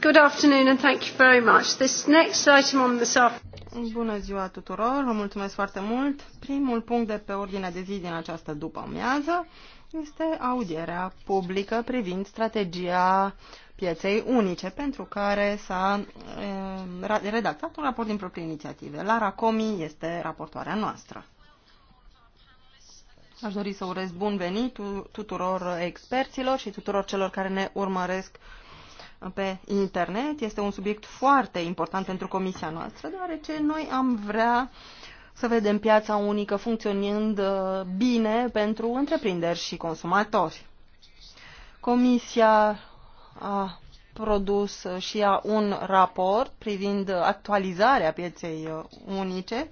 Good afternoon and thank you very much. This next item on Bună ziua tuturor, vă mulțumesc foarte mult. Primul punct de pe ordinea de zi din această după-amiază este audierea publică privind strategia pieței unice, pentru care s-a eh, redactat un raport din proprie inițiative. Lara Comi este raportoarea noastră. Aș dori să urez bun venit tuturor experților și tuturor celor care ne urmăresc pe internet. Este un subiect foarte important pentru comisia noastră, deoarece noi am vrea să vedem piața unică funcționând uh, bine pentru întreprinderi și consumatori. Comisia a produs și a un raport privind actualizarea pieței uh, unice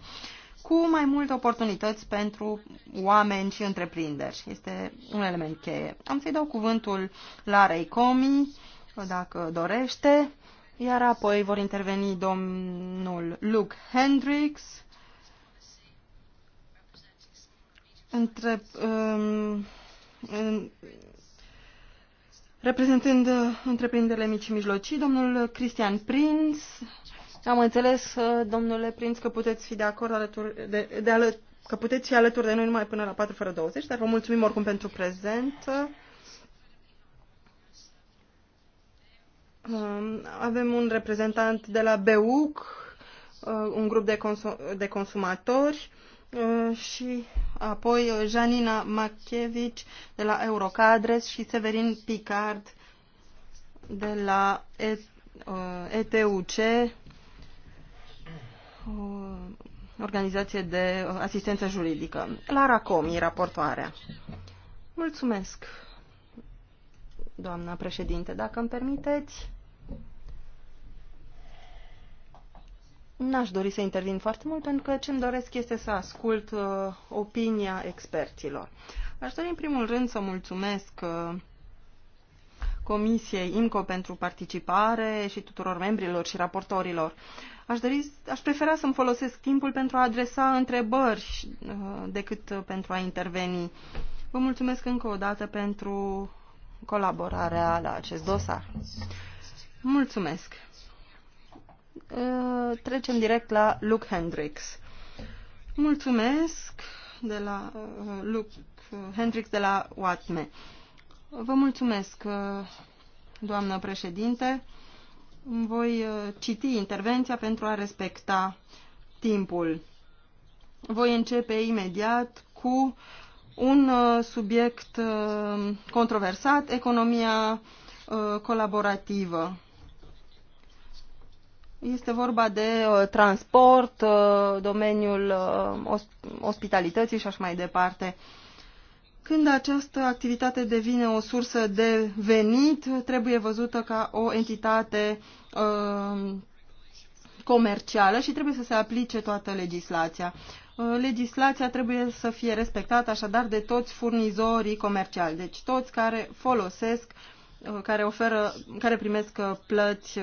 cu mai multe oportunități pentru oameni și întreprinderi. Este un element cheie. Am să-i dau cuvântul Larei Comi, dacă dorește, iar apoi vor interveni domnul Luke Hendricks, între, um, în, reprezentând întreprinderile mici și mijlocii, domnul Cristian Prinz. Am înțeles, uh, domnule Prinz, că puteți fi de acord alături de, de alături că puteți fi alături de noi numai până la 4 fără 20, dar vă mulțumim oricum pentru prezent. Um, avem un reprezentant de la BEUC, uh, un grup de, consum de consumatori uh, și apoi Janina Machievici de la Eurocadres și Severin Picard de la ETUC, uh, organizație de asistență juridică. Lara Comi, raportoarea. Mulțumesc! doamna președinte. Dacă îmi permiteți, n-aș dori să intervin foarte mult, pentru că ce-mi doresc este să ascult uh, opinia experților. Aș dori, în primul rând, să mulțumesc uh, Comisiei IMCO pentru participare și tuturor membrilor și raportorilor. Aș, dori, aș prefera să-mi folosesc timpul pentru a adresa întrebări uh, decât uh, pentru a interveni. Vă mulțumesc încă o dată pentru colaborarea la acest dosar. Mulțumesc! Ă, trecem direct la Luke Hendricks. Mulțumesc de la ă, Luke Hendricks de la Watme. Vă mulțumesc, ă, doamnă președinte. Voi citi intervenția pentru a respecta timpul. Voi începe imediat cu uh, un uh, subiect uh, controversat, economia uh, colaborativă. Este vorba de transport, domeniul ospitalității și așa mai departe. Când această activitate devine o sursă de venit, trebuie văzută ca o entitate comercială și trebuie să se aplice toată legislația. Uh, legislația trebuie să fie respectată așadar de toți furnizorii comerciali, deci toți care folosesc uh, care oferă, care primesc uh, plăți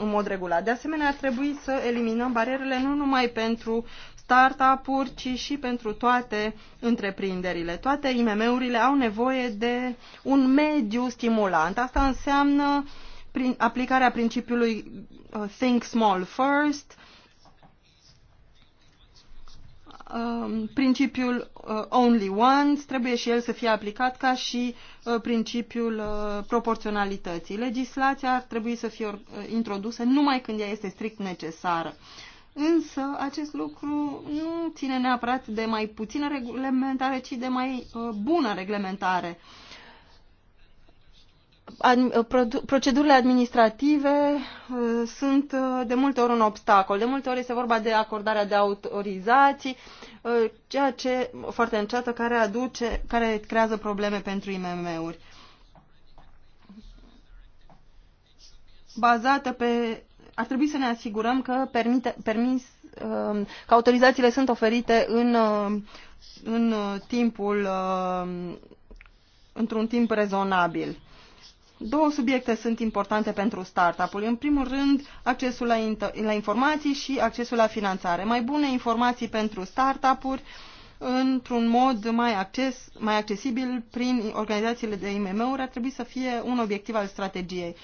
în mod regulat. De asemenea, ar trebui să eliminăm barierele nu numai pentru startup-uri, ci și pentru toate întreprinderile. Toate IMM-urile au nevoie de un mediu stimulant. Asta înseamnă uh, prin aplicarea principiului uh, Think Small First, um, principiul uh, Only Once trebuie și el să fie aplicat ca și uh, principiul proporționalității. Legislația ar trebui să fie introdusă numai când ea este strict necesară. Însă acest lucru nu ține neapărat de mai puțină reglementare, ci de mai bună reglementare. Uh, Uh, procedurile administrative uh, sunt uh, de multe ori un obstacol. De multe ori este vorba de acordarea de autorizații, ceea ce foarte înceată care aduce, care creează probleme pentru IMM-uri. Bazată pe ar trebui să ne asigurăm că permite, permis că autorizațiile sunt oferite în, în timpul într-un timp rezonabil Două subiecte sunt importante pentru startup-ul. În primul rând, accesul la, la informații și accesul la finanțare. Mai bune informații pentru startup-uri într-un mod mai, acces, mai accesibil prin organizațiile de IMM-uri ar trebui să fie un obiectiv al strategiei.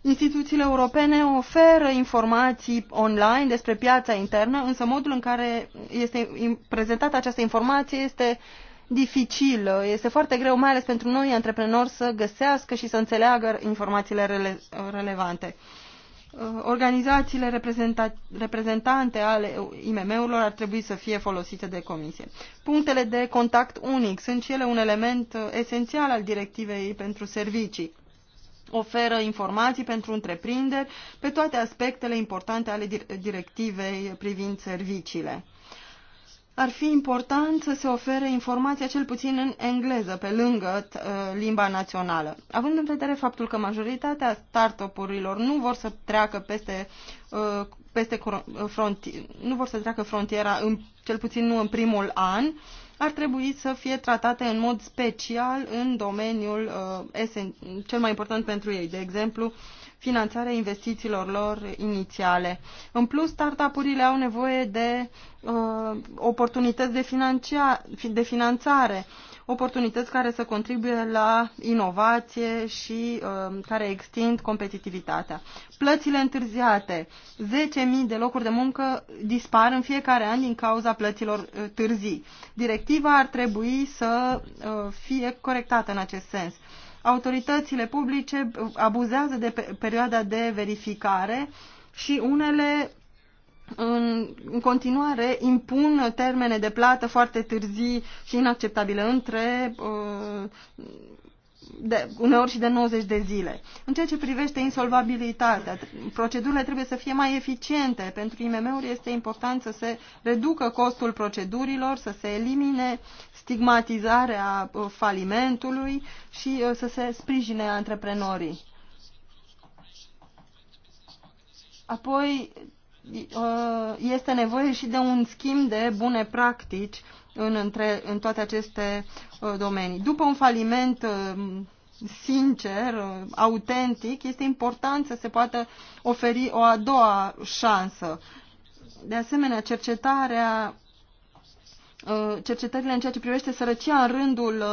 Instituțiile europene oferă informații online despre piața internă, însă modul în care este prezentată această informație este uh, dificilă. Este foarte greu, mai ales pentru noi antreprenori, să găsească și să înțeleagă informațiile rele relevante. Uh, organizațiile reprezentante ale IMM-urilor ar trebui să fie folosite de comisie. Punctele de contact unic sunt și ele un element uh, esențial al directivei pentru servicii oferă informații pentru întreprinderi pe toate aspectele importante ale directivei privind serviciile ar fi important să se ofere informația cel puțin în engleză, pe lângă uh, limba națională. Având în vedere faptul că majoritatea startup-urilor nu vor să treacă peste, uh, peste uh, fronti, nu vor să treacă frontiera, în, cel puțin nu în primul an, ar trebui să fie tratate în mod special în domeniul uh, esen, cel mai important pentru ei, de exemplu, uh, finanțarea investițiilor lor inițiale. În plus, startup-urile au nevoie de uh, oportunități de, de finanțare, oportunități care să contribuie la inovație și uh, care extind competitivitatea. Plățile întârziate. 10.000 de locuri de muncă dispar în fiecare an din cauza plăților uh, târzii. Directiva ar trebui să uh, fie corectată în acest sens autoritățile publice abuzează de perioada de verificare și unele în, în continuare impun termene de plată foarte târzii și inacceptabile între uh, de, uneori și de 90 de zile. În ceea ce privește insolvabilitatea, procedurile trebuie să fie mai eficiente. Pentru IMM-uri este important să se reducă costul procedurilor, să se elimine stigmatizarea uh, falimentului și uh, să se sprijine antreprenorii. Apoi Uh, este nevoie și de un schimb de bune practici în, între, în toate aceste uh, domenii. După un faliment uh, sincer, autentic, este important să se poată oferi o a doua șansă. De asemenea, cercetarea, cercetările în ceea ce privește sărăcia în rândul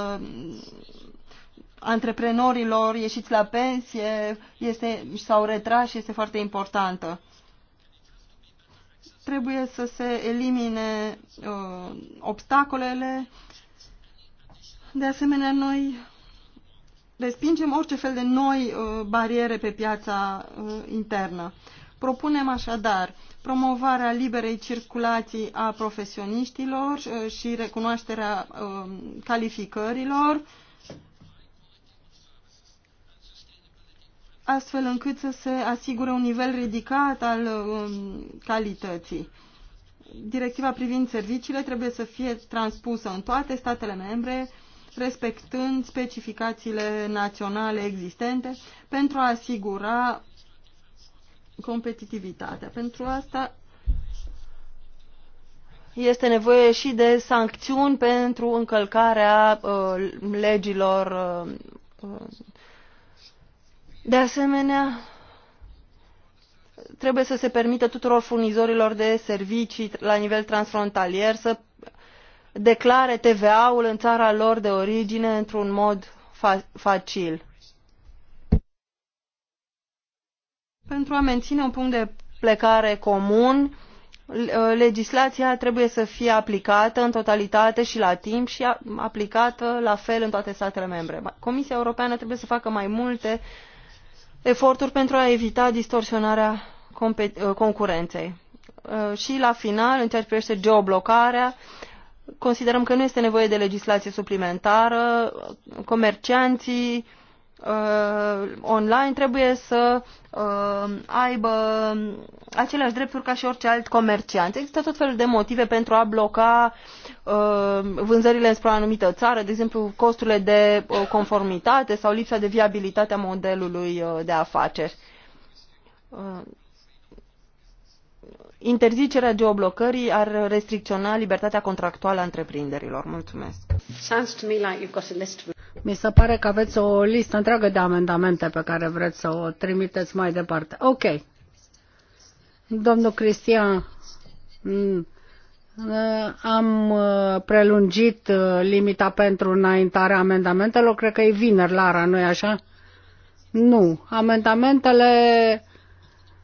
antreprenorilor ieșiți la pensie este, sau retrași este foarte importantă trebuie să se elimine uh, obstacolele. De asemenea, noi respingem orice fel de noi uh, bariere pe piața uh, internă. Propunem așadar promovarea liberei circulații a profesioniștilor uh, și recunoașterea uh, calificărilor, astfel încât să se asigure un nivel ridicat al um, calității. Directiva privind serviciile trebuie să fie transpusă în toate statele membre, respectând specificațiile naționale existente pentru a asigura competitivitatea. Pentru asta este nevoie și de sancțiuni pentru încălcarea uh, legilor uh, uh de asemenea, trebuie să se permită tuturor furnizorilor de servicii la nivel transfrontalier să declare TVA ul în țara lor de origine într-un mod fa facil. Pentru a menține un punct de plecare comun, legislația trebuie să fie aplicată în totalitate și la timp și aplicată la fel în toate statele membre. Comisia Europeană trebuie să facă mai multe eforturi pentru a evita distorsionarea uh, concurenței. Uh, și la final, în ceea ce privește geoblocarea, considerăm că nu este nevoie de legislație suplimentară. Comercianții uh, online trebuie să uh, aibă aceleași drepturi ca și orice alt comerciant. Există tot felul de motive pentru a bloca uh, vânzările spre o anumită țară, de exemplu costurile de uh, conformitate sau lipsa de viabilitate a modelului uh, de afaceri. Uh, interzicerea geoblocării ar restricționa libertatea contractuală a întreprinderilor. Mulțumesc. Sounds to me like you've got a list of mi se pare că aveți o listă întreagă de amendamente pe care vreți să o trimiteți mai departe. Ok. Domnul Cristian, mm, eh, am eh, prelungit eh, limita pentru înaintarea amendamentelor. Cred că e vineri, Lara, nu-i așa? Nu. Amendamentele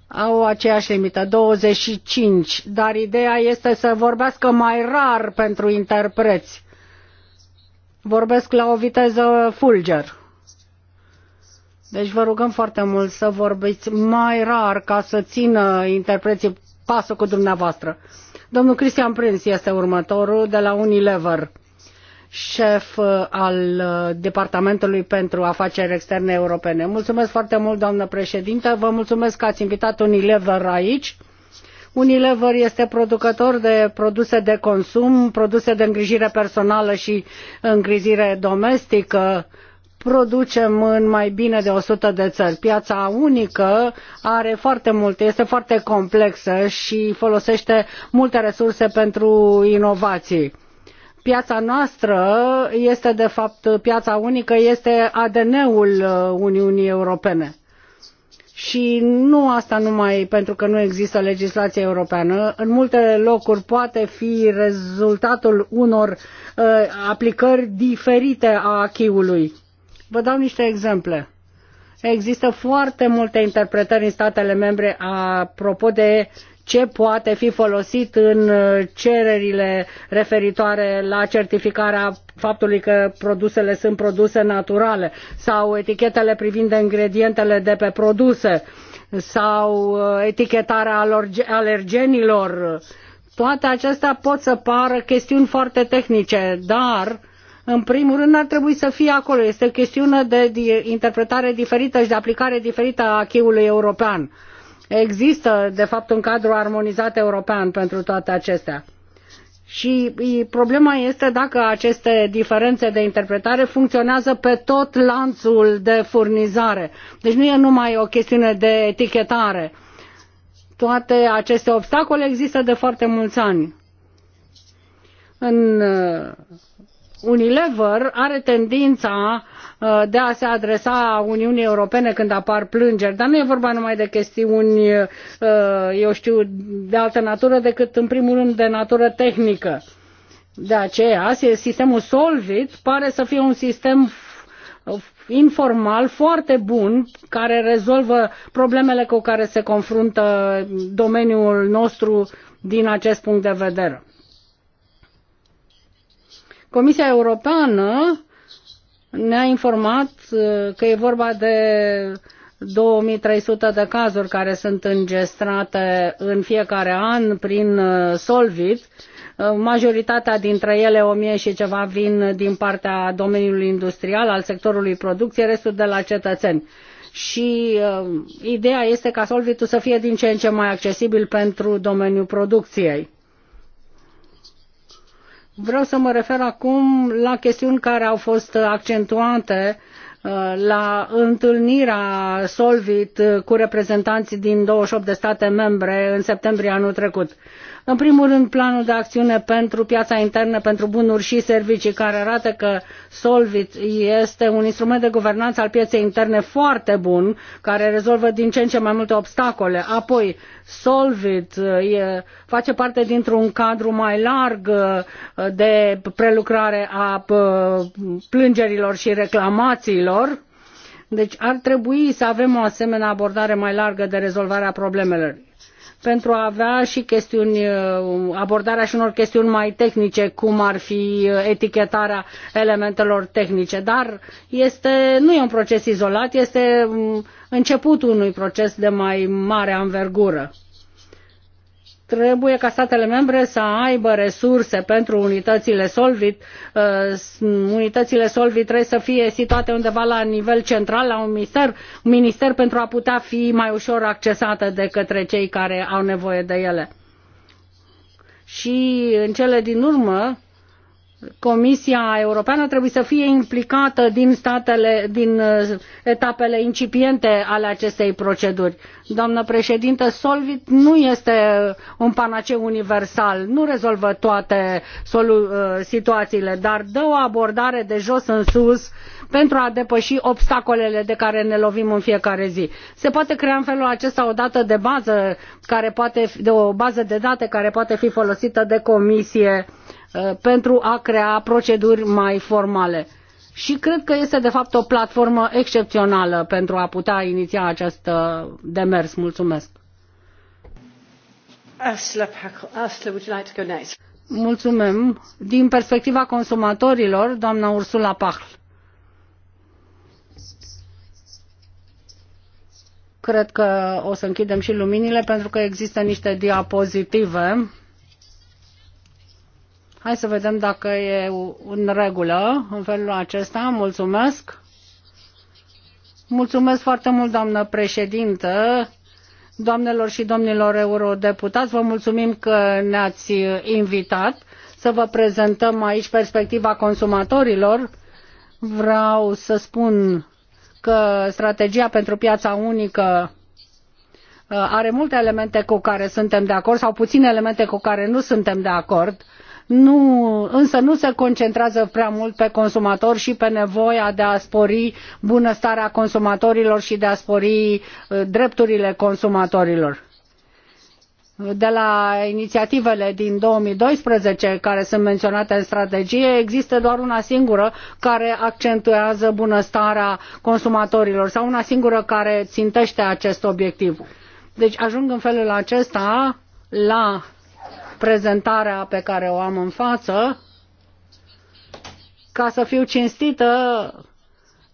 au aceeași limită, 25, dar ideea este să vorbească mai rar pentru interpreți vorbesc la o viteză fulger. Deci vă rugăm foarte mult să vorbiți mai rar ca să țină interpreții pasul cu dumneavoastră. Domnul Cristian Prins este următorul de la Unilever, șef uh, al uh, Departamentului pentru Afaceri Externe Europene. Mulțumesc foarte mult, doamnă președintă, vă mulțumesc că ați invitat Unilever aici Unilever este producător de produse de consum, produse de îngrijire personală și îngrijire domestică, producem în mai bine de 100 de țări. Piața unică are foarte multe, este foarte complexă și folosește multe resurse pentru inovații. Piața noastră este, de fapt, piața unică este ADN-ul uh, Uniunii Europene și nu asta numai pentru că nu există legislație europeană. În multe locuri poate fi rezultatul unor uh, aplicări diferite a achiului. Vă dau niște exemple. Există foarte multe interpretări în statele membre apropo de ce poate fi folosit în uh, cererile referitoare la certificarea faptului că produsele sunt produse naturale sau etichetele privind ingredientele de pe produse sau uh, etichetarea alergenilor. Toate acestea pot să pară chestiuni foarte tehnice, dar în primul rând ar trebui să fie acolo. Este o chestiune de interpretare diferită și de aplicare diferită a acquis european Există, de fapt, un cadru armonizat european pentru toate acestea. Și problema este dacă aceste diferențe de interpretare funcționează pe tot lanțul de furnizare. Deci nu e numai o chestiune de etichetare. Toate aceste obstacole există de foarte mulți ani. În Unilever are tendința uh, de a se adresa Uniunii Europene când apar plângeri, dar nu e vorba numai de chestiuni, uh, eu știu, de altă natură decât în primul rând de natură tehnică. De aceea, sistemul Solvit pare să fie un sistem informal foarte bun care rezolvă problemele cu care se confruntă domeniul nostru din acest punct de vedere. Comisia Europeană ne-a informat uh, că e vorba de 2300 de cazuri care sunt îngestrate în fiecare an prin uh, Solvit. Uh, majoritatea dintre ele, 1000 și ceva, vin din partea domeniului industrial, al sectorului producție, restul de la cetățeni. Și uh, ideea este ca Solvitul să fie din ce în ce mai accesibil pentru domeniul producției Vreau să mă refer acum la chestiuni care au fost accentuate la întâlnirea Solvit cu reprezentanții din 28 de state membre în septembrie anul trecut. În primul rând, planul de acțiune pentru piața internă, pentru bunuri și servicii, care arată că Solvit este un instrument de guvernanță al pieței interne foarte bun, care rezolvă din ce în ce mai multe obstacole. Apoi, Solvit e, face parte dintr-un cadru mai larg de prelucrare a plângerilor și reclamațiilor lor. Deci ar trebui să avem o asemenea abordare mai largă de rezolvarea problemelor pentru a avea și chestiuni, uh, abordarea și unor chestiuni mai tehnice, cum ar fi uh, etichetarea elementelor tehnice. Dar este, nu e un proces izolat, este um, începutul unui proces de mai mare anvergură. Trebuie ca statele membre să aibă resurse pentru unitățile Solvit. Uh, unitățile Solvit trebuie să fie situate undeva la nivel central, la un minister, un minister pentru a putea fi mai ușor accesate de către cei care au nevoie de ele. Și în cele din urmă, Comisia Europeană trebuie să fie implicată din, uh, etapele incipiente ale acestei proceduri. Doamnă președintă, Solvit nu este un panaceu universal, nu rezolvă toate uh, situațiile, dar dă o abordare de jos în sus pentru a depăși obstacolele de care ne lovim în fiecare zi. Se poate crea în felul acesta o dată de bază, care poate, de o bază de date care poate fi folosită de comisie uh, Uh, pentru a crea proceduri mai formale. Și cred că este de fapt o platformă excepțională pentru a putea iniția acest uh, demers. Mulțumesc. Ursula, Ursula would you like to go next? Mulțumim. Din perspectiva consumatorilor, doamna Ursula Pachl. Cred că o să închidem și luminile pentru că există niște diapozitive. Hai să vedem dacă e în regulă în felul acesta. Mulțumesc. Mulțumesc foarte mult, doamnă președintă, doamnelor și domnilor eurodeputați. Vă mulțumim că ne-ați invitat să vă prezentăm aici perspectiva consumatorilor. Vreau să spun că strategia pentru piața unică uh, are multe elemente cu care suntem de acord sau puține elemente cu care nu suntem de acord nu, însă nu se concentrează prea mult pe consumator și pe nevoia de a spori bunăstarea consumatorilor și de a spori uh, drepturile consumatorilor de la inițiativele din 2012 care sunt menționate în strategie, există doar una singură care accentuează bunăstarea consumatorilor sau una singură care țintește acest obiectiv. Deci ajung în felul acesta la prezentarea pe care o am în față. Ca să fiu cinstită,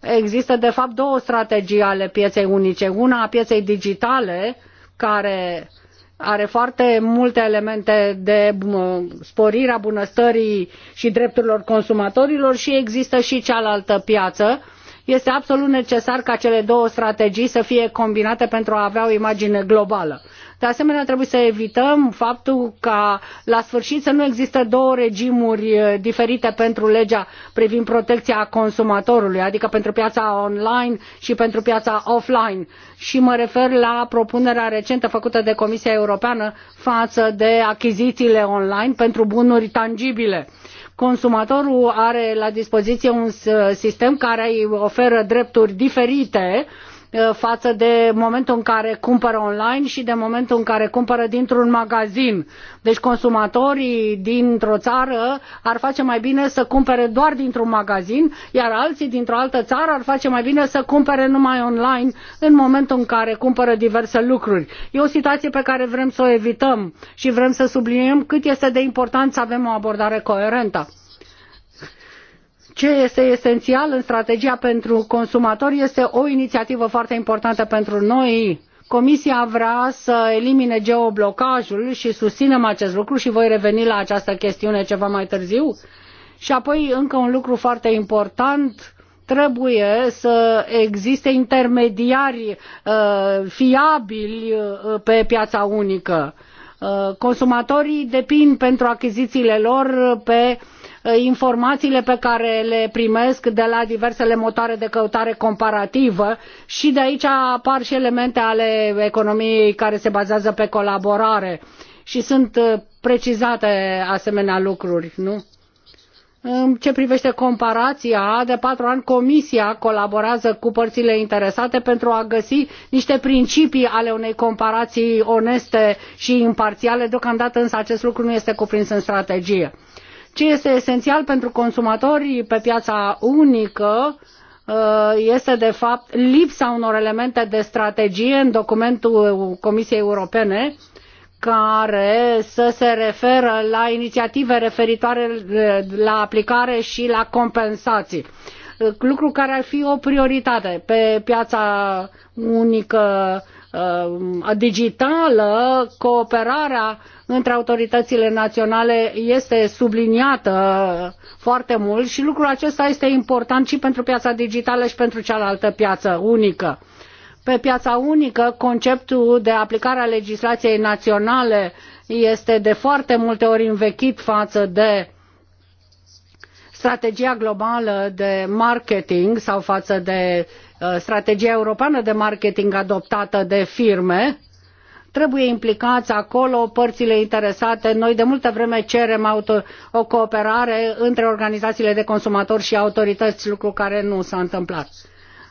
există de fapt două strategii ale pieței unice. Una a pieței digitale, care are foarte multe elemente de uh, sporirea bunăstării și drepturilor consumatorilor și există și cealaltă piață. Este absolut necesar ca cele două strategii să fie combinate pentru a avea o imagine globală. De asemenea, trebuie să evităm faptul ca la sfârșit să nu există două regimuri eh, diferite pentru legea privind protecția consumatorului, adică pentru piața online și pentru piața offline. Și mă refer la propunerea recentă făcută de Comisia Europeană față de achizițiile online pentru bunuri tangibile consumatorul are la dispoziție un eh, sistem care îi oferă drepturi diferite Eh, față de momentul în care cumpără online și de momentul în care cumpără dintr-un magazin. Deci consumatorii dintr-o țară ar face mai bine să cumpere doar dintr-un magazin, iar alții dintr-o altă țară ar face mai bine să cumpere numai online în momentul în care cumpără diverse lucruri. E o situație pe care vrem să o evităm și vrem să subliniem cât este de important să avem o abordare coerentă ce este esențial în strategia pentru consumatori este o inițiativă foarte importantă pentru noi. Comisia vrea să elimine geoblocajul și susținem acest lucru și voi reveni la această chestiune ceva mai târziu. Și apoi încă un lucru foarte important, trebuie să existe intermediari uh, fiabili uh, pe piața unică. Uh, consumatorii depind pentru achizițiile lor pe uh, Eh, informațiile pe care le primesc de la diversele motoare de căutare comparativă și de aici apar și elemente ale economiei care se bazează pe colaborare și sunt eh, precizate asemenea lucruri, nu? În ce privește comparația, de patru ani Comisia colaborează cu părțile interesate pentru a găsi niște principii ale unei comparații oneste și imparțiale. Deocamdată însă acest lucru nu este cuprins în strategie. Ce este esențial pentru consumatori pe piața unică uh, este de fapt lipsa unor elemente de strategie în documentul Comisiei Europene care să se referă la inițiative referitoare uh, la aplicare și la compensații uh, lucru care ar fi o prioritate pe piața unică Uh, digitală, cooperarea între autoritățile naționale este subliniată foarte mult și lucrul acesta este important și pentru piața digitală și pentru cealaltă piață unică. Pe piața unică, conceptul de aplicare a legislației naționale este de foarte multe ori învechit față de uh, strategia globală de marketing sau față de uh, strategia europeană de marketing adoptată de firme, trebuie implicați acolo părțile interesate. Noi de multă vreme cerem auto, o cooperare între organizațiile de consumatori și autorități, lucru care nu s-a întâmplat.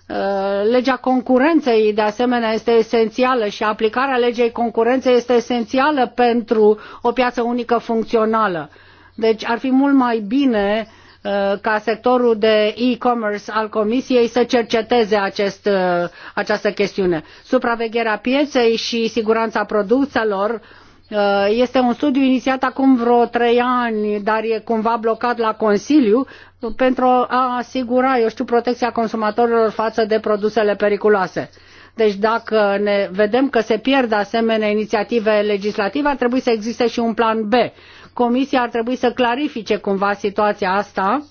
Uh, legea concurenței, de asemenea, este esențială și aplicarea legei concurenței este esențială pentru o piață unică funcțională. Deci ar fi mult mai bine uh, Uh, ca sectorul de e-commerce al Comisiei să cerceteze acest, uh, această chestiune. Supravegherea pieței și siguranța produselor uh, este un studiu inițiat acum vreo trei ani, dar e cumva blocat la Consiliu pentru a asigura, eu știu, protecția consumatorilor față de produsele periculoase. Deci dacă ne vedem că se pierd asemenea inițiative legislative, ar trebui să existe și un plan B Comisia ar trebui să clarifice cumva situația asta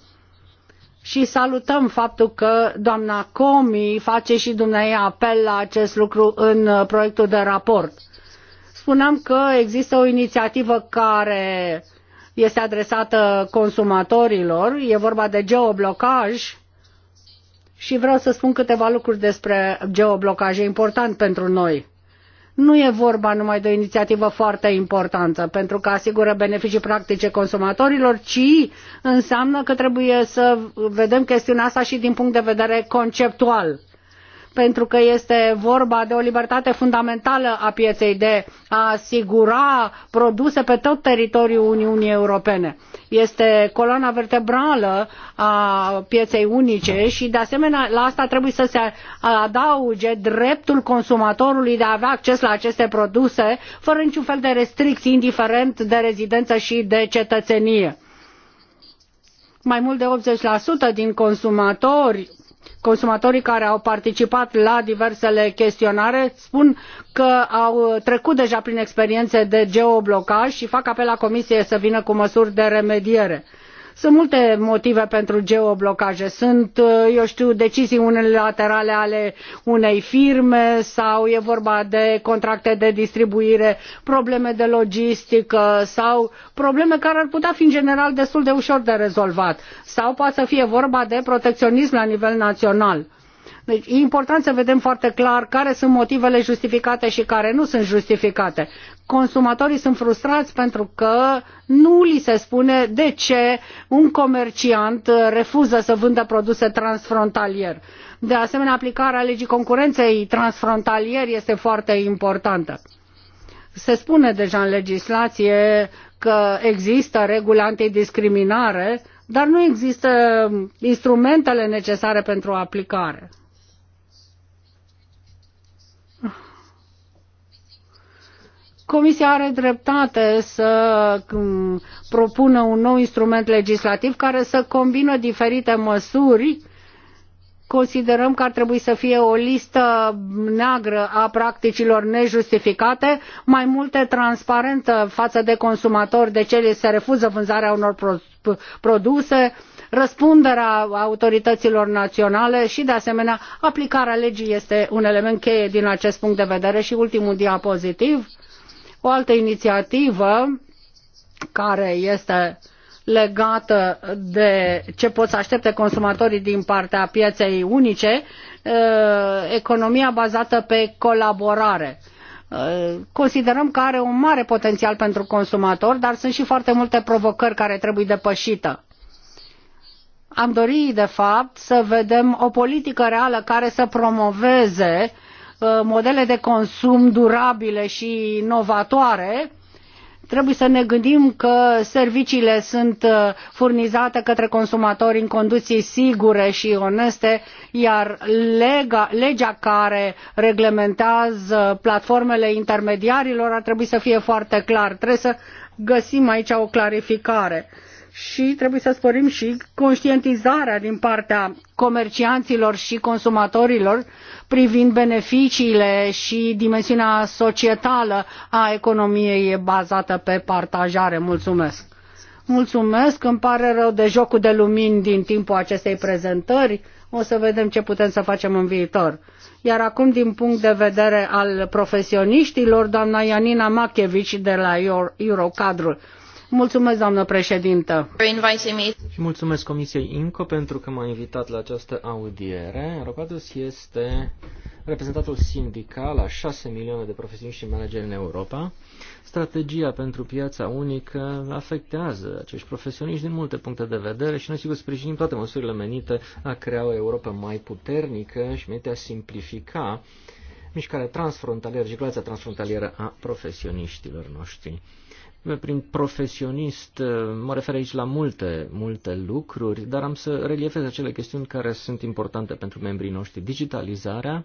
și salutăm faptul că doamna Comi face și dumneavoastră apel la acest lucru în uh, proiectul de raport. Spuneam că există o inițiativă care este adresată consumatorilor, e vorba de geoblocaj și vreau să spun câteva lucruri despre geoblocaj, e important pentru noi. Nu e vorba numai de o inițiativă foarte importantă, pentru că asigură beneficii practice consumatorilor, ci înseamnă că trebuie să vedem chestiunea asta și din punct de vedere conceptual pentru că este vorba de o libertate fundamentală a pieței de a asigura produse pe tot teritoriul Uniunii Europene. Este coloana vertebrală a pieței unice și, de asemenea, la asta trebuie să se adauge dreptul consumatorului de a avea acces la aceste produse fără niciun fel de restricții, indiferent de rezidență și de cetățenie mai mult de 80% din consumatori consumatorii care au participat la diversele chestionare spun că au trecut deja prin experiențe de geoblocaj și fac apel la comisie să vină cu măsuri de remediere. Sunt multe motive pentru geoblocaje. Sunt, uh, eu știu, decizii unilaterale ale unei firme sau e vorba de contracte de distribuire, probleme de logistică sau probleme care ar putea fi în general destul de ușor de rezolvat. Sau poate să fie vorba de protecționism la nivel național. Deci e important să vedem foarte clar care sunt motivele justificate și care nu sunt justificate consumatorii sunt frustrați pentru că nu li se spune de ce un comerciant refuză să vândă produse transfrontalier. De asemenea, aplicarea legii concurenței transfrontalier este foarte importantă. Se spune deja în legislație că există reguli antidiscriminare, dar nu există instrumentele necesare pentru aplicare. Comisia are dreptate să mm, propună un nou instrument legislativ care să combină diferite măsuri. Considerăm că ar trebui să fie o listă neagră a practicilor nejustificate, mai multe transparentă față de consumatori de cei se refuză vânzarea unor produse, răspunderea autorităților naționale și, de asemenea, aplicarea legii este un element cheie din acest punct de vedere. Și ultimul diapozitiv o altă inițiativă care este legată de ce pot să aștepte consumatorii din partea pieței unice, uh, economia bazată pe colaborare. Uh, considerăm că are un mare potențial pentru consumator, dar sunt și foarte multe provocări care trebuie depășită. Am dorit, de fapt, să vedem o politică reală care să promoveze Uh, modele de consum durabile și inovatoare, trebuie să ne gândim că serviciile sunt uh, furnizate către consumatori în condiții sigure și oneste, iar lega, legea care reglementează platformele intermediarilor ar trebui să fie foarte clar. Trebuie să găsim aici o clarificare și trebuie să sporim și conștientizarea din partea comercianților și consumatorilor privind beneficiile și dimensiunea societală a economiei bazată pe partajare. Mulțumesc! Mulțumesc, îmi pare rău de jocul de lumini din timpul acestei prezentări. O să vedem ce putem să facem în viitor. Iar acum, din punct de vedere al profesioniștilor, doamna Ianina Machevici de la Eurocadrul. Mulțumesc, doamnă președintă. Și mulțumesc Comisiei INCO pentru că m-a invitat la această audiere. Rocatus este reprezentatul sindical a 6 milioane de profesioniști și manageri în Europa. Strategia pentru piața unică afectează acești profesioniști din multe puncte de vedere și noi sigur sprijinim toate măsurile menite a crea o Europa mai puternică și menite a simplifica mișcarea transfrontalieră, circulația transfrontalieră a profesioniștilor noștri prin profesionist uh, mă refer aici la multe, multe lucruri, dar am să reliefez acele chestiuni care sunt importante pentru membrii noștri. Digitalizarea,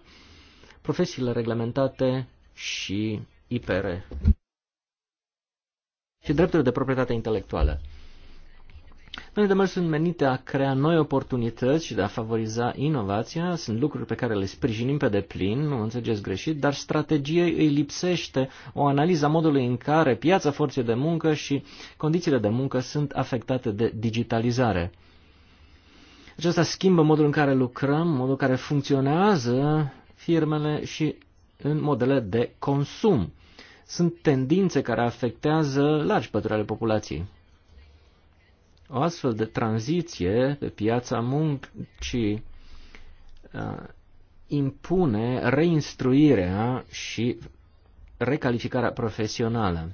profesiile reglementate și IPR. Și drepturile de proprietate intelectuală. Noi demersuri sunt menite a crea noi oportunități și de a favoriza inovația, sunt lucruri pe care le sprijinim pe deplin, nu înțelegeți greșit, dar strategiei îi lipsește o analiză a modului în care piața forței de muncă și condițiile de muncă sunt afectate de digitalizare. Aceasta schimbă modul în care lucrăm, modul în care funcționează firmele și în modele de consum. Sunt tendințe care afectează largi pături ale populației. O astfel de tranziție pe piața muncii uh, impune reinstruirea și recalificarea profesională.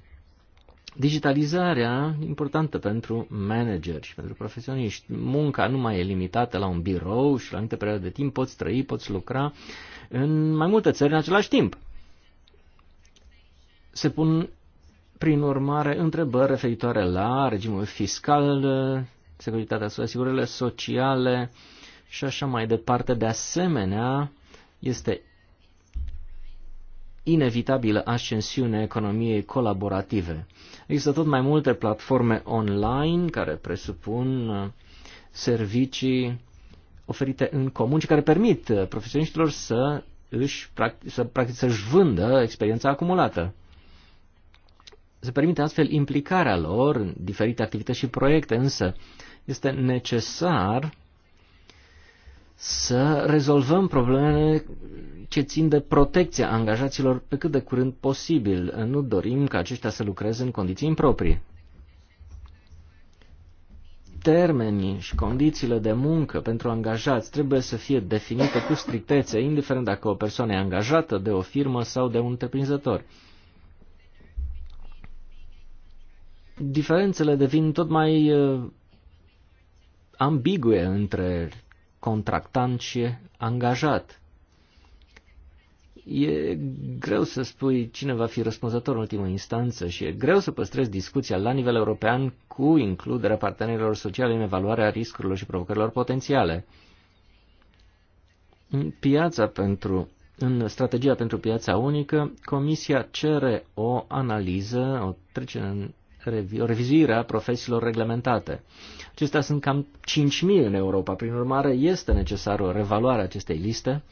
Digitalizarea importantă pentru manageri și pentru profesioniști. Munca nu mai e limitată la un birou și la anumite perioade de timp poți trăi, poți lucra în mai multe țări în același timp. Se pun prin urmare, întrebări referitoare la regimul fiscal, securitatea, asigurările sociale și așa mai departe. De asemenea, este inevitabilă ascensiune economiei colaborative. Există tot mai multe platforme online care presupun uh, servicii oferite în comun și care permit uh, profesioniștilor să își practic, să, practic, să-și vândă experiența acumulată se permite astfel implicarea lor în diferite activități și proiecte, însă este necesar să rezolvăm problemele ce țin de protecția angajaților pe cât de curând posibil. Nu dorim ca aceștia să lucreze în condiții improprie. Termenii și condițiile de muncă pentru angajați trebuie să fie definite cu strictețe, indiferent dacă o persoană e angajată de o firmă sau de un întreprinzător. diferențele devin tot mai uh, ambigue între contractant și angajat. E greu să spui cine va fi răspunzător în ultimă instanță și e greu să păstrezi discuția la nivel european cu includerea partenerilor sociale în evaluarea riscurilor și provocărilor potențiale. În piața pentru în strategia pentru piața unică, Comisia cere o analiză, o trecere în o revizuire a profesiilor reglementate. Acestea sunt cam 5.000 în Europa, prin urmare este necesară o revaluare a acestei liste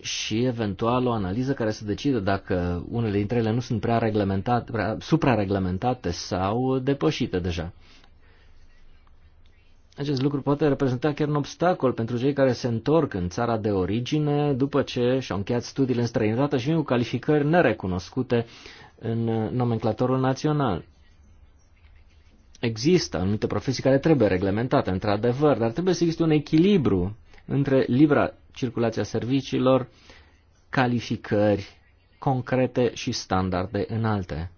și eventual o analiză care să decidă dacă unele dintre ele nu sunt prea, reglementate, prea suprareglementate sau depășite deja. Acest lucru poate reprezenta chiar un obstacol pentru cei care se întorc în țara de origine după ce și-au încheiat studiile în străinătate și vin cu calificări nerecunoscute în nomenclatorul național. Există anumite profesii care trebuie reglementate, într-adevăr, dar trebuie să existe un echilibru între libera circulație a serviciilor, calificări concrete și standarde înalte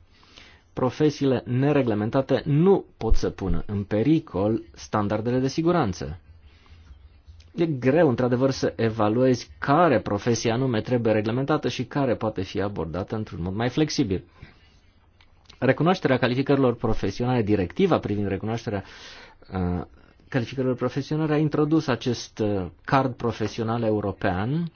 profesiile nereglementate nu pot să pună în pericol standardele de siguranță. E greu, într-adevăr, să evaluezi care profesie anume trebuie reglementată și care poate fi abordată într-un mod mai flexibil. Recunoașterea calificărilor profesionale, directiva privind recunoașterea uh, calificărilor profesionale a introdus acest uh, card profesional european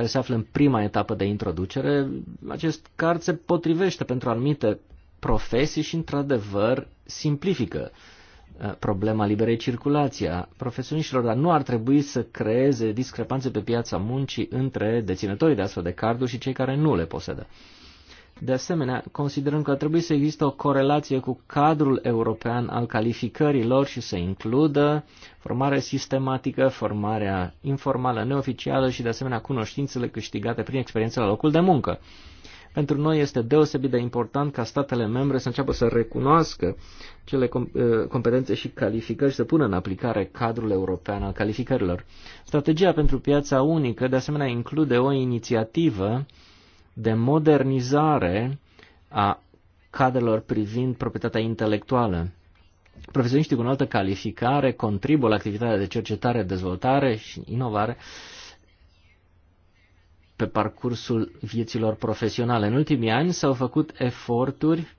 care se află în prima etapă de introducere, acest card se potrivește pentru anumite profesii și, într-adevăr, simplifică uh, problema liberei circulații a profesioniștilor, dar nu ar trebui să creeze discrepanțe pe piața muncii între deținătorii de astfel de carduri și cei care nu le posedă. De asemenea, considerăm că trebuie să existe o corelație cu cadrul european al calificărilor și să includă formare sistematică, formarea informală, neoficială și, de asemenea, cunoștințele câștigate prin experiența la locul de muncă. Pentru noi este deosebit de important ca statele membre să înceapă să recunoască cele eh, competențe și calificări și să pună în aplicare cadrul european al calificărilor. Strategia pentru piața unică, de asemenea, include o inițiativă de modernizare a cadrelor privind proprietatea intelectuală. Profesioniștii cu înaltă calificare contribuie la activitatea de cercetare, dezvoltare și inovare pe parcursul vieților profesionale. În ultimii ani s-au făcut eforturi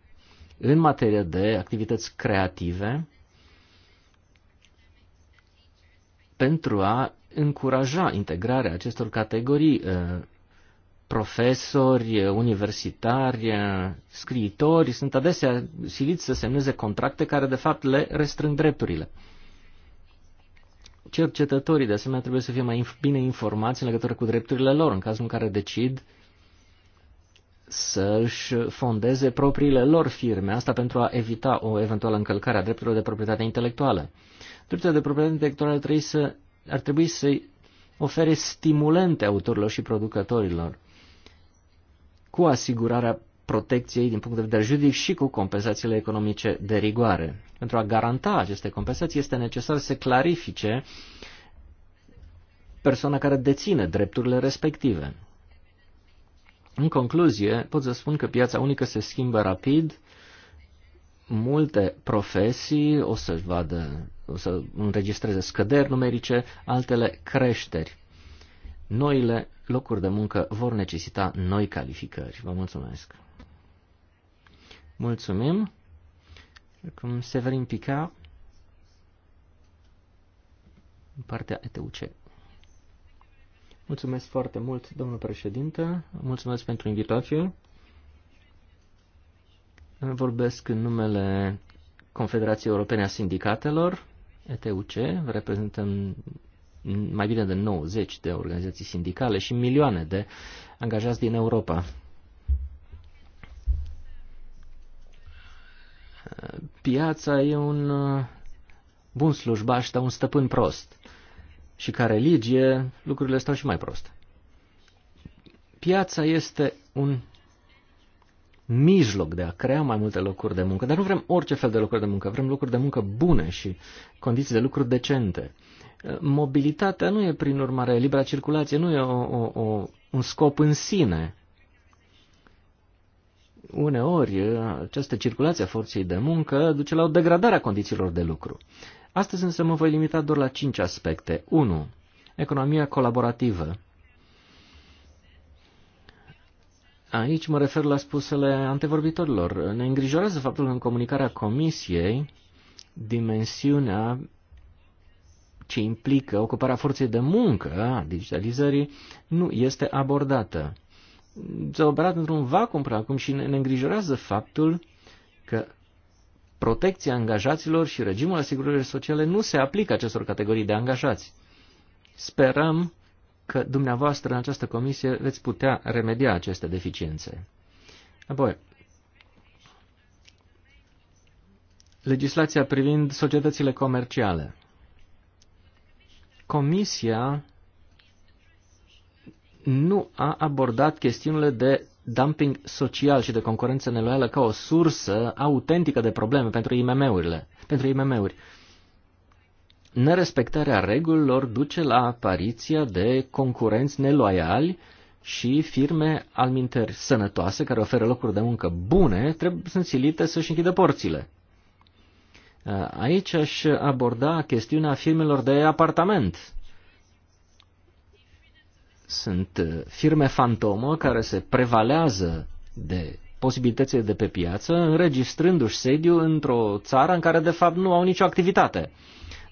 în materie de activități creative pentru a încuraja integrarea acestor categorii uh, profesori, universitari, scriitori sunt adesea siliți să semneze contracte care de fapt le restrâng drepturile. Cercetătorii de asemenea trebuie să fie mai bine informați în legătură cu drepturile lor în cazul în care decid să își fondeze propriile lor firme, asta pentru a evita o eventuală încălcare a drepturilor de proprietate intelectuală. Drepturile de proprietate intelectuală trebuie să, ar trebui să ofere stimulente autorilor și producătorilor cu asigurarea protecției din punct de vedere juridic și cu compensațiile economice de rigoare. Pentru a garanta aceste compensații este necesar să clarifice persoana care deține drepturile respective. În concluzie, pot să spun că piața unică se schimbă rapid, multe profesii o să vadă, o să înregistreze scăderi numerice, altele creșteri. Noile locuri de muncă vor necesita noi calificări. Vă mulțumesc! Mulțumim! Acum Severin Picard, în partea ETUC. Mulțumesc foarte mult, domnul președinte. Mulțumesc pentru invitație. Vorbesc în numele Confederației Europene a Sindicatelor, ETUC. Reprezentăm mai bine de 90 de organizații sindicale și milioane de angajați din Europa. Piața e un uh, bun slujbaș, dar un stăpân prost. Și ca religie, lucrurile stau și mai prost. Piața este un mijloc de a crea mai multe locuri de muncă, dar nu vrem orice fel de locuri de muncă, vrem locuri de muncă bune și condiții de lucru decente. Mobilitatea nu e, prin urmare, libera circulație nu e o, o, o, un scop în sine. Uneori, această circulație a forței de muncă duce la o degradare a condițiilor de lucru. Astăzi însă mă voi limita doar la cinci aspecte. 1. Economia colaborativă. Aici mă refer la spusele antevorbitorilor. Ne îngrijorează faptul că în comunicarea comisiei dimensiunea ce implică ocuparea forței de muncă a digitalizării, nu este abordată. S-a operat într-un vacuum până acum și ne îngrijorează faptul că protecția angajaților și regimul asigurării sociale nu se aplică acestor categorii de angajați. Sperăm că dumneavoastră în această comisie veți putea remedia aceste deficiențe. Apoi, legislația privind societățile comerciale. Comisia nu a abordat chestiunile de dumping social și de concurență neloială ca o sursă autentică de probleme pentru IMM-urile, pentru IMM-uri. Nerespectarea regulilor duce la apariția de concurenți neloiali și firme alminteri sănătoase care oferă locuri de muncă bune trebuie sunt silite să-și închidă porțile. Uh, aici aș aborda chestiunea firmelor de apartament. Sunt uh, firme fantomă care se prevalează de posibilitățile de pe piață, înregistrându-și sediu într-o țară în care de fapt nu au nicio activitate.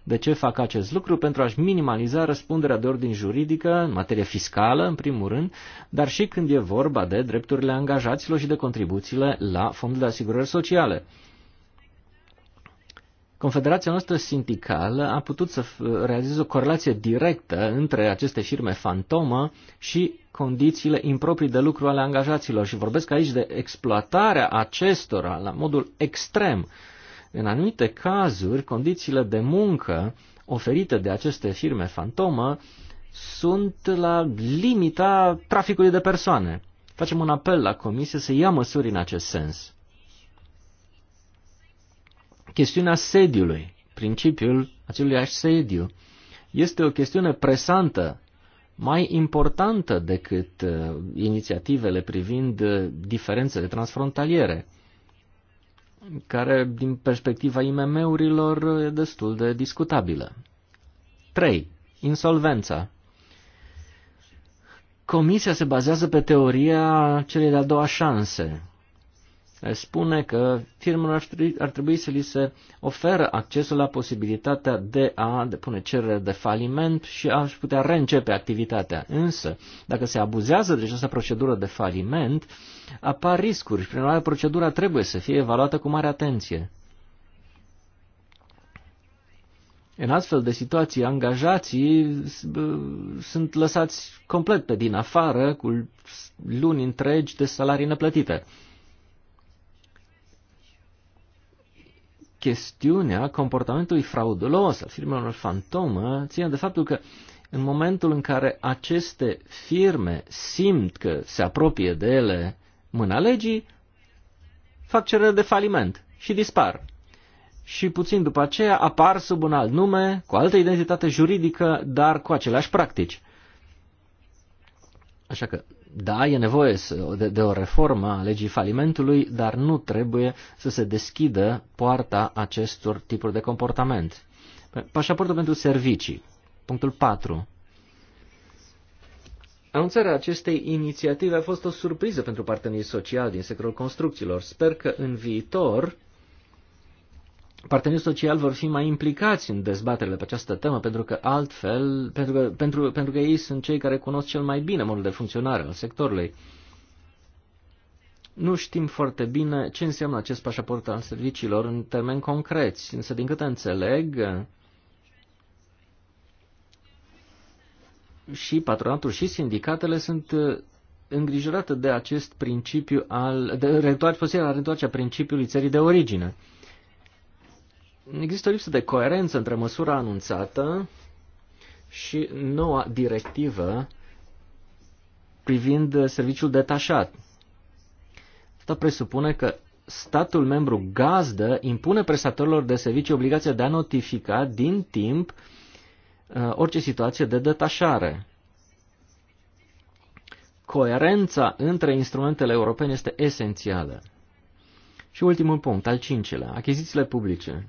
De ce fac acest lucru? Pentru a-și minimaliza răspunderea de ordin juridică, în materie fiscală, în primul rând, dar și când e vorba de drepturile angajaților și de contribuțiile la fondul de asigurări sociale. Confederația noastră sindicală a putut să realizeze o corelație directă între aceste firme fantomă și condițiile improprii de lucru ale angajaților și vorbesc aici de exploatarea acestora la modul extrem. În anumite cazuri, condițiile de muncă oferite de aceste firme fantomă sunt la limita traficului de persoane. Facem un apel la Comisie să ia măsuri în acest sens chestiunea sediului, principiul acelui sediu, este o chestiune presantă, mai importantă decât uh, inițiativele privind uh, diferențele transfrontaliere, care, din perspectiva IMM-urilor, uh, e destul de discutabilă. 3. Insolvența. Comisia se bazează pe teoria celei de-a doua șanse, spune că firmelor ar trebui, ar trebui să li se oferă accesul la posibilitatea de a depune cerere de faliment și a putea reîncepe activitatea. Însă, dacă se abuzează de această procedură de faliment, apar riscuri și, prin urmare, procedura trebuie să fie evaluată cu mare atenție. În astfel de situații, angajații sunt lăsați complet pe din afară, cu luni întregi de salarii neplătite. chestiunea comportamentului fraudulos al firmelor fantomă ține de faptul că în momentul în care aceste firme simt că se apropie de ele mâna legii, fac cerere de faliment și dispar. Și puțin după aceea apar sub un alt nume, cu altă identitate juridică, dar cu aceleași practici. Așa că da, e nevoie de, de o reformă a legii falimentului, dar nu trebuie să se deschidă poarta acestor tipuri de comportament. Pașaportul pentru servicii. Punctul 4. Anunțarea acestei inițiative a fost o surpriză pentru partenerii sociali din sectorul construcțiilor. Sper că în viitor partenerii sociali vor fi mai implicați în dezbaterile pe această temă, pentru că altfel, pentru că, pentru, pentru că ei sunt cei care cunosc cel mai bine modul de funcționare al sectorului. Nu știm foarte bine ce înseamnă acest pașaport al serviciilor în termeni concreți, însă din câte înțeleg, și patronatul și sindicatele sunt uh, îngrijorate de acest principiu al, de reîntoarcerea, principiului țării de origine. Există o lipsă de coerență între măsura anunțată și noua directivă privind serviciul detașat. Asta presupune că statul membru gazdă impune prestatorilor de servicii obligația de a notifica din timp uh, orice situație de detașare. Coerența între instrumentele europene este esențială. Și ultimul punct, al cincilea, achizițiile publice.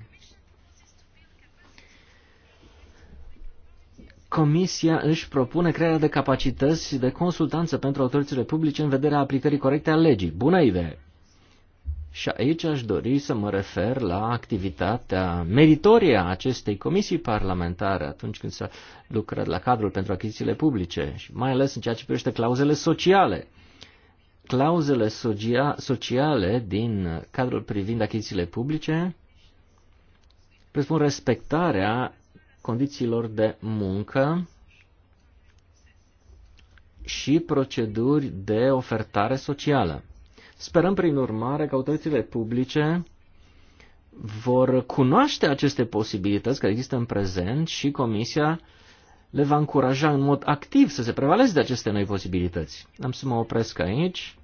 Comisia își propune crearea de capacități de consultanță pentru autoritățile publice în vederea aplicării corecte a legii. Bună idee! Și aici aș dori să mă refer la activitatea meritorie a acestei comisii parlamentare atunci când se lucră la cadrul pentru achizițiile publice și mai ales în ceea ce privește clauzele sociale. Clauzele sociale din cadrul privind achizițiile publice presupun respectarea condițiilor de muncă și proceduri de ofertare socială. Sperăm, prin urmare, că autoritățile publice vor cunoaște aceste posibilități care există în prezent și Comisia le va încuraja în mod activ să se prevaleze de aceste noi posibilități. Am să mă opresc aici.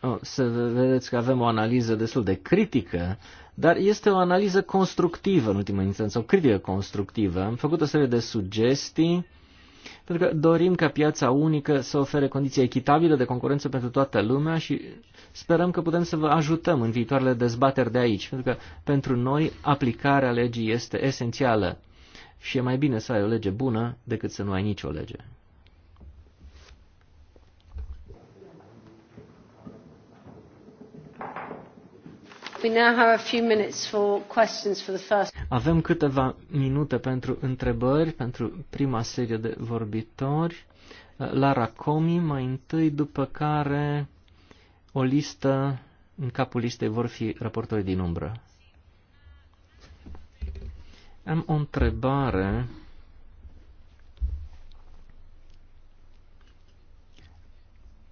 O, să vedeți că avem o analiză destul de critică dar este o analiză constructivă în ultima instanță, o critică constructivă. Am făcut o serie de sugestii, pentru că dorim ca piața unică să ofere condiții echitabile de concurență pentru toată lumea și sperăm că putem să vă ajutăm în viitoarele dezbateri de aici, pentru că pentru noi aplicarea legii este esențială și e mai bine să ai o lege bună decât să nu ai nicio lege. Avem câteva minute pentru întrebări, pentru prima serie de vorbitori. Lara Comi mai întâi, după care o listă, în capul listei vor fi raportori din umbră. Am o întrebare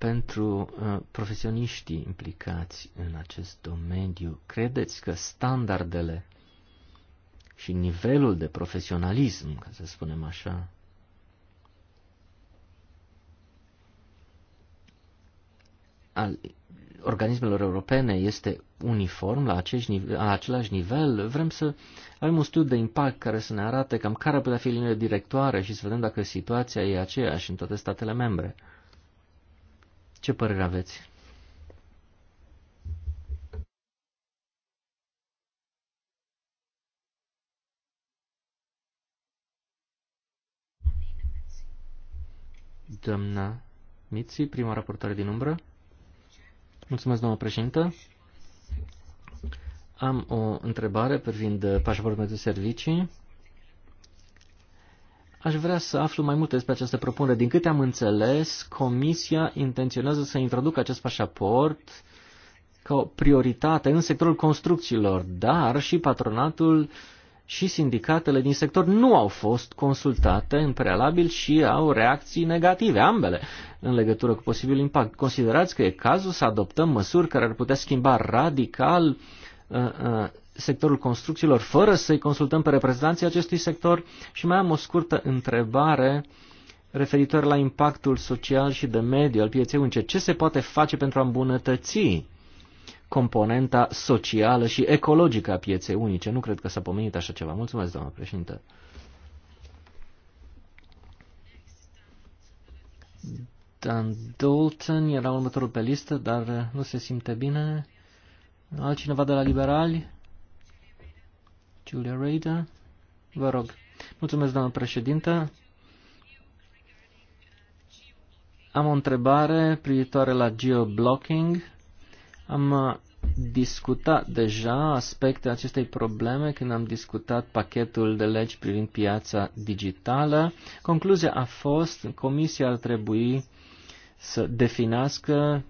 pentru uh, profesioniștii implicați în acest domeniu. Credeți că standardele și nivelul de profesionalism, ca să spunem așa, al organismelor europene este uniform, la, acești la același nivel, vrem să avem un studiu de impact care să ne arate cam care putea fi liniile directoare și să vedem dacă situația e aceeași în toate statele membre. Ce părere aveți? Doamna Miți, prima raportare din umbră. Mulțumesc, doamna președintă. Am o întrebare privind pașaportul de servicii. Aș vrea să aflu mai multe despre această propunere. Din câte am înțeles, Comisia intenționează să introducă acest pașaport ca o prioritate în sectorul construcțiilor, dar și patronatul și sindicatele din sector nu au fost consultate în prealabil și au reacții negative, ambele, în legătură cu posibilul impact. Considerați că e cazul să adoptăm măsuri care ar putea schimba radical uh, uh, sectorul construcțiilor fără să-i consultăm pe reprezentanții acestui sector și mai am o scurtă întrebare referitor la impactul social și de mediu al pieței unice. Ce se poate face pentru a îmbunătăți componenta socială și ecologică a pieței unice? Nu cred că s-a pomenit așa ceva. Mulțumesc, doamnă președinte. Dan Dalton era următorul pe listă, dar nu se simte bine. Altcineva de la liberali? Julia Reda. Vă rog. Mulțumesc, doamnă președintă. Am o întrebare privitoare la geoblocking. Am uh, discutat deja aspecte acestei probleme când am discutat pachetul de legi privind piața digitală. Concluzia a fost, comisia ar trebui să definească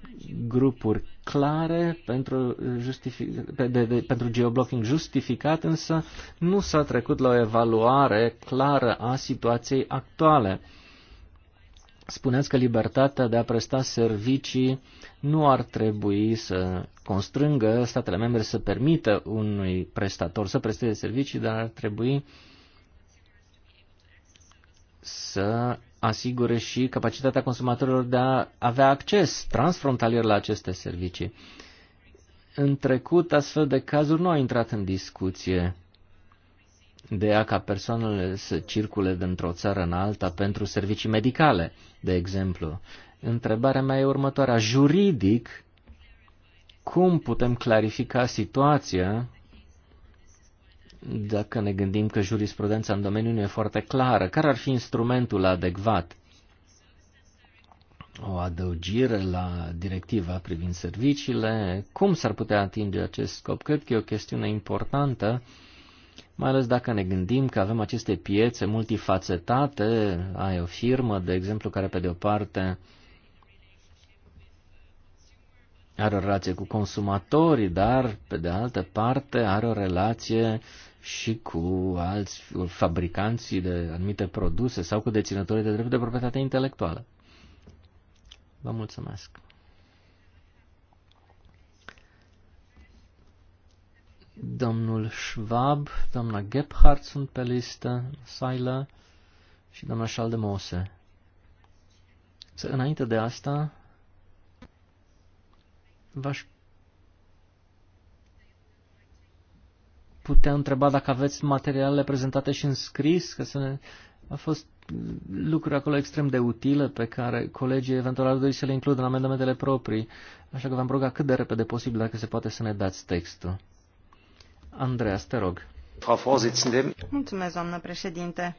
grupuri clare pentru, justific- de, de, pentru geoblocking justificat, însă nu s-a trecut la o evaluare clară a situației actuale. Spuneți că libertatea de a presta servicii nu ar trebui să constrângă statele membre să permită unui prestator să presteze servicii, dar ar trebui să asigure și capacitatea consumatorilor de a avea acces transfrontalier la aceste servicii. În trecut, astfel de cazuri nu au intrat în discuție de a ca persoanele să circule dintr-o țară în alta pentru servicii medicale, de exemplu. Întrebarea mea e următoarea. Juridic, cum putem clarifica situația dacă ne gândim că jurisprudența în domeniu nu e foarte clară, care ar fi instrumentul adecvat? O adăugire la directiva privind serviciile, cum s-ar putea atinge acest scop? Cred că e o chestiune importantă, mai ales dacă ne gândim că avem aceste piețe multifacetate, ai o firmă, de exemplu, care pe de o parte are o relație cu consumatorii, dar pe de altă parte are o relație și cu alți fabricanții de anumite produse sau cu deținătorii de drept de proprietate intelectuală. Vă mulțumesc! Domnul Schwab, doamna Gebhardt sunt pe listă, Saila și doamna Schaldemose. Să, înainte de asta, v-aș putea întreba dacă aveți materialele prezentate și în scris, că să ne... a fost lucruri acolo extrem de utile pe care colegii eventual ar dori să le includă în amendamentele proprii, așa că v-am rugat cât de repede posibil dacă se poate să ne dați textul. Andreas, te rog. Mulțumesc, doamnă președinte.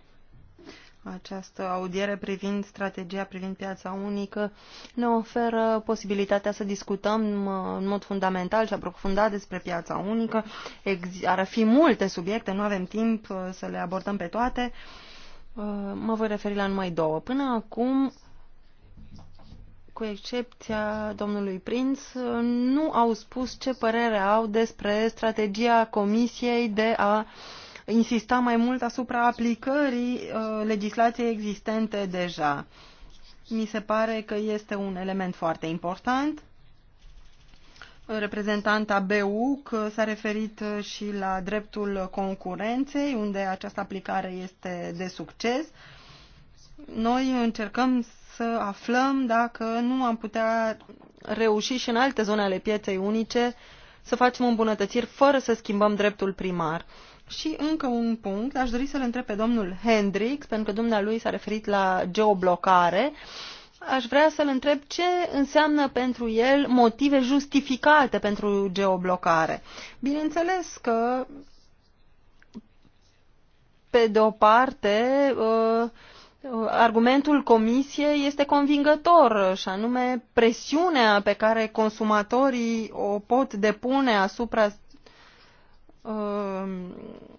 Această audiere privind strategia, privind piața unică, ne oferă posibilitatea să discutăm în mod fundamental și aprofundat despre piața unică. Ar fi multe subiecte, nu avem timp uh, să le abordăm pe toate. Uh, mă voi referi la numai două. Până acum, cu excepția domnului Prinț, uh, nu au spus ce părere au despre strategia Comisiei de a uh, insista mai mult asupra aplicării uh, legislației existente deja. Mi se pare că este un element foarte important. Reprezentanta BU s-a referit și la dreptul concurenței, unde această aplicare este de succes. Noi încercăm să aflăm dacă nu am putea reuși și în alte zone ale pieței unice să facem îmbunătățiri fără să schimbăm dreptul primar. Și încă un punct, aș dori să-l întreb pe domnul Hendrix, pentru că dumnealui s-a referit la geoblocare. Aș vrea să-l întreb ce înseamnă pentru el motive justificate pentru geoblocare. Bineînțeles că, pe de o parte, ă, argumentul comisiei este convingător, și anume presiunea pe care consumatorii o pot depune asupra Um,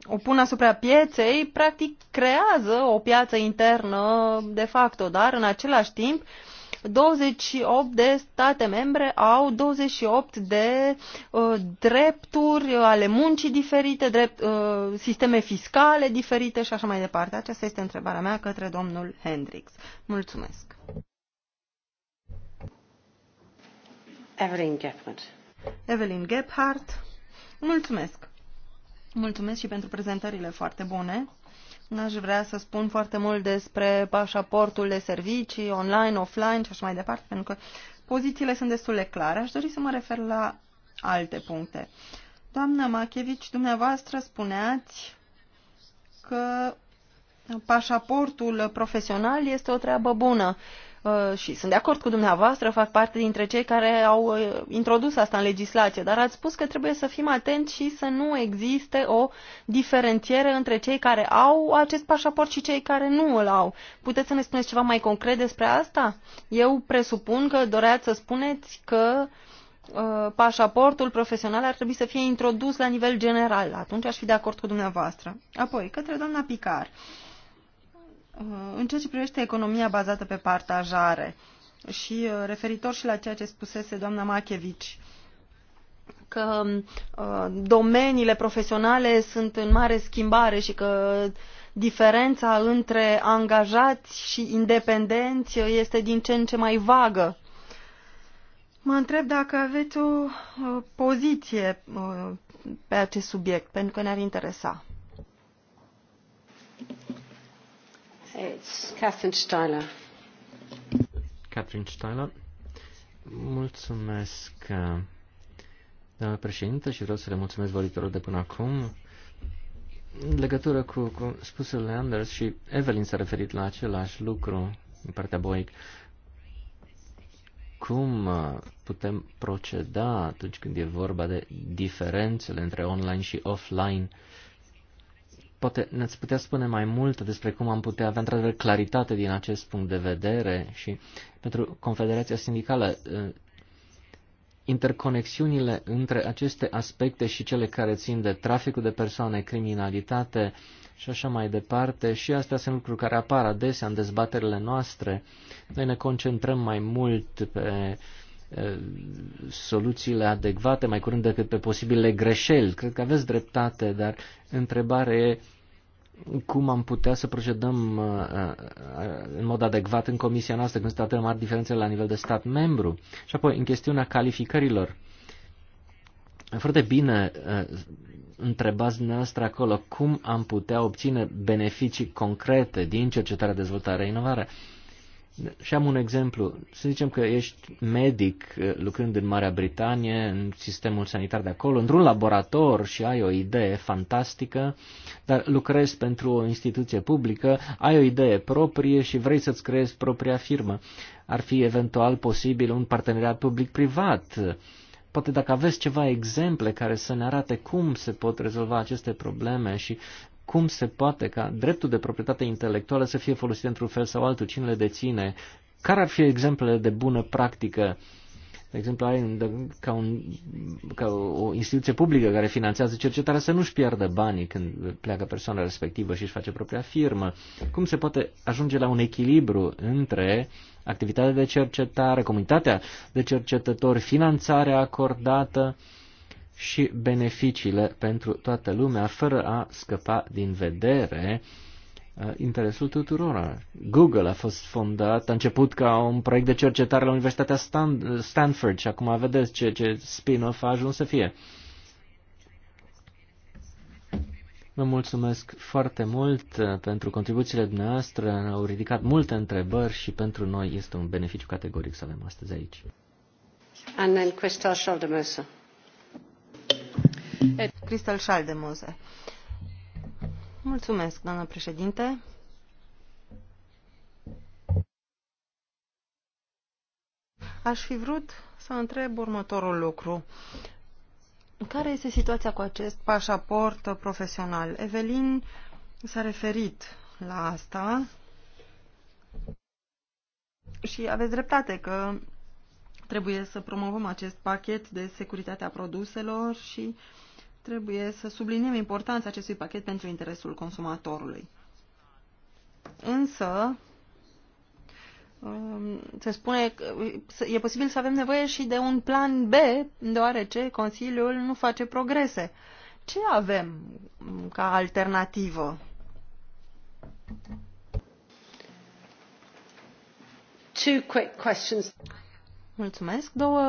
o pun asupra pieței, practic creează o piață internă de facto, dar în același timp 28 de state membre au 28 de uh, drepturi ale muncii diferite, drept, uh, sisteme fiscale diferite și așa mai departe. Aceasta este întrebarea mea către domnul Hendrix. Mulțumesc. Evelyn Gephardt. Evelyn Gephardt. Mulțumesc. Mulțumesc și pentru prezentările foarte bune. N-aș vrea să spun foarte mult despre pașaportul de servicii, online, offline și așa mai departe, pentru că pozițiile sunt destul de clare. Aș dori să mă refer la alte puncte. Doamna Machevici, dumneavoastră spuneați că pașaportul profesional este o treabă bună Uh, și sunt de acord cu dumneavoastră, fac parte dintre cei care au uh, introdus asta în legislație, dar ați spus că trebuie să fim atenți și să nu existe o diferențiere între cei care au acest pașaport și cei care nu îl au. Puteți să ne spuneți ceva mai concret despre asta? Eu presupun că doreați să spuneți că uh, pașaportul profesional ar trebui să fie introdus la nivel general. Atunci aș fi de acord cu dumneavoastră. Apoi, către doamna Picar. Uh, Uh, în ceea ce privește economia bazată pe partajare și uh, referitor și la ceea ce spusese doamna Machevici, că uh, domeniile profesionale sunt în mare schimbare și că diferența între angajați și independenți este din ce în ce mai vagă. Mă întreb dacă aveți o poziție pe acest subiect, pentru că ne-ar interesa. Catherine Steiler. Catherine Mulțumesc, uh, doamnă președintă, și vreau să le mulțumesc vorbitorul de până acum. În legătură cu, cu spusul Anders și Evelyn s-a referit la același lucru din partea Boic. Cum uh, putem proceda atunci când e vorba de diferențele între online și offline uh, Poate ne-ați putea spune mai mult despre cum am putea avea într-adevăr claritate din acest punct de vedere și pentru Confederația Sindicală eh, interconexiunile între aceste aspecte și cele care țin de traficul de persoane, criminalitate și așa mai departe. Și astea sunt lucruri care apar adesea în dezbaterile noastre. Noi ne concentrăm mai mult pe eh, soluțiile adecvate mai curând decât pe posibile greșeli. Cred că aveți dreptate, dar întrebarea e cum am putea să procedăm uh, uh, în mod adecvat în comisia noastră când de mari diferențele la nivel de stat membru. Și apoi, în chestiunea calificărilor, foarte bine uh, întrebați dumneavoastră acolo cum am putea obține beneficii concrete din cercetarea, dezvoltare, inovare. Uh, și am un exemplu. Să zicem că ești medic eh, lucrând în Marea Britanie, în sistemul sanitar de acolo, într-un laborator și ai o idee fantastică, dar lucrezi pentru o instituție publică, ai o idee proprie și vrei să-ți creezi propria firmă. Ar fi eventual posibil un parteneriat public-privat. Poate dacă aveți ceva exemple care să ne arate cum se pot rezolva aceste probleme și cum se poate ca dreptul de proprietate intelectuală să fie folosit într-un fel sau altul, cine le deține, care ar fi exemplele de bună practică de exemplu, ai un, ca, un, ca o instituție publică care finanțează cercetarea să nu-și piardă banii când pleacă persoana respectivă și își face propria firmă. Cum se poate ajunge la un echilibru între activitatea de cercetare, comunitatea de cercetători, finanțarea acordată, uh, și beneficiile pentru toată lumea, fără a scăpa din vedere uh, interesul tuturor. Google a fost fondat, a început ca un proiect de cercetare la Universitatea Stan Stanford și acum vedeți ce, ce spin-off a ajuns să fie. Vă mulțumesc foarte mult uh, pentru contribuțiile dumneavoastră, au ridicat multe întrebări și pentru noi este un beneficiu categoric să avem astăzi aici. Anel then Cristel Schaldemose. Mulțumesc, doamnă președinte. Aș fi vrut să întreb următorul lucru. Care este situația cu acest pașaport profesional? Evelin s-a referit la asta și aveți dreptate că trebuie să promovăm acest pachet de securitate a produselor și uh, trebuie să subliniem importanța acestui pachet pentru interesul consumatorului. Însă, um, se spune că e posibil să avem nevoie și de un plan B, deoarece Consiliul nu face progrese. Ce avem ca alternativă? Two quick questions. Mulțumesc. Două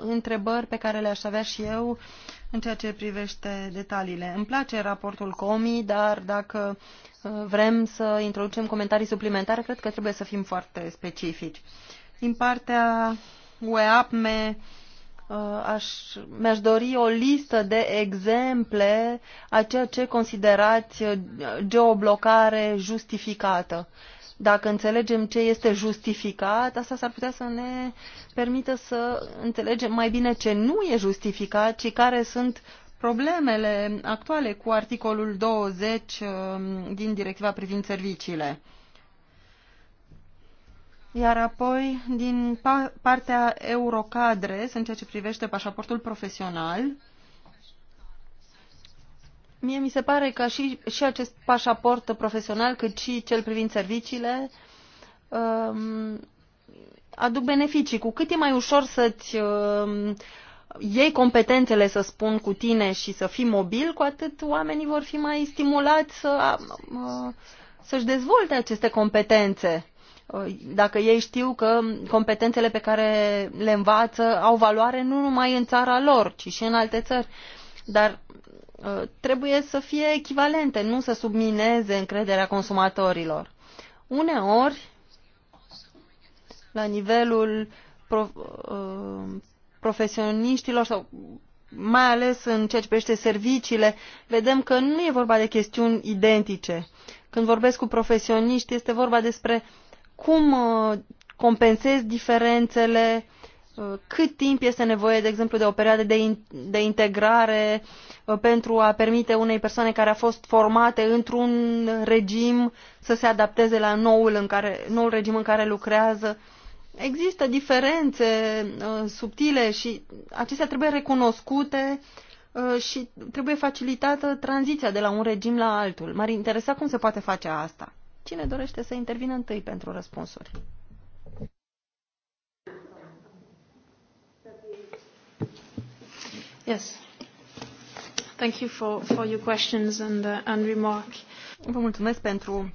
întrebări pe care le-aș avea și eu în ceea ce privește detaliile. Îmi place raportul COMI, dar dacă uh, vrem să introducem comentarii suplimentare, cred că trebuie să fim foarte specifici. Din partea UEAPME, uh, aș, mi-aș dori o listă de exemple a ceea ce considerați uh, geoblocare justificată. Dacă înțelegem ce este justificat, asta s-ar putea să ne permită să înțelegem mai bine ce nu e justificat și care sunt problemele actuale cu articolul 20 uh, din directiva privind serviciile. Iar apoi, din partea Eurocadre, în ceea ce privește pașaportul profesional, Mie mi se pare că și, și acest pașaport profesional, cât și cel privind serviciile, um, aduc beneficii. Cu cât e mai ușor să-ți um, iei competențele, să spun, cu tine și să fii mobil, cu atât oamenii vor fi mai stimulați să, um, să-și dezvolte aceste competențe. Uh, dacă ei știu că competențele pe care le învață au valoare nu numai în țara lor, ci și în alte țări. Dar Uh, trebuie să fie echivalente, nu să submineze încrederea consumatorilor. Uneori, la nivelul pro, uh, profesioniștilor sau mai ales în ceea ce privește serviciile, vedem că nu e vorba de chestiuni identice. Când vorbesc cu profesioniști, este vorba despre cum uh, compensezi diferențele cât timp este nevoie, de exemplu, de o perioadă de, in, de integrare uh, pentru a permite unei persoane care a fost formate într-un regim să se adapteze la noul, în care, noul regim în care lucrează. Există diferențe uh, subtile și acestea trebuie recunoscute uh, și trebuie facilitată tranziția de la un regim la altul. M-ar interesa cum se poate face asta. Cine dorește să intervină întâi pentru răspunsuri? Yes. Thank you for, for your questions and, uh, and remark. Vă mulțumesc pentru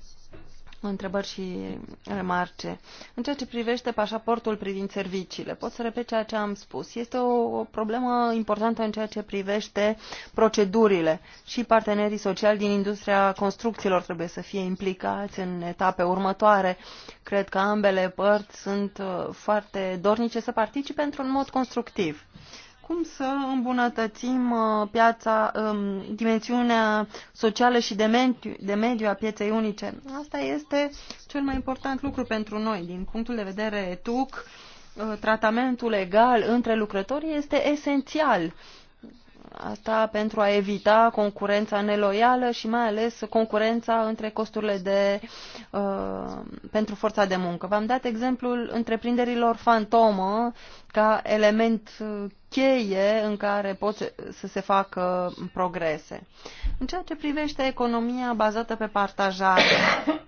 întrebări și remarce. În ceea ce privește pașaportul privind serviciile, pot să repet ceea ce am spus. Este o problemă importantă în ceea ce privește procedurile și partenerii sociali din industria construcțiilor trebuie să fie implicați în etape următoare. Cred că ambele părți sunt uh, foarte dornice să participe într-un mod constructiv cum să îmbunătățim uh, piața, um, dimensiunea socială și de mediu, de mediu a pieței unice. Asta este cel mai important lucru pentru noi. Din punctul de vedere TUC, uh, tratamentul legal între lucrători este esențial Asta pentru a evita concurența neloială și mai ales concurența între costurile de, uh, pentru forța de muncă. V-am dat exemplul întreprinderilor fantomă ca element uh, cheie în care pot să se facă progrese. În ceea ce privește economia bazată pe partajare,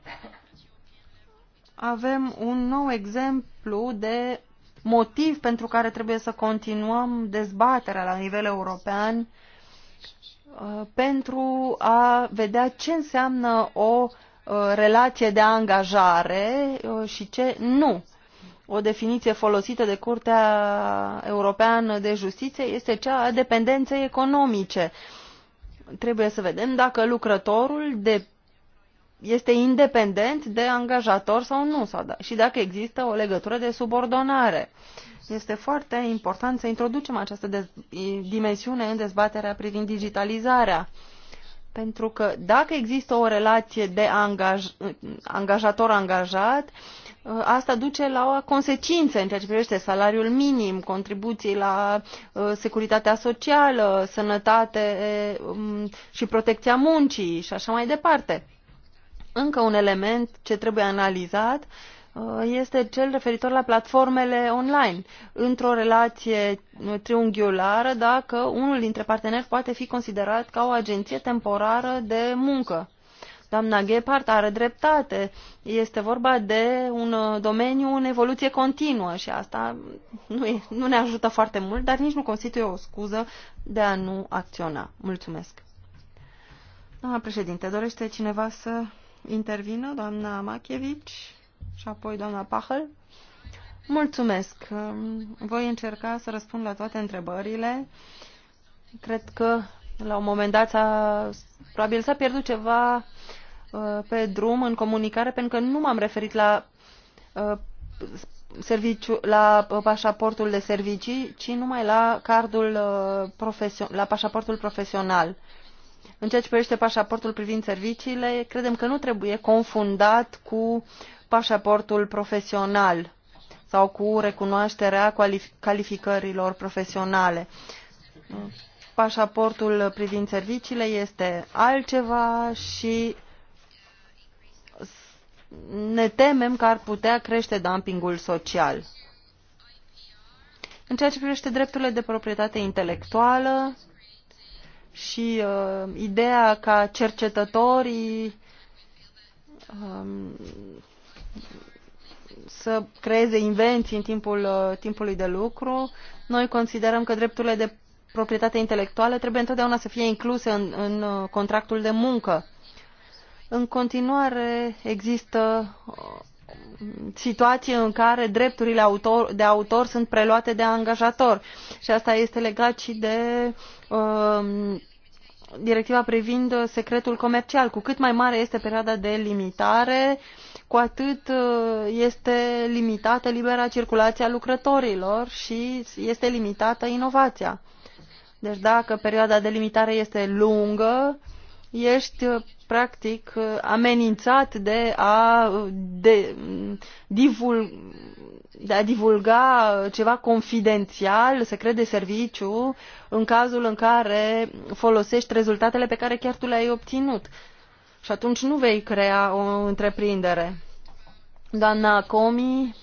avem un nou exemplu de motiv pentru care trebuie să continuăm dezbaterea la nivel european uh, pentru a vedea ce înseamnă o uh, relație de angajare uh, și ce nu. O definiție folosită de Curtea Europeană de Justiție este cea a dependenței economice. Trebuie să vedem dacă lucrătorul de este independent de angajator sau nu, sau da, și dacă există o legătură de subordonare. Este foarte important să introducem această dimensiune în dezbaterea privind digitalizarea. Pentru că dacă există o relație de angaj, angajator-angajat, ă, asta duce la consecință în ceea ce privește salariul minim, contribuții la ă, securitatea socială, sănătate ă, și protecția muncii și așa mai departe. Încă un element ce trebuie analizat uh, este cel referitor la platformele online. Într-o relație triunghiulară, dacă unul dintre parteneri poate fi considerat ca o agenție temporară de muncă. Doamna Gephardt are dreptate. Este vorba de un uh, domeniu în evoluție continuă și asta nu, e, nu ne ajută foarte mult, dar nici nu constituie o scuză de a nu acționa. Mulțumesc. Doamna președinte, dorește cineva să intervină, doamna Machevici și apoi doamna Pahăl. Mulțumesc. Um, voi încerca să răspund la toate întrebările. Cred că la un moment dat s-a, probabil s-a pierdut ceva uh, pe drum în comunicare pentru că nu m-am referit la uh, serviciu, la uh, pașaportul de servicii, ci numai la cardul profesion, la pașaportul profesional. În ceea ce privește pașaportul privind serviciile, credem că nu trebuie confundat cu pașaportul profesional sau cu recunoașterea calificărilor profesionale. Pașaportul privind serviciile este altceva și ne temem că ar putea crește dumpingul social. În ceea ce privește drepturile de proprietate intelectuală, și uh, ideea ca cercetătorii um, să creeze invenții în timpul uh, timpului de lucru, noi considerăm că drepturile de proprietate intelectuală trebuie întotdeauna să fie incluse în, în uh, contractul de muncă. În continuare există uh, situație în care drepturile de autor sunt preluate de angajator și asta este legat și de um, directiva privind secretul comercial. Cu cât mai mare este perioada de limitare, cu atât uh, este limitată libera circulație a lucrătorilor și este limitată inovația. Deci dacă perioada de limitare este lungă, ești uh, practic uh, amenințat de a, de, divul, de a divulga ceva confidențial, secret de serviciu, în cazul în care folosești rezultatele pe care chiar tu le-ai obținut. Și atunci nu vei crea o întreprindere. Doamna Comi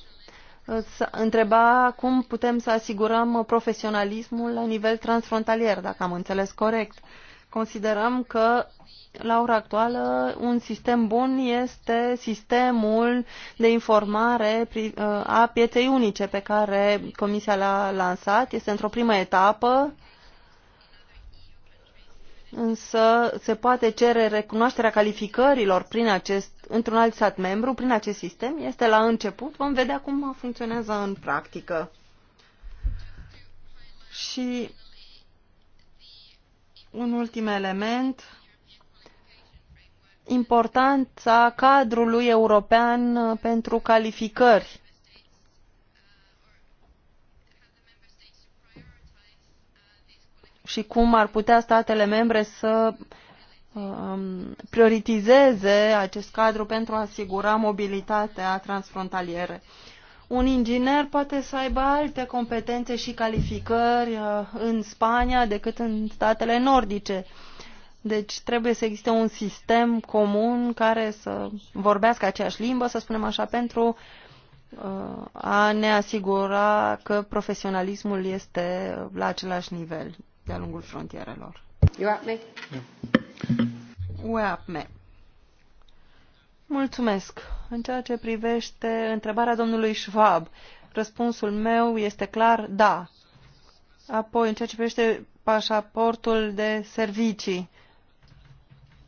întreba cum putem să asigurăm profesionalismul la nivel transfrontalier, dacă am înțeles corect. Considerăm că la ora actuală, un sistem bun este sistemul de informare uh, a pieței unice pe care Comisia l-a lansat. Este într-o primă etapă, însă se poate cere recunoașterea calificărilor prin acest, într-un alt stat membru prin acest sistem. Este la început, vom vedea cum funcționează în practică. Și un ultim element importanța cadrului european uh, pentru calificări. Și cum ar putea statele membre să um, prioritizeze acest cadru pentru a asigura mobilitatea transfrontalieră. Un inginer poate să aibă alte competențe și calificări uh, în Spania decât în statele nordice. Uh, deci trebuie să existe un sistem comun care să vorbească aceeași limbă, să spunem așa, pentru uh, a ne asigura că profesionalismul este la același nivel de-a lungul frontierelor. UAPME. UAPME. Mulțumesc. În ceea ce privește întrebarea domnului Schwab, răspunsul meu este clar da. Apoi, în ceea ce privește pașaportul de servicii,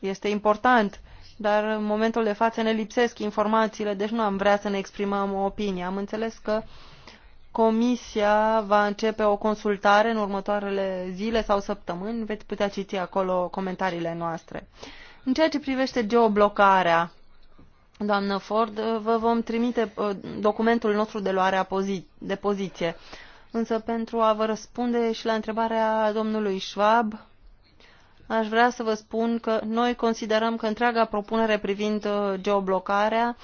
este important, dar în momentul de față ne lipsesc informațiile, deci nu am vrea să ne exprimăm o opinie. Am înțeles că Comisia va începe o consultare în următoarele zile sau săptămâni. Veți putea citi acolo comentariile noastre. În ceea ce privește geoblocarea, doamnă Ford, vă vom trimite uh, documentul nostru de luare a pozi- de poziție. Însă pentru a vă răspunde și la întrebarea domnului Schwab, aș vrea să vă spun că noi considerăm că întreaga propunere privind uh, geoblocarea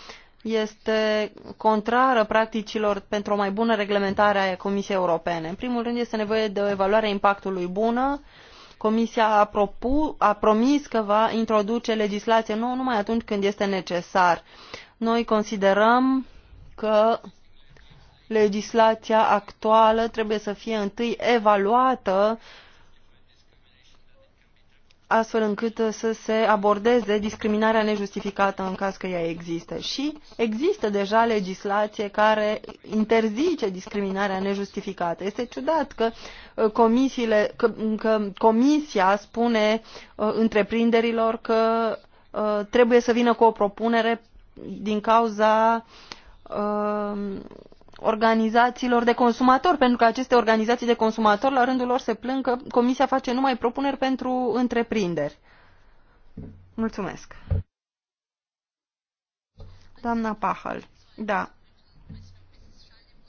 este contrară practicilor pentru o mai bună reglementare a Comisiei Europene. În primul rând este nevoie de o evaluare a impactului bună. Comisia a, propu, a promis că va introduce legislație nouă numai atunci când este necesar. Noi considerăm că legislația actuală trebuie să fie întâi evaluată uh, astfel încât uh, să se abordeze discriminarea nejustificată în caz că ea există. Și există deja legislație care interzice discriminarea nejustificată. Este ciudat că, uh, comisiile, că, că comisia spune uh, întreprinderilor că trebuie să vină cu o propunere din cauza organizațiilor de consumatori, pentru că aceste organizații de consumatori la rândul lor se plâng că Comisia face numai propuneri pentru întreprinderi. Mulțumesc. Doamna Pahal, da.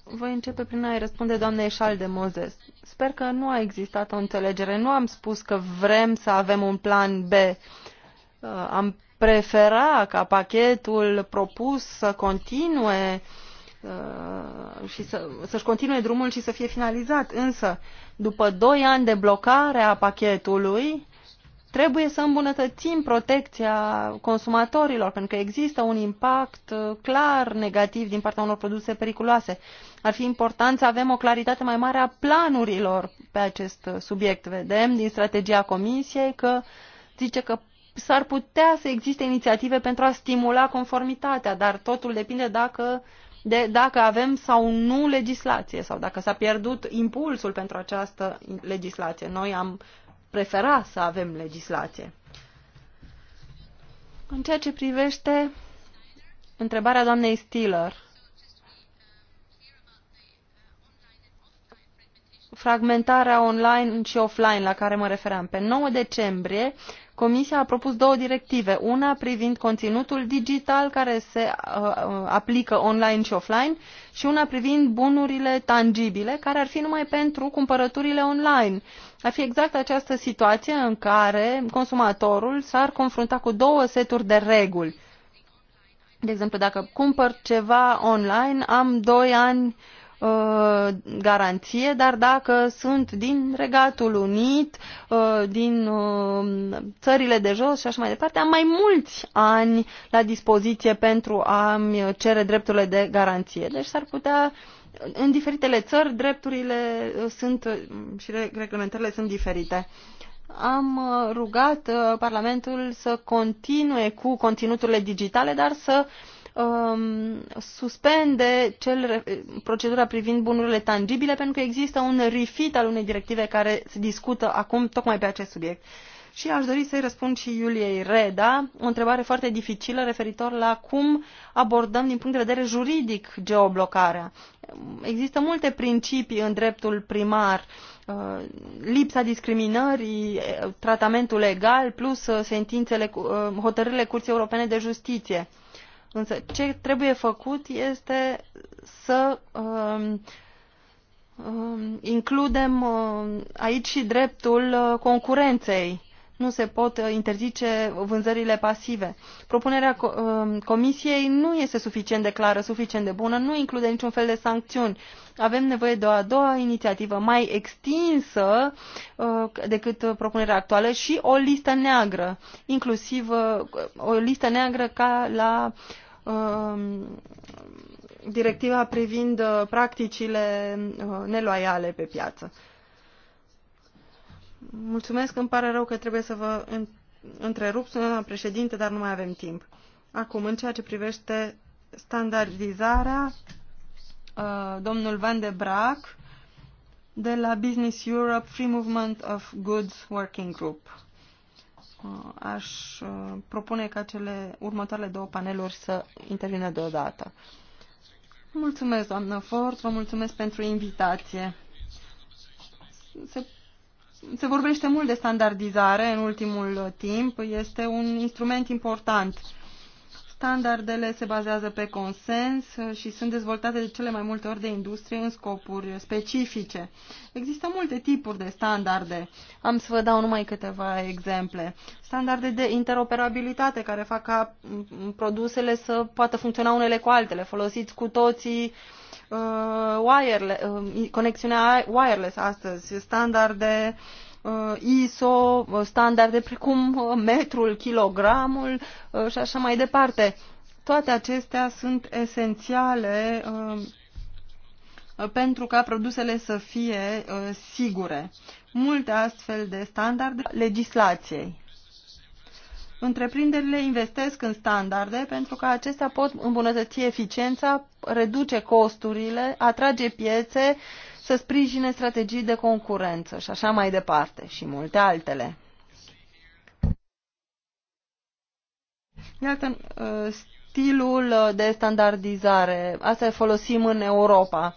Voi începe prin a-i răspunde doamnei Eșal Mozes. Sper că nu a existat o înțelegere. Nu am spus că vrem să avem un plan B. Uh, am prefera ca pachetul propus să continue Uh, și să, să-și continue drumul și să fie finalizat. Însă, după doi ani de blocare a pachetului, trebuie să îmbunătățim protecția consumatorilor, pentru că există un impact uh, clar negativ din partea unor produse periculoase. Ar fi important să avem o claritate mai mare a planurilor pe acest uh, subiect. Vedem din strategia Comisiei că zice că s-ar putea să existe inițiative pentru a stimula conformitatea, dar totul depinde dacă de dacă avem sau nu legislație sau dacă s-a pierdut impulsul pentru această legislație. Noi am prefera să avem legislație. În ceea ce privește întrebarea doamnei Stiller, fragmentarea online și offline la care mă refeream. Pe 9 decembrie Comisia a propus două directive, una privind conținutul digital care se uh, uh, aplică online și offline și una privind bunurile tangibile care ar fi numai pentru cumpărăturile online. Ar fi exact această situație în care consumatorul s-ar confrunta cu două seturi de reguli. De exemplu, dacă cumpăr ceva online, am doi ani uh, Uh, garanție, dar dacă sunt din Regatul Unit, uh, din uh, țările de jos și așa mai departe, am mai mulți ani la dispoziție pentru a-mi cere drepturile de garanție. Deci s-ar putea în diferitele țări drepturile sunt și reglementările sunt diferite. Am rugat Parlamentul să continue cu conținuturile digitale, dar să uh, um, suspende cel, procedura privind bunurile tangibile pentru că există un refit al unei directive care se discută acum tocmai pe acest subiect. Și aș dori să-i răspund și Iuliei Reda, o întrebare foarte dificilă referitor la cum abordăm din punct de vedere juridic geoblocarea. Există multe principii în dreptul primar, uh, lipsa discriminării, uh, tratamentul legal, plus uh, sentințele, hotărârile Curții Europene de Justiție Însă ce trebuie făcut este să um, um, includem um, aici și dreptul uh, concurenței nu se pot uh, interzice vânzările pasive. Propunerea um, Comisiei nu este suficient de clară, suficient de bună, nu include niciun fel de sancțiuni. Avem nevoie de o a doua inițiativă mai extinsă uh, decât propunerea actuală și o listă neagră, inclusiv uh, o listă neagră ca la um, directiva privind practicile neloiale pe piață. Mulțumesc, îmi pare rău că trebuie să vă întrerup, doamna președinte, dar nu mai avem timp. Acum, în ceea ce privește standardizarea, uh, domnul Van de Brac de la Business Europe Free Movement of Goods Working Group. Uh, aș uh, propune ca cele următoarele două paneluri să intervină deodată. Mulțumesc, doamnă Ford, vă mulțumesc pentru invitație. Se se vorbește mult de standardizare în ultimul timp. Este un instrument important. Standardele se bazează pe consens și sunt dezvoltate de cele mai multe ori de industrie în scopuri specifice. Există multe tipuri de standarde. Am să vă dau numai câteva exemple. Standarde de interoperabilitate care fac ca produsele să poată funcționa unele cu altele. Folosiți cu toții uh, Uh, wireless, uh, conexiunea wireless astăzi, standarde uh, ISO, standarde precum metrul, kilogramul și așa mai departe. Toate acestea sunt esențiale pentru ca produsele să fie sigure. Multe astfel de standarde legislației. Întreprinderile investesc în standarde pentru că acestea pot îmbunătăți eficiența, reduce costurile, atrage piețe, să sprijine strategii de concurență și așa mai departe și multe altele. Iată uh, stilul uh, de standardizare. Asta folosim în Europa.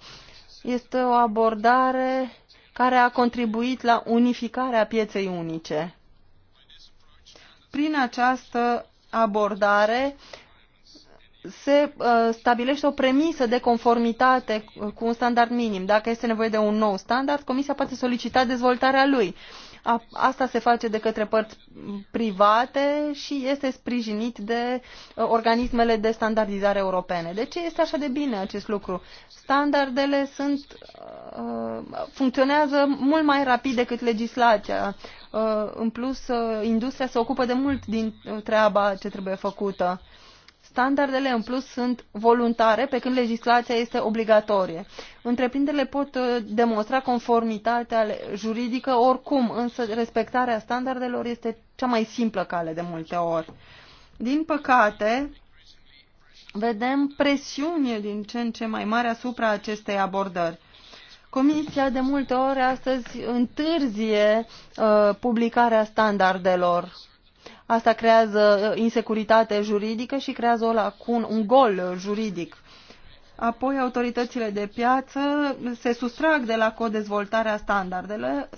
Este o abordare care a contribuit la unificarea pieței unice prin această abordare se uh, stabilește o premisă de conformitate cu un standard minim. Dacă este nevoie de un nou standard, Comisia poate solicita dezvoltarea lui. Asta se face de către părți private și este sprijinit de uh, organismele de standardizare europene. De ce este așa de bine acest lucru? Standardele sunt, uh, funcționează mult mai rapid decât legislația. Uh, în plus, uh, industria se ocupă de mult din uh, treaba ce trebuie făcută. Standardele în plus sunt voluntare, pe când legislația este obligatorie. Întreprinderile pot demonstra conformitatea juridică oricum, însă respectarea standardelor este cea mai simplă cale de multe ori. Din păcate, vedem presiuni din ce în ce mai mari asupra acestei abordări. Comisia de multe ori astăzi întârzie uh, publicarea standardelor. Asta creează uh, insecuritate juridică și creează o lacun, un gol juridic. Apoi autoritățile de piață se sustrag de la codezvoltarea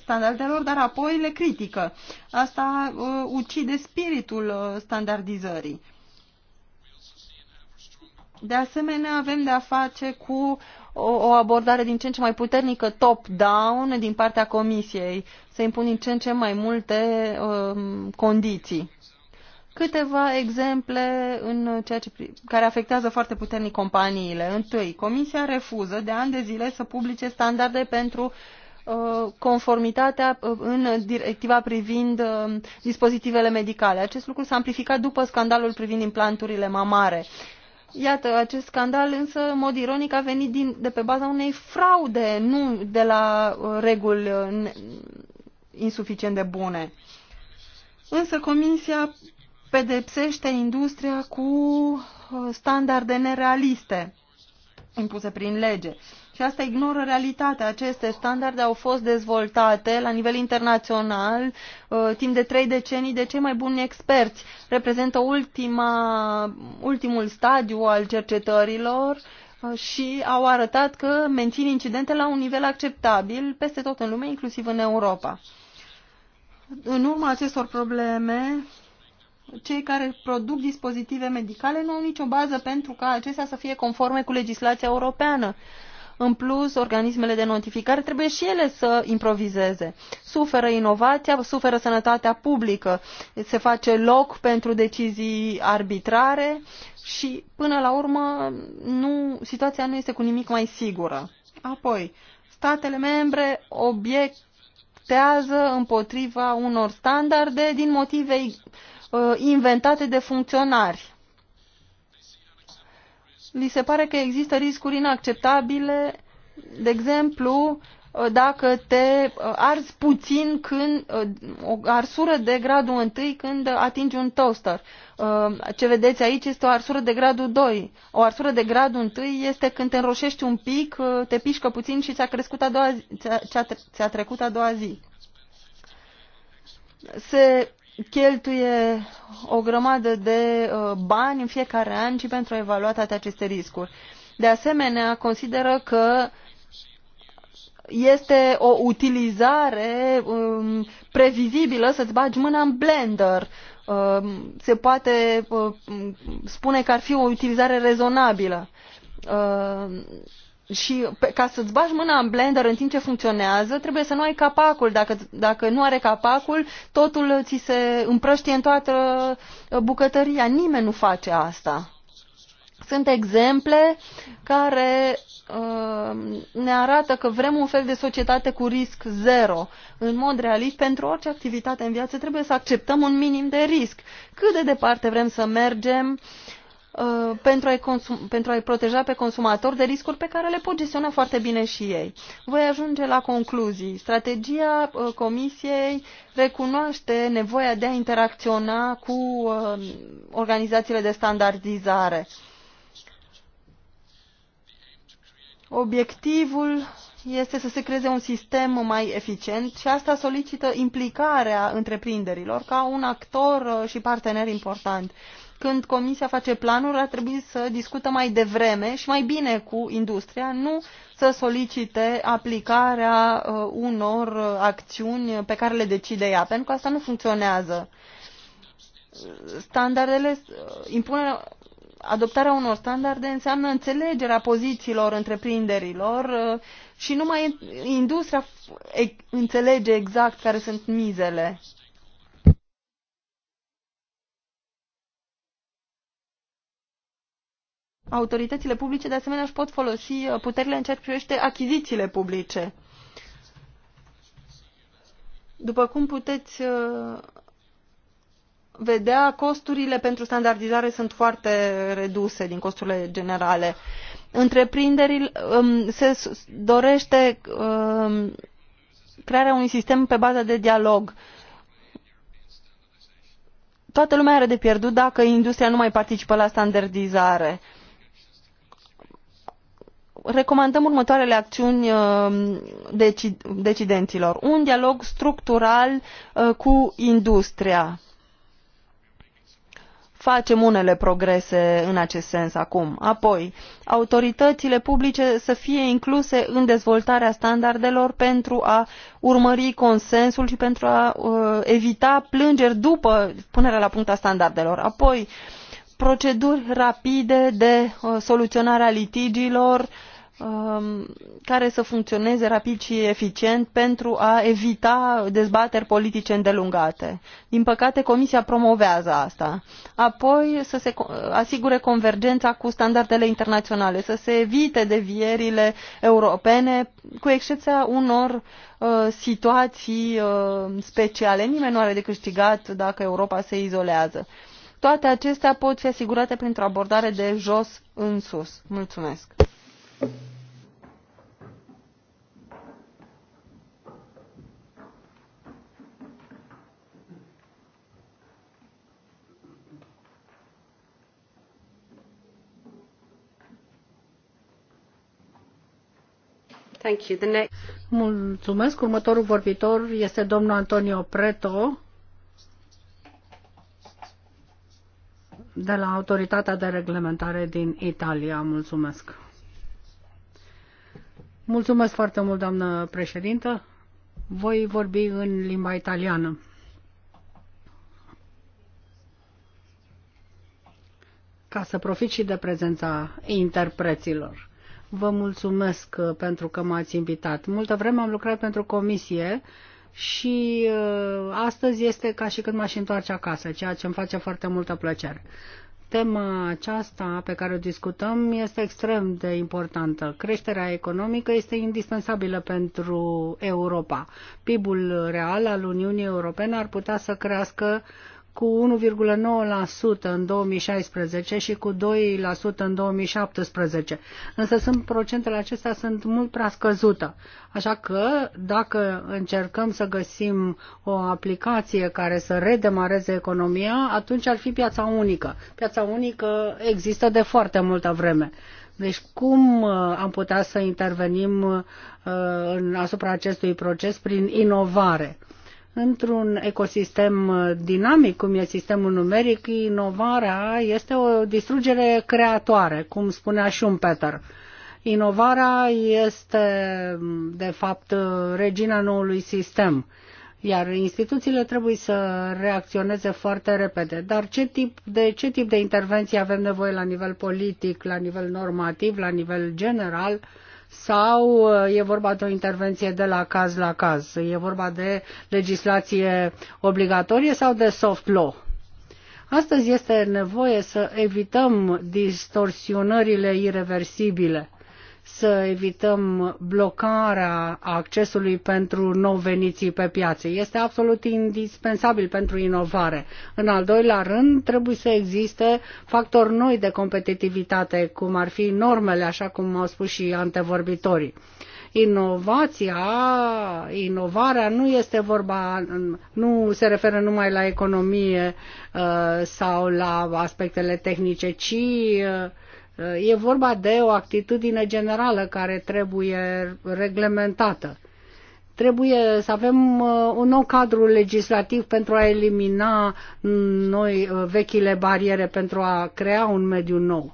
standardelor, dar apoi le critică. Asta uh, ucide spiritul uh, standardizării. De asemenea, avem de a face cu o, o abordare din ce în ce mai puternică top-down din partea Comisiei, să impun din ce în ce mai multe um, condiții. Câteva exemple în ceea ce, care afectează foarte puternic companiile. Întâi, Comisia refuză de ani de zile să publice standarde pentru uh, conformitatea uh, în directiva privind um, dispozitivele medicale. Acest lucru s-a amplificat după scandalul privind implanturile mamare. Iată, acest scandal însă, în mod ironic, a venit din, de pe baza unei fraude, nu de la uh, reguli uh, insuficient de bune. Însă Comisia pedepsește industria cu uh, standarde nerealiste impuse prin lege. Și asta ignoră realitatea. Aceste standarde au fost dezvoltate la nivel internațional uh, timp de trei decenii de cei mai buni experți. Reprezintă ultima, ultimul stadiu al cercetărilor uh, și au arătat că mențin incidente la un nivel acceptabil peste tot în lume, inclusiv în Europa. În urma acestor probleme, cei care produc dispozitive medicale nu au nicio bază pentru ca acestea să fie conforme cu legislația europeană. În plus, organismele de notificare trebuie și ele să improvizeze. Suferă inovația, suferă sănătatea publică, se face loc pentru decizii arbitrare și, până la urmă, nu, situația nu este cu nimic mai sigură. Apoi, statele membre obiectează împotriva unor standarde din motive uh, inventate de funcționari li se pare că există riscuri inacceptabile, de exemplu, dacă te uh, arzi puțin când uh, o arsură de gradul 1 când atingi un toaster. Uh, ce vedeți aici este o arsură de gradul 2. O arsură de gradul 1 este când te înroșești un pic, te pișcă puțin și ți-a, crescut a doua zi, ți-a, ți trecut a doua zi. Se cheltuie o grămadă de uh, bani în fiecare an și pentru a evalua toate aceste riscuri. De asemenea, consideră că este o utilizare um, previzibilă să-ți bagi mâna în blender. Um, se poate um, spune că ar fi o utilizare rezonabilă. Um, și pe, ca să-ți bagi mâna în blender în timp ce funcționează, trebuie să nu ai capacul. Dacă, dacă nu are capacul, totul ți se împrăștie în toată uh, bucătăria. Nimeni nu face asta. Sunt exemple care uh, ne arată că vrem un fel de societate cu risc zero. În mod realist, pentru orice activitate în viață trebuie să acceptăm un minim de risc. Cât de departe vrem să mergem uh, Uh, pentru a-i, pentru a proteja pe consumator de riscuri pe care le pot gestiona foarte bine și ei. Voi ajunge la concluzii. Strategia uh, Comisiei recunoaște nevoia de a interacționa cu uh, organizațiile de standardizare. Obiectivul este să se creeze un sistem mai eficient și asta solicită implicarea întreprinderilor ca un actor și partener important. Când Comisia face planuri, ar trebui să discută mai devreme și mai bine cu industria, nu să solicite aplicarea uh, unor uh, acțiuni pe care le decide ea, pentru că asta nu funcționează. Standardele uh, impune adoptarea unor standarde înseamnă înțelegerea pozițiilor întreprinderilor și numai industria înțelege exact care sunt mizele. autoritățile publice de asemenea își pot folosi uh, puterile în ceea ce privește achizițiile publice. După cum puteți uh, vedea, costurile pentru standardizare sunt foarte reduse din costurile generale. Întreprinderile um, se dorește um, crearea unui sistem pe bază de dialog. Toată lumea are de pierdut dacă industria nu mai participă la standardizare recomandăm următoarele acțiuni deci, decidenților. Un dialog structural uh, cu industria. Facem unele progrese în acest sens acum. Apoi, autoritățile publice să fie incluse în dezvoltarea standardelor pentru a urmări consensul și pentru a uh, evita plângeri după punerea la punct a standardelor. Apoi, proceduri rapide de uh, soluționare a litigiilor Um, care să funcționeze rapid și eficient pentru a evita dezbateri politice îndelungate. Din păcate, Comisia promovează asta. Apoi să se asigure convergența cu standardele internaționale, să se evite devierile europene, cu excepția unor uh, situații uh, speciale. Nimeni nu are de câștigat dacă Europa se izolează. Toate acestea pot fi asigurate printr-o abordare de jos în sus. Mulțumesc! Mulțumesc. Următorul vorbitor este domnul Antonio Preto de la Autoritatea de Reglementare din Italia. Mulțumesc. Mulțumesc foarte mult, doamnă președintă. Voi vorbi în limba italiană. Ca să profit și de prezența interpreților. Vă mulțumesc uh, pentru că m-ați invitat. Multă vreme am lucrat pentru comisie și uh, astăzi este ca și când m-aș întoarce acasă, ceea ce îmi face foarte multă plăcere tema aceasta pe care o discutăm este extrem de importantă. Creșterea economică este indispensabilă pentru Europa. PIB-ul real al Uniunii Europene ar putea să crească cu 1,9% în 2016 și cu 2% în 2017. Însă sunt procentele acestea sunt mult prea scăzută. Așa că dacă încercăm să găsim o aplicație care să redemareze economia, atunci ar fi piața unică. Piața unică există de foarte multă vreme. Deci cum uh, am putea să intervenim uh, în asupra acestui proces prin inovare? Într-un ecosistem dinamic, cum e sistemul numeric, inovarea este o distrugere creatoare, cum spunea Schumpeter. Inovarea este, de fapt, regina noului sistem, iar instituțiile trebuie să reacționeze foarte repede. Dar ce tip de, ce tip de intervenții avem nevoie la nivel politic, la nivel normativ, la nivel general? Uh, sau e vorba de o intervenție de la caz la caz? E vorba de legislație obligatorie sau de soft law? Astăzi este nevoie să evităm distorsionările irreversibile să evităm blocarea accesului pentru nou veniții pe piață. Este absolut indispensabil pentru inovare. În al doilea rând, trebuie să existe factori noi de competitivitate, cum ar fi normele, așa cum au spus și antevorbitorii inovația, inovarea nu este vorba, nu se referă numai la economie uh, sau la aspectele tehnice, ci uh, E vorba de o actitudine generală care trebuie reglementată. Trebuie să avem uh, un nou cadru legislativ pentru a elimina noi uh, vechile bariere, pentru a crea un mediu nou.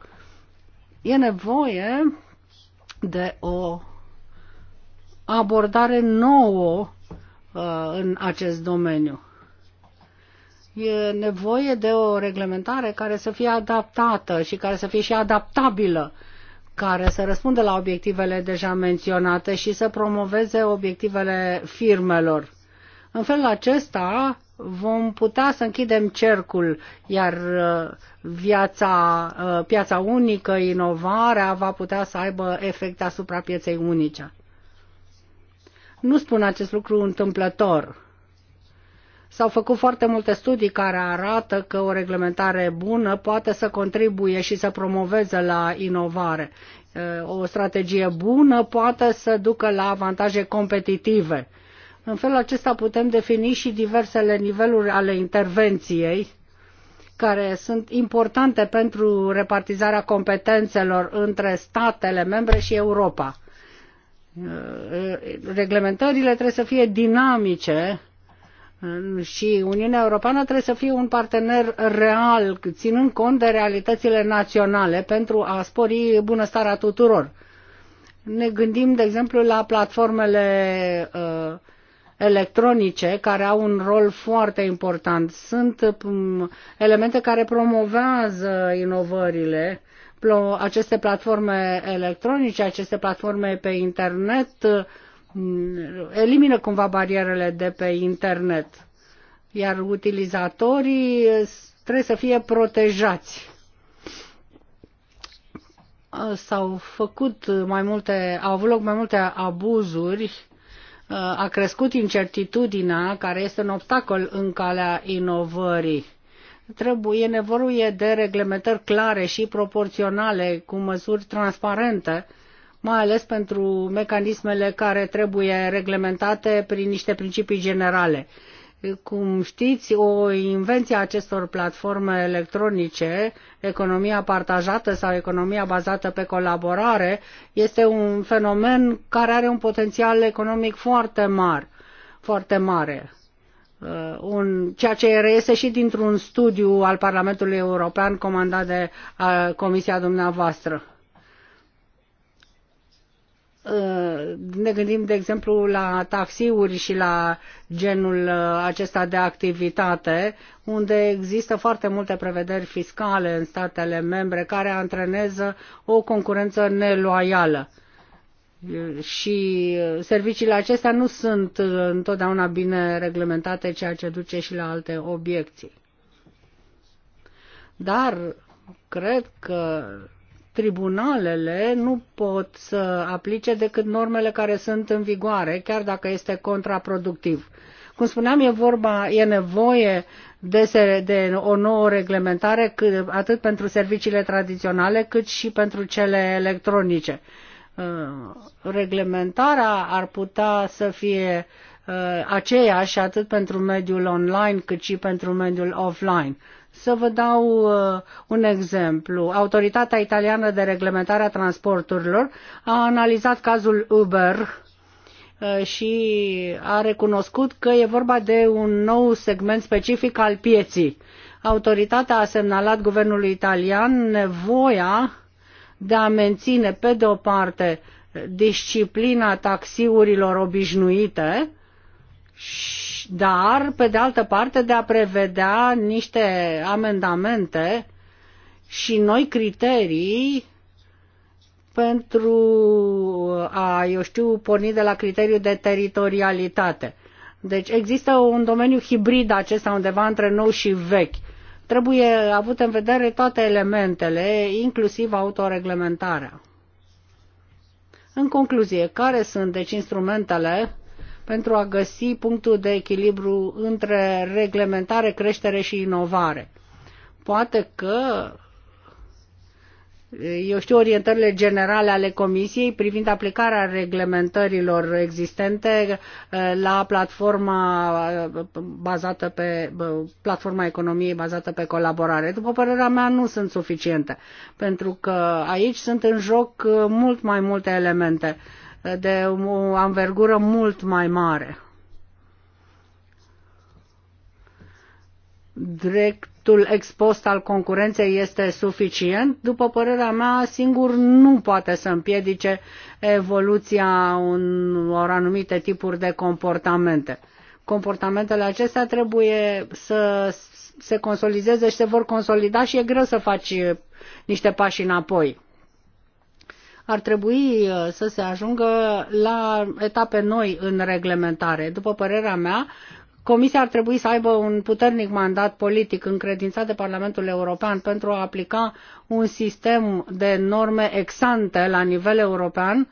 E nevoie de o abordare nouă uh, în acest domeniu E nevoie de o reglementare care să fie adaptată și care să fie și adaptabilă, care să răspundă la obiectivele deja menționate și să promoveze obiectivele firmelor. În felul acesta vom putea să închidem cercul, iar uh, viața, uh, piața unică, inovarea va putea să aibă efect asupra pieței unice. Nu spun acest lucru întâmplător. S-au făcut foarte multe studii care arată că o reglementare bună poate să contribuie și să promoveze la inovare. Uh, o strategie bună poate să ducă la avantaje competitive. În felul acesta putem defini și diversele niveluri ale intervenției care sunt importante pentru repartizarea competențelor între statele membre și Europa. Uh, reglementările trebuie să fie dinamice, și Uniunea Europeană trebuie să fie un partener real, ținând cont de realitățile naționale pentru a spori bunăstarea tuturor. Ne gândim, de exemplu, la platformele uh, electronice care au un rol foarte important. Sunt um, elemente care promovează inovările. aceste platforme electronice, aceste platforme pe internet uh, elimină cumva barierele de pe internet, iar utilizatorii trebuie să fie protejați. S-au făcut mai multe, au avut loc mai multe abuzuri, a crescut incertitudinea care este un obstacol în calea inovării trebuie nevoie de reglementări clare și proporționale cu măsuri transparente mai ales pentru mecanismele care trebuie reglementate prin niște principii generale. Cum știți, o invenție a acestor platforme electronice, economia partajată sau economia bazată pe colaborare, este un fenomen care are un potențial economic foarte mare. Foarte mare uh, un, ceea ce reiese și dintr-un studiu al Parlamentului European comandat de a, uh, Comisia dumneavoastră ne gândim, de exemplu, la taxiuri și la genul uh, acesta de activitate, unde există foarte multe prevederi fiscale în statele membre care antrenează o concurență neloială. Și uh, serviciile acestea nu sunt uh, întotdeauna bine reglementate, ceea ce duce și la alte obiecții. Dar cred că tribunalele nu pot să aplice decât normele care sunt în vigoare, chiar dacă este contraproductiv. Cum spuneam, e vorba, e nevoie de, se, de o nouă reglementare cât, atât pentru serviciile tradiționale cât și pentru cele electronice. Uh, reglementarea ar putea să fie uh, aceeași atât pentru mediul online cât și pentru mediul offline. Să vă dau uh, un exemplu. Autoritatea italiană de reglementare a transporturilor a analizat cazul Uber uh, și a recunoscut că e vorba de un nou segment specific al pieții. Autoritatea a semnalat guvernului italian nevoia de a menține, pe de o parte, disciplina taxiurilor obișnuite și dar, pe de altă parte, de a prevedea niște amendamente și noi criterii pentru a, eu știu, porni de la criteriul de teritorialitate. Deci există un domeniu hibrid acesta undeva între nou și vechi. Trebuie avut în vedere toate elementele, inclusiv autoreglementarea. În concluzie, care sunt deci instrumentele pentru a găsi punctul de echilibru între reglementare, creștere și inovare. Poate că eu știu, orientările generale ale Comisiei privind aplicarea reglementărilor existente eh, la platforma eh, bazată pe platforma economiei bazată pe colaborare. După părerea mea, nu sunt suficiente, pentru că aici sunt în joc eh, mult mai multe elemente de o anvergură mult mai mare. Dreptul expost al concurenței este suficient? După părerea mea, singur nu poate să împiedice evoluția unor anumite tipuri de comportamente. Comportamentele acestea trebuie să se consolideze și se vor consolida și e greu să faci niște pași înapoi ar trebui uh, să se ajungă la etape noi în reglementare. După părerea mea, Comisia ar trebui să aibă un puternic mandat politic încredințat de Parlamentul European pentru a aplica un sistem de norme exante la nivel european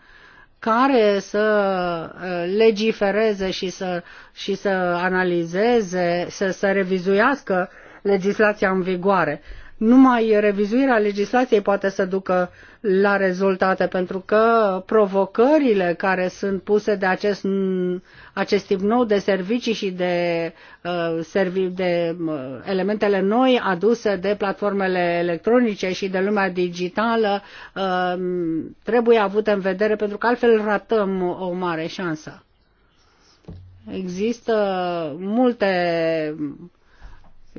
care să uh, legifereze și să, și să analizeze, să, să revizuiască legislația în vigoare. Numai revizuirea legislației poate să ducă la rezultate, pentru că provocările care sunt puse de acest, acest tip nou de servicii și de, uh, de uh, elementele noi aduse de platformele electronice și de lumea digitală uh, trebuie avute în vedere, pentru că altfel ratăm o mare șansă. Există multe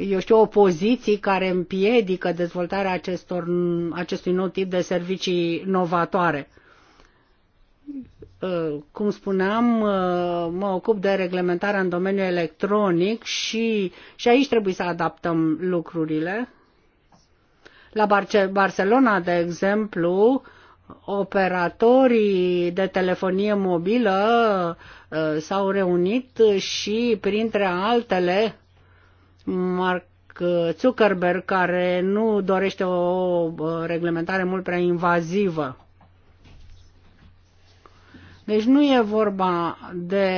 eu știu, opoziții care împiedică dezvoltarea acestor, acestui nou tip de servicii novatoare. Uh, cum spuneam, uh, mă ocup de reglementarea în domeniul electronic și, și aici trebuie să adaptăm lucrurile. La Barce Barcelona, de exemplu, operatorii de telefonie mobilă uh, s-au reunit și, printre altele, Mark Zuckerberg, care nu dorește o reglementare mult prea invazivă. Deci nu e vorba de,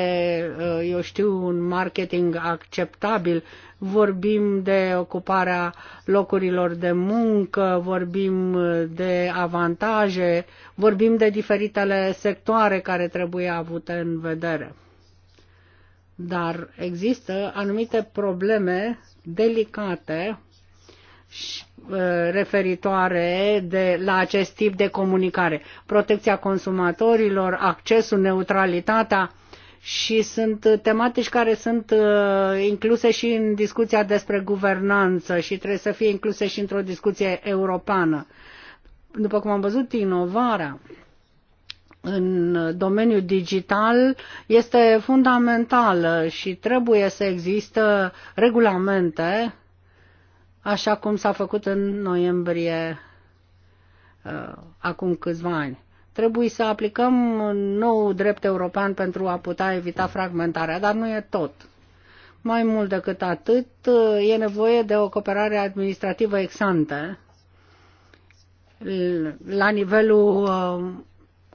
uh, eu știu, un marketing acceptabil, vorbim de ocuparea locurilor de muncă, vorbim de avantaje, vorbim de diferitele sectoare care trebuie avute în vedere. Dar există anumite probleme delicate și referitoare de, la acest tip de comunicare. Protecția consumatorilor, accesul, neutralitatea și sunt tematici care sunt incluse și în discuția despre guvernanță și trebuie să fie incluse și într-o discuție europeană. După cum am văzut, inovarea în domeniul digital este fundamentală și trebuie să există regulamente, așa cum s-a făcut în noiembrie uh, acum câțiva ani. Trebuie să aplicăm nou drept european pentru a putea evita fragmentarea, dar nu e tot. Mai mult decât atât, uh, e nevoie de o cooperare administrativă exante la nivelul uh,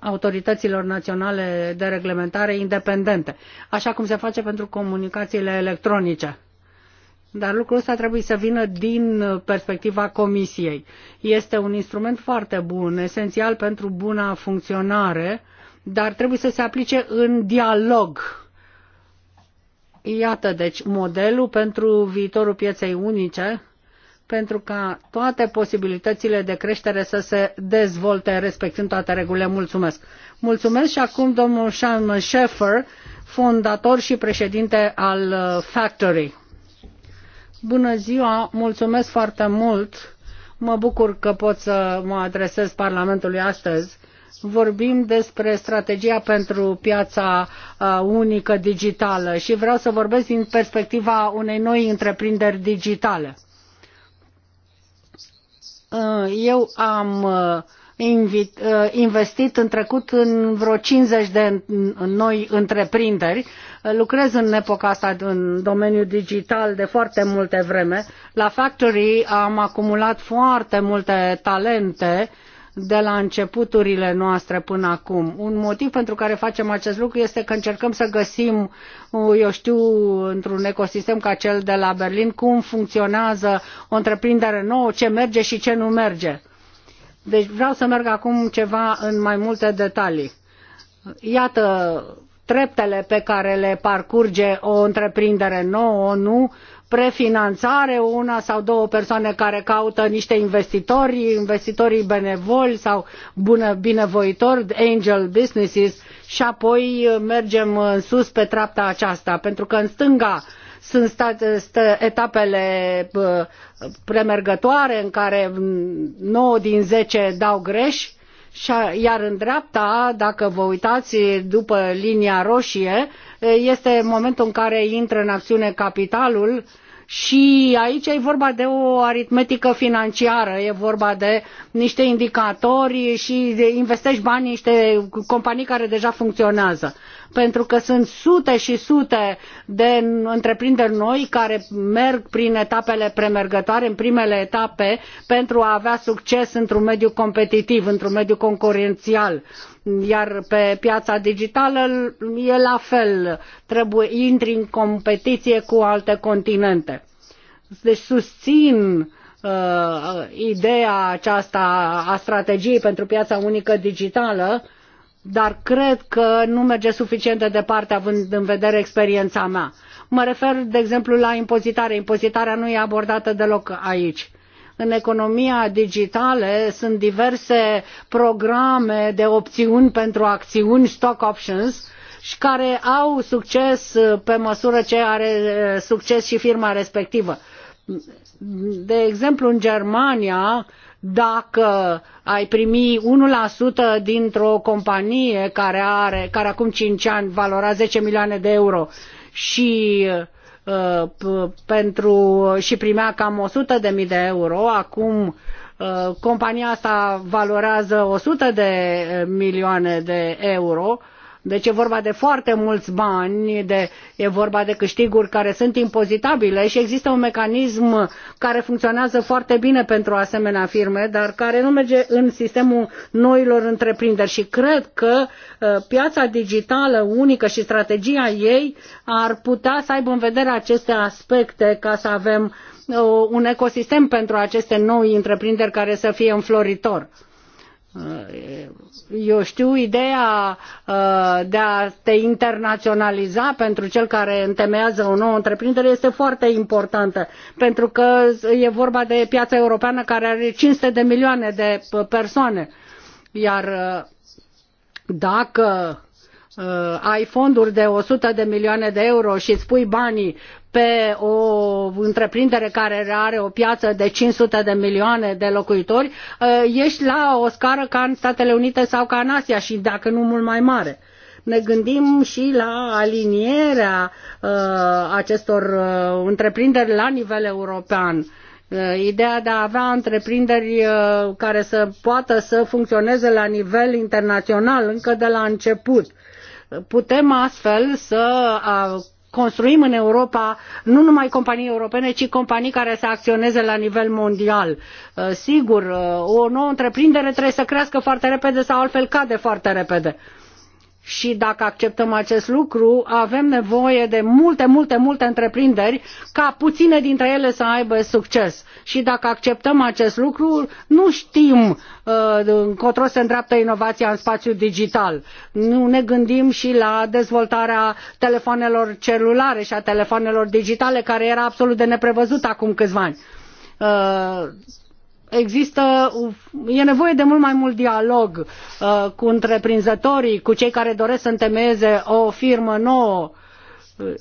autorităților naționale de reglementare independente, așa cum se face pentru comunicațiile electronice. Dar lucrul ăsta trebuie să vină din perspectiva Comisiei. Este un instrument foarte bun, esențial pentru buna funcționare, dar trebuie să se aplice în dialog. Iată, deci, modelul pentru viitorul pieței unice pentru ca toate posibilitățile de creștere să se dezvolte respectând toate regulile. Mulțumesc! Mulțumesc și acum domnul Sean Schaeffer, fondator și președinte al uh, Factory. Bună ziua, mulțumesc foarte mult. Mă bucur că pot să mă adresez Parlamentului astăzi. Vorbim despre strategia pentru piața uh, unică digitală și vreau să vorbesc din perspectiva unei noi întreprinderi digitale Uh, eu am uh, invit, uh, investit în trecut în vreo 50 de noi întreprinderi. Lucrez în epoca asta în domeniul digital de foarte multe vreme. La Factory am acumulat foarte multe talente uh, de la începuturile noastre până acum. Un motiv pentru care facem acest lucru este că încercăm să găsim, uh, eu știu, într-un ecosistem ca cel de la Berlin, cum funcționează o întreprindere nouă, ce merge și ce nu merge. Deci vreau să merg acum ceva în mai multe detalii. Iată treptele pe care le parcurge o întreprindere nouă, nu, prefinanțare, una sau două persoane care caută niște investitori, investitorii benevoli sau bună, binevoitori, angel businesses și apoi uh, mergem în sus pe treapta aceasta, pentru că în stânga sunt etapele uh, premergătoare în care 9 mm, din 10 dau greș iar în dreapta, dacă vă uitați după linia roșie, este momentul în care intră în acțiune capitalul și aici e vorba de o aritmetică financiară, e vorba de niște indicatori și investești bani în niște companii care deja funcționează pentru că sunt sute și sute de întreprinderi noi care merg prin etapele premergătoare, în primele etape, pentru a avea succes într-un mediu competitiv, într-un mediu concurențial. Iar pe piața digitală e la fel, trebuie intri în competiție cu alte continente. Deci susțin uh, ideea aceasta a strategiei pentru piața unică digitală dar cred că nu merge suficient de departe având în vedere experiența mea. Mă refer, de exemplu, la impozitare. Impozitarea nu e abordată deloc aici. În economia digitală sunt diverse programe de opțiuni pentru acțiuni, stock options, și care au succes pe măsură ce are succes și firma respectivă. De exemplu, în Germania, dacă ai primi 1% dintr-o companie care, are, care acum 5 ani valora 10 milioane de euro și uh, pentru și primea cam 100 de mii de euro, acum uh, compania asta valorează 100 de milioane de euro, deci e vorba de foarte mulți bani, de, e vorba de câștiguri care sunt impozitabile și există un mecanism care funcționează foarte bine pentru asemenea firme, dar care nu merge în sistemul noilor întreprinderi și cred că uh, piața digitală unică și strategia ei ar putea să aibă în vedere aceste aspecte ca să avem uh, un ecosistem pentru aceste noi întreprinderi care să fie înfloritor eu știu, ideea uh, de a te internaționaliza pentru cel care întemeiază o nouă întreprindere este foarte importantă, pentru că e vorba de piața europeană care are 500 de milioane de persoane. Iar uh, dacă Uh, ai fonduri de 100 de milioane de euro și îți pui banii pe o întreprindere care are o piață de 500 de milioane de locuitori, uh, ești la o scară ca în Statele Unite sau ca în Asia și dacă nu mult mai mare ne gândim și la alinierea uh, acestor uh, întreprinderi la nivel european. Uh, ideea de a avea întreprinderi uh, care să poată să funcționeze la nivel internațional încă de la început. Putem astfel să construim în Europa nu numai companii europene, ci companii care să acționeze la nivel mondial. Uh, sigur, uh, o nouă întreprindere trebuie să crească foarte repede sau altfel cade foarte repede și dacă acceptăm acest lucru, avem nevoie de multe, multe, multe întreprinderi ca puține dintre ele să aibă succes. Și dacă acceptăm acest lucru, nu știm uh, încotro se îndreaptă inovația în spațiul digital. Nu ne gândim și la dezvoltarea telefonelor celulare și a telefonelor digitale, care era absolut de neprevăzut acum câțiva ani. Uh, există, e nevoie de mult mai mult dialog uh, cu întreprinzătorii, cu cei care doresc să întemeieze o firmă nouă. Uh,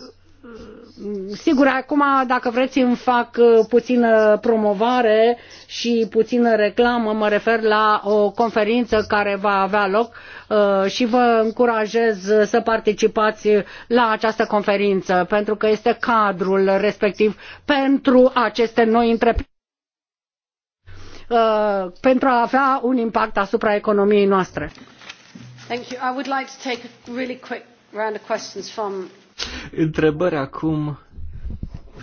sigur, acum, dacă vreți, îmi fac uh, puțină promovare și puțină reclamă. Mă refer la o conferință care va avea loc uh, și vă încurajez să participați la această conferință, pentru că este cadrul respectiv pentru aceste noi întreprinderi Uh, pentru a avea un impact asupra economiei noastre. Întrebări acum,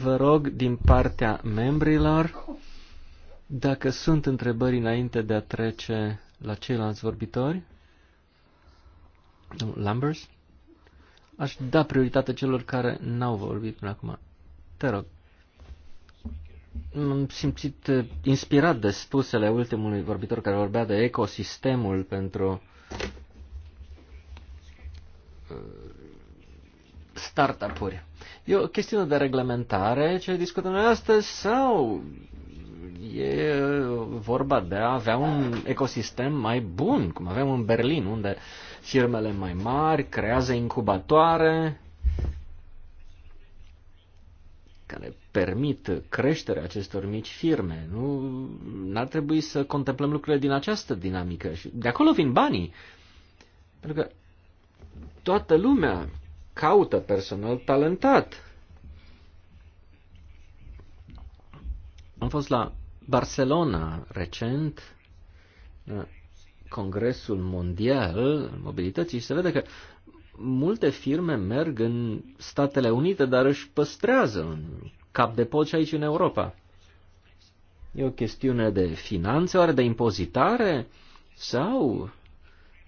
vă rog, din partea membrilor. Dacă sunt întrebări înainte de a trece la ceilalți vorbitori, domnul Lambers, aș da prioritate celor care n-au vorbit până acum. Te rog. M-am simțit eh, inspirat de spusele ultimului vorbitor care vorbea de ecosistemul pentru eh, startup-uri. E o chestiune de reglementare ce discutăm noi astăzi sau e eh, vorba de a avea un ecosistem mai bun, cum avem în Berlin, unde firmele mai mari creează incubatoare care permit creșterea acestor mici firme. Nu ar trebui să contemplăm lucrurile din această dinamică și de acolo vin banii. Pentru că toată lumea caută personal talentat. Am fost la Barcelona recent, Congresul Mondial Mobilității și se vede că multe firme merg în Statele Unite, dar își păstrează în cap de pod și aici în Europa. E o chestiune de finanțe, oare de impozitare? Sau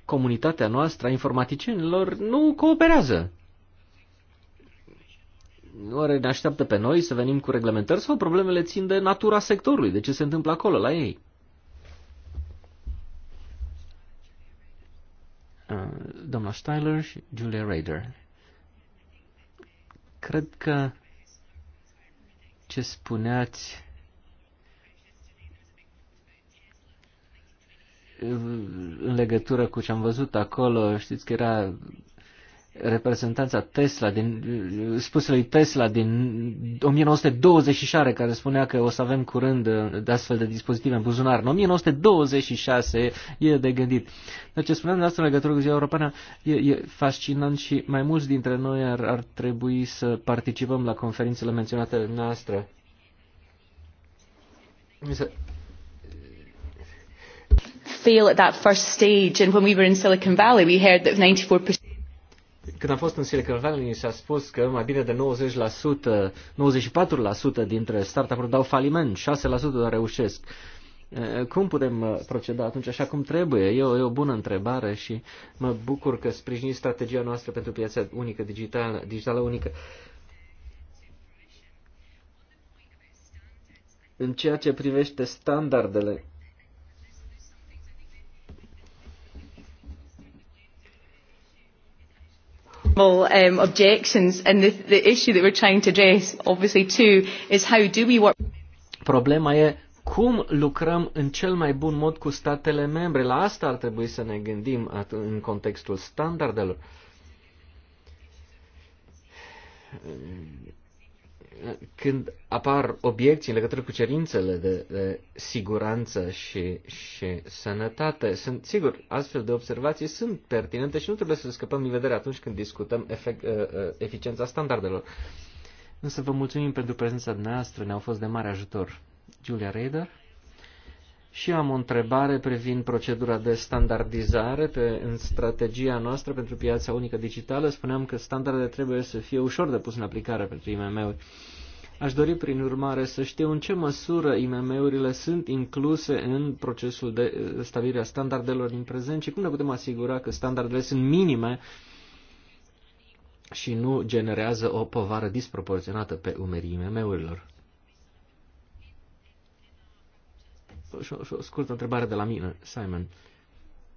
comunitatea noastră a informaticienilor nu cooperează? Oare ne așteaptă pe noi să venim cu reglementări sau problemele țin de natura sectorului, de ce se întâmplă acolo, la ei? Uh, domnul Styler și Julia Rader. Cred că ce spuneați în legătură cu ce am văzut acolo, știți că era reprezentanța Tesla, din, spusele lui Tesla din 1926, care spunea că o să avem curând uh, de astfel de dispozitive în buzunar. În 1926 e de gândit. Dar ce spuneam de asta în legătură cu ziua europeană e, e fascinant și mai mulți dintre noi ar, ar trebui să participăm la conferințele menționate noastre. fail at that first stage and when we were in Silicon Valley we heard that 94% când am fost în Silicon Valley, ni s-a spus că mai bine de 90%, 94% dintre startup-uri dau faliment, 6% doar reușesc. Cum putem uh, proceda atunci așa cum trebuie? E o, e o bună întrebare și mă bucur că sprijini strategia noastră pentru piața unică digitală, digitală unică. În ceea ce privește standardele Um, objections and the, the issue that we're trying to address obviously too is how do we work Problema e cum lucrăm în cel mai bun mod cu statele membre. La asta ar trebui să ne gândim în contextul standardelor când apar obiecții în legătură cu cerințele de, de siguranță și, și sănătate, sunt, sigur, astfel de observații sunt pertinente și nu trebuie să scăpăm din vedere atunci când discutăm efect, uh, uh, eficiența standardelor. Însă vă mulțumim pentru prezența noastră, ne-au fost de mare ajutor. Julia Rader? Și am o întrebare privind procedura de standardizare pe, în strategia noastră pentru piața unică digitală. Spuneam că standardele trebuie să fie ușor de pus în aplicare pentru IMM-uri. Aș dori, prin urmare, să știu în ce măsură IMM-urile sunt incluse în procesul de eh, stabilire a standardelor din prezent și cum ne putem asigura că standardele sunt minime și nu generează o povară disproporționată pe umerii IMM-urilor. și o, și o scurtă întrebare de la mine, Simon.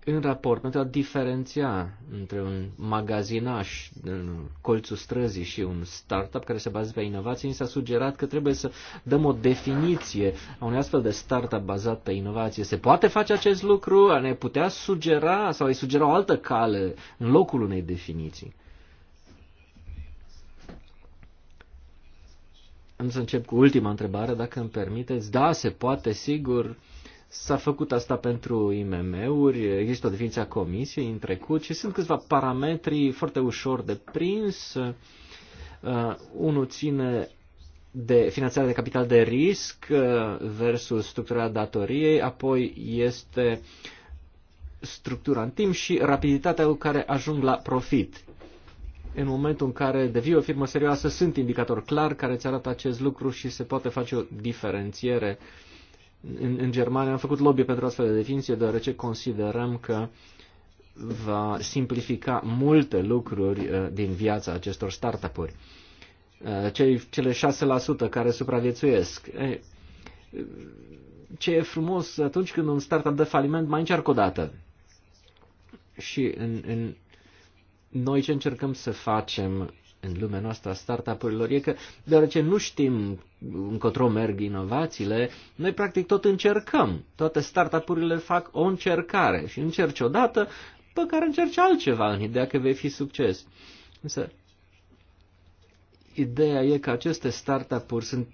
În raport, pentru a diferenția între un magazinaș în colțul străzii și un startup care se bazează pe inovație, mi s-a sugerat că trebuie să dăm o definiție a unui astfel de startup bazat pe inovație. Se poate face acest lucru? Ne putea sugera sau îi sugera o altă cale în locul unei definiții? Uh, Am să încep cu ultima întrebare, dacă îmi permiteți. Da, se poate, sigur. S-a făcut asta pentru IMM-uri, există o definiție a comisiei în trecut și sunt câțiva parametri foarte ușor de prins. Uh, unul ține de finanțarea de capital de risc uh, versus structura datoriei, apoi este structura în timp și rapiditatea cu care ajung la profit în momentul în care devii o firmă serioasă, sunt indicatori clar care îți arată acest lucru și se poate face o diferențiere. În, în Germania am făcut lobby pentru astfel de definiție, deoarece considerăm că va simplifica multe lucruri uh, din viața acestor startup-uri. Uh, cei, cele 6% care supraviețuiesc. ce e frumos atunci când un startup dă faliment, mai încearcă o dată. Și în, în noi ce încercăm să facem în lumea noastră a startup-urilor e că, deoarece nu știm încotro merg inovațiile, noi practic tot încercăm. Toate startup-urile fac o încercare și încerci odată, pe care încerci altceva în ideea că vei fi succes. Însă, ideea e că aceste startup-uri sunt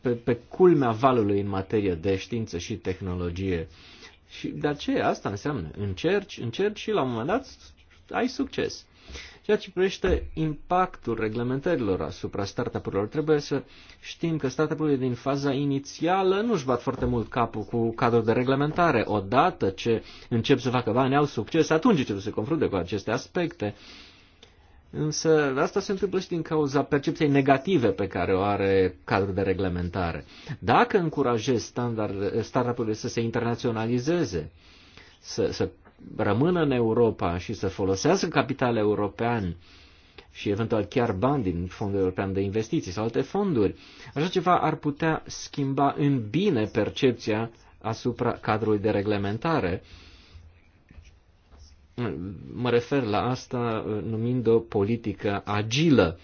pe, pe culmea valului în materie de știință și tehnologie. Și de aceea asta înseamnă încerci, încerci și la un moment dat ai succes. Ceea ce privește impactul reglementărilor asupra startup-urilor, trebuie să știm că startup-urile din faza inițială nu își bat foarte mult capul cu cadrul de reglementare. Odată ce încep să facă bani, au succes, atunci ce să se confrunte cu aceste aspecte. Însă asta se întâmplă și din cauza percepției negative pe care o are cadrul de reglementare. Dacă încurajezi standard, startup-urile să se internaționalizeze, să, să rămână în Europa și să folosească capital european și eventual chiar bani din Fondul European de Investiții sau alte fonduri, așa ceva ar putea schimba în bine percepția asupra cadrului de reglementare. Mă refer la asta numind-o politică agilă.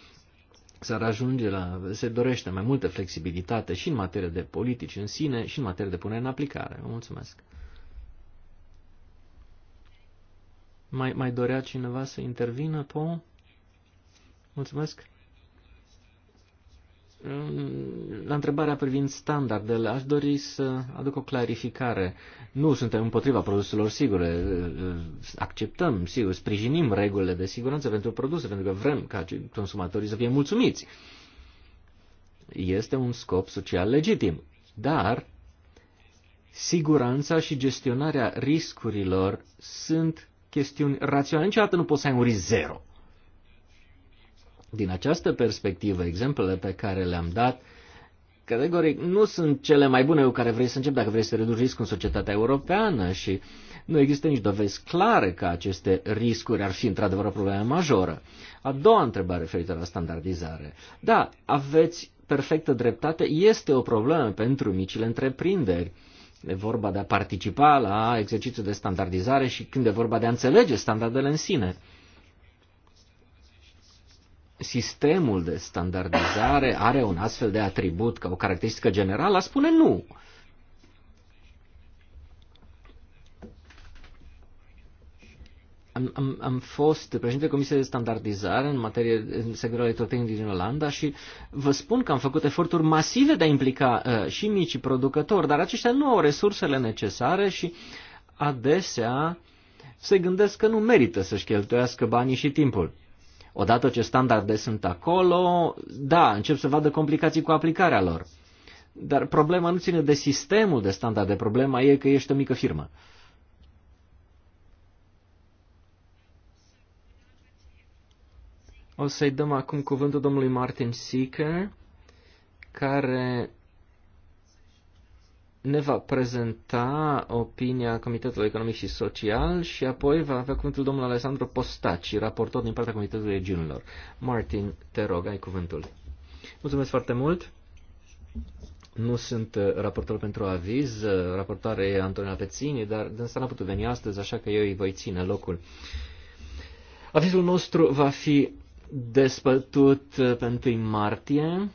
S-ar ajunge la, se dorește mai multă flexibilitate și în materie de politici în sine și în materie de punere în aplicare. Vă mulțumesc! Mai, mai dorea cineva să intervină, Po? Mulțumesc. La întrebarea privind standardele, aș dori să aduc o clarificare. Nu suntem împotriva produselor sigure. Acceptăm, sigur, sprijinim regulile de siguranță pentru produse, pentru că vrem ca consumatorii să fie mulțumiți. Este un scop social legitim. Dar siguranța și gestionarea riscurilor sunt chestiuni raționale. Niciodată nu poți să ai un risc zero. Din această perspectivă, exemplele pe care le-am dat, categoric, nu sunt cele mai bune cu care vrei să începi dacă vrei să reduci riscul în societatea europeană și nu există nici dovezi clare că aceste riscuri ar fi într-adevăr o problemă majoră. A doua întrebare referită la standardizare. Da, aveți perfectă dreptate, este o problemă pentru micile întreprinderi. Uh, e vorba de a participa la exercițiul de standardizare și când e vorba de a înțelege standardele în sine. Sistemul de standardizare are un astfel de atribut ca o caracteristică generală? A spune nu. Am, am, am fost președinte Comisiei de Standardizare în materie în sectorul electrotehnic din Olanda și vă spun că am făcut eforturi masive de a implica uh, și micii producători, dar aceștia nu au resursele necesare și adesea se gândesc că nu merită să-și cheltuiască banii și timpul. Odată ce standarde sunt acolo, da, încep să vadă complicații cu aplicarea lor. Dar problema nu ține de sistemul de standarde, problema e că ești o mică firmă. Uh, O să-i dăm acum cuvântul domnului Martin Seeker, care ne va prezenta opinia Comitetului Economic și Social și apoi va avea cuvântul domnul Alessandro Postaci, raportor din partea Comitetului Regiunilor. Martin, te rog, ai cuvântul. Mulțumesc foarte mult. Nu sunt uh, raportor pentru aviz, uh, raportare e Antonia Pețini, dar dânsa n-a putut veni astăzi, așa că eu îi voi ține locul. Avizul nostru va fi despătut uh, pe 1 martie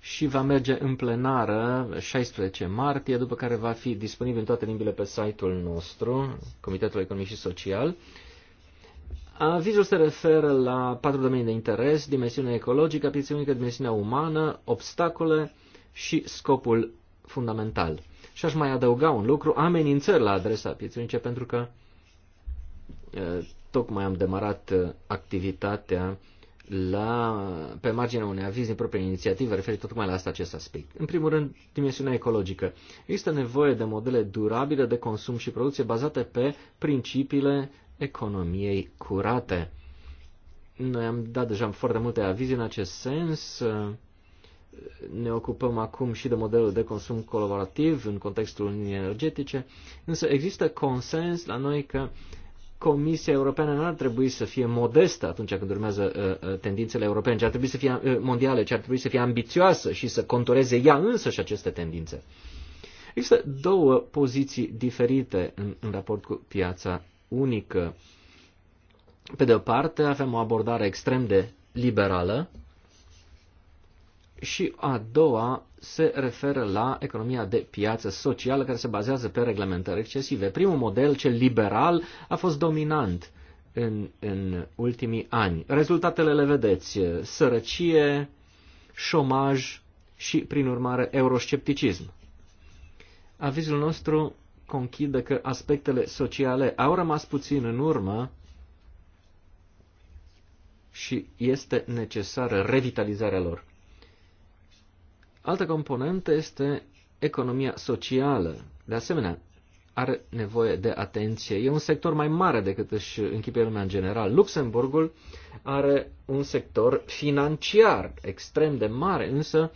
și va merge în plenară 16 martie, după care va fi disponibil în toate limbile pe site-ul nostru, Comitetul Economic și Social. Avizul se referă la patru domenii de interes, dimensiunea ecologică, piața unică, dimensiunea umană, obstacole și scopul fundamental. Și aș mai adăuga un lucru, amenințări la adresa pieței unice, pentru că uh, tocmai am demarat uh, activitatea la, pe marginea unei aviz din proprie inițiativă referitor tocmai la asta acest aspect. În primul rând, dimensiunea ecologică. Există nevoie de modele durabile de consum și producție bazate pe principiile economiei curate. Noi am dat deja foarte multe avize în acest sens. Ne ocupăm acum și de modelul de consum colaborativ în contextul Uniunii Energetice, însă există consens la noi că Comisia Europeană nu ar trebui să fie modestă atunci când urmează uh, uh, tendințele europene, ci ar trebui să fie uh, mondiale, ci ar trebui să fie ambițioasă și să contoreze ea și aceste tendințe. Există două poziții diferite în, în raport cu piața unică. Pe de o parte, avem o abordare extrem de liberală, și a doua se referă la economia de piață socială care se bazează pe reglementări excesive. Primul model, cel liberal, a fost dominant în, în ultimii ani. Rezultatele le vedeți. Sărăcie, șomaj și, prin urmare, euroscepticism. Avizul nostru conchide că aspectele sociale au rămas puțin în urmă și este necesară revitalizarea lor. Altă componentă este economia socială. De asemenea, are nevoie de atenție. E un sector mai mare decât își închipie lumea în general. Luxemburgul are un sector financiar extrem de mare, însă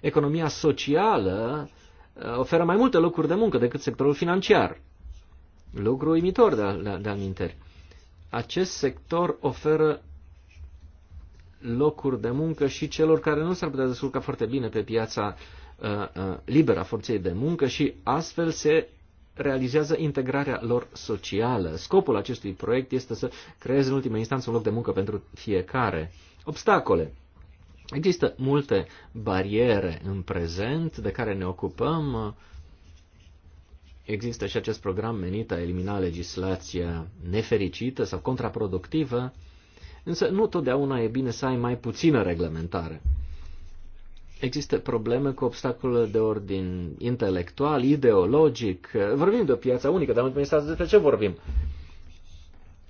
economia socială uh, oferă mai multe locuri de muncă decât sectorul financiar. Lucru uimitor de-al de, de Acest sector oferă locuri de muncă și celor care nu s-ar putea descurca foarte bine pe piața uh, uh, liberă a forței de muncă și astfel se realizează integrarea lor socială. Scopul acestui proiect este să creeze în ultima instanță un loc de muncă pentru fiecare. Obstacole. Există multe bariere în prezent de care ne ocupăm. Există și acest program menit a elimina legislația nefericită sau contraproductivă Însă nu totdeauna e bine să ai mai puțină reglementare. Există probleme cu obstacole de ordin intelectual, ideologic. Vorbim de o piață unică, dar în despre ce vorbim?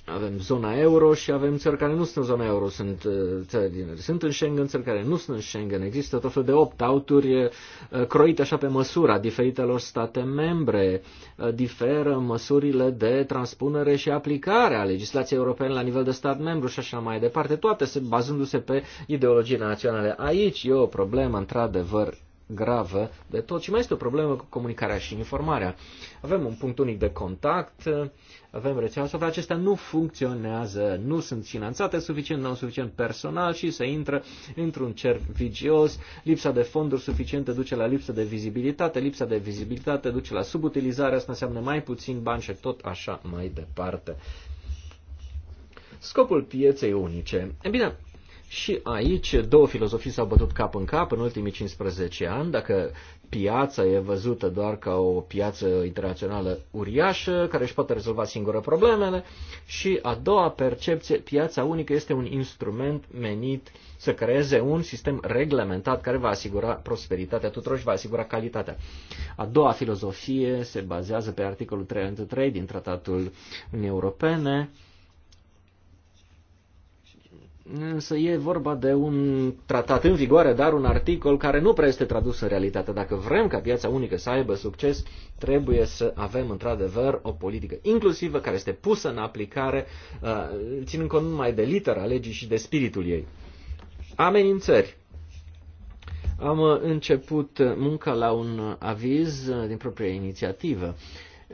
Avem zona euro și avem țări care nu sunt în zona euro, sunt uh, țări din sunt în Schengen, țări care nu sunt în Schengen. Există tot felul de opt auturi uh, croite așa pe măsura diferitelor state membre. Uh, diferă măsurile de transpunere și aplicare a legislației europene la nivel de stat membru și așa mai departe, toate bazându-se pe ideologii naționale. Aici e o problemă, într-adevăr, gravă de tot. Și mai este o problemă cu comunicarea și informarea. Avem un punct unic de contact, avem rețeaua sau acestea nu funcționează, nu sunt finanțate suficient, nu au suficient personal și se intră într-un cer vigios. Lipsa de fonduri suficiente duce la lipsă de vizibilitate, lipsa de vizibilitate duce la subutilizare, asta înseamnă mai puțin bani și tot așa mai departe. Scopul pieței unice. E bine, și aici două filozofii s-au bătut cap în cap în ultimii 15 ani. Dacă piața e văzută doar ca o piață internațională uriașă, care își poate rezolva singură problemele, și a doua percepție, piața unică este un instrument menit să creeze un sistem reglementat care va asigura prosperitatea tuturor și va asigura calitatea. A doua filozofie se bazează pe articolul 33 din Tratatul Uniunii Europene, Însă e vorba de un tratat în vigoare, dar un articol care nu prea este tradus în realitate. Dacă vrem ca piața unică să aibă succes, trebuie să avem într-adevăr o politică inclusivă care este pusă în aplicare, uh, ținând cont numai de litera legii și de spiritul ei. Amenințări. Am început munca la un aviz uh, din propria inițiativă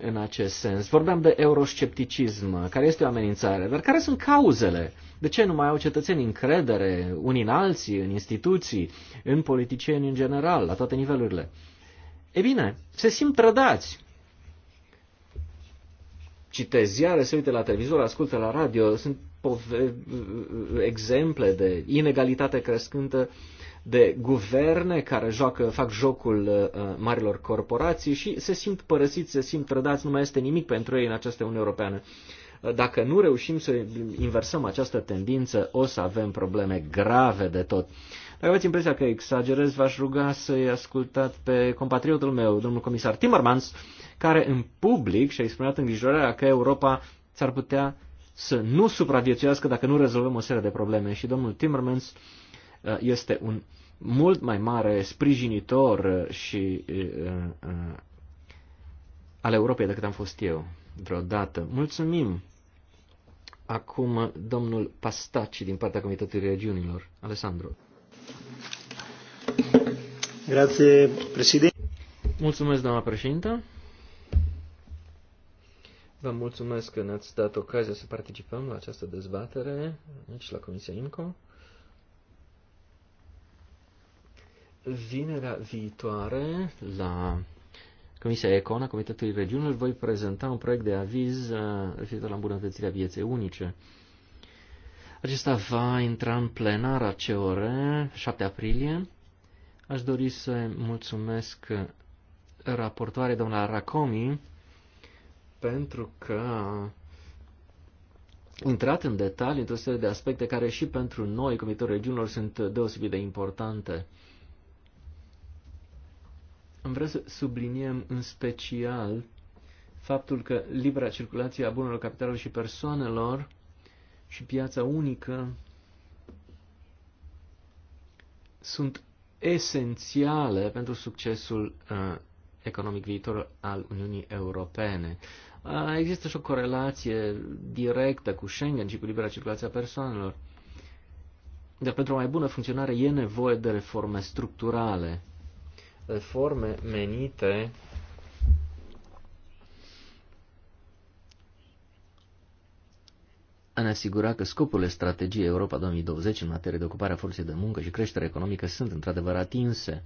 în acest sens. Vorbeam de euroscepticism, care este o amenințare, dar care sunt cauzele? De ce nu mai au cetățenii încredere unii în alții, în instituții, în politicieni în general, la toate nivelurile? E bine, se simt trădați. Citez ziare, se uită la televizor, ascultă la radio, sunt exemple de inegalitate crescântă de guverne care joacă, fac jocul uh, uh, marilor corporații și se simt părăsiți, se simt trădați, nu mai este nimic pentru ei în această Uniune Europeană. Uh, dacă nu reușim să inversăm această tendință, o să avem probleme grave de tot. Dacă aveți impresia că exagerez, v-aș ruga să-i ascultați pe compatriotul meu, domnul comisar Timmermans, care în public și-a exprimat îngrijorarea că Europa s-ar putea să nu supraviețuiască dacă nu rezolvăm o serie de probleme. Și domnul Timmermans uh, este un mult mai mare sprijinitor și al Europei decât am fost eu vreodată. Mulțumim! Acum domnul Pastaci din partea Comitetului Regiunilor. Alessandro. Grazie, președinte. Mulțumesc, doamna președintă. Vă mulțumesc că ne-ați dat ocazia să participăm la această dezbatere aici la Comisia IMCO. vinerea viitoare la Comisia Econa, Comitetului Regiunilor, voi prezenta un proiect de aviz uh, referitor la îmbunătățirea vieței unice. Acesta va intra în plenara COR 7 aprilie. Aș dori să mulțumesc raportoare doamna Racomi pentru că a intrat în detalii într-o serie de aspecte care și pentru noi, Comitetul Regiunilor, sunt deosebit de importante. Am vrea să subliniem în special faptul că libera circulație a bunurilor, capitalului și persoanelor și piața unică sunt esențiale pentru succesul uh, economic viitor al Uniunii Europene. Uh, există și o corelație directă cu Schengen și cu libera circulație a persoanelor. Dar pentru o mai bună funcționare e nevoie de reforme structurale reforme menite ne asigura că scopurile strategiei Europa 2020 în materie de ocupare a forței de muncă și creștere economică sunt într-adevăr atinse.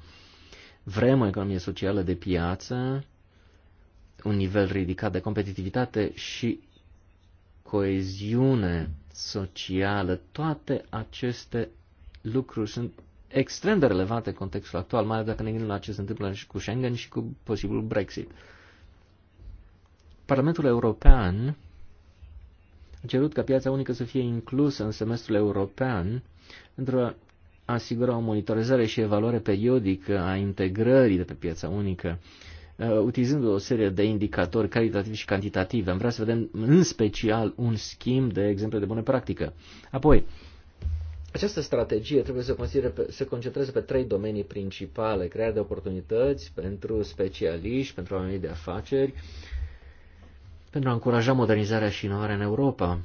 Vrem o economie socială de piață, un nivel ridicat de competitivitate și coeziune socială. Toate aceste lucruri sunt extrem de relevante în contextul actual, mai ales dacă ne gândim la ce se întâmplă și cu Schengen și cu posibilul Brexit. Parlamentul European a cerut ca piața unică să fie inclusă în semestrul european pentru a asigura o monitorizare și evaluare periodică a integrării de pe piața unică, uh, utilizând o serie de indicatori calitativi și cantitativi. Am vrea să vedem în special un schimb de exemple de bună practică. Apoi, această strategie trebuie să pe, se concentreze pe trei domenii principale, crearea de oportunități pentru specialiști, pentru oamenii de afaceri, pentru a încuraja modernizarea și inovarea în Europa.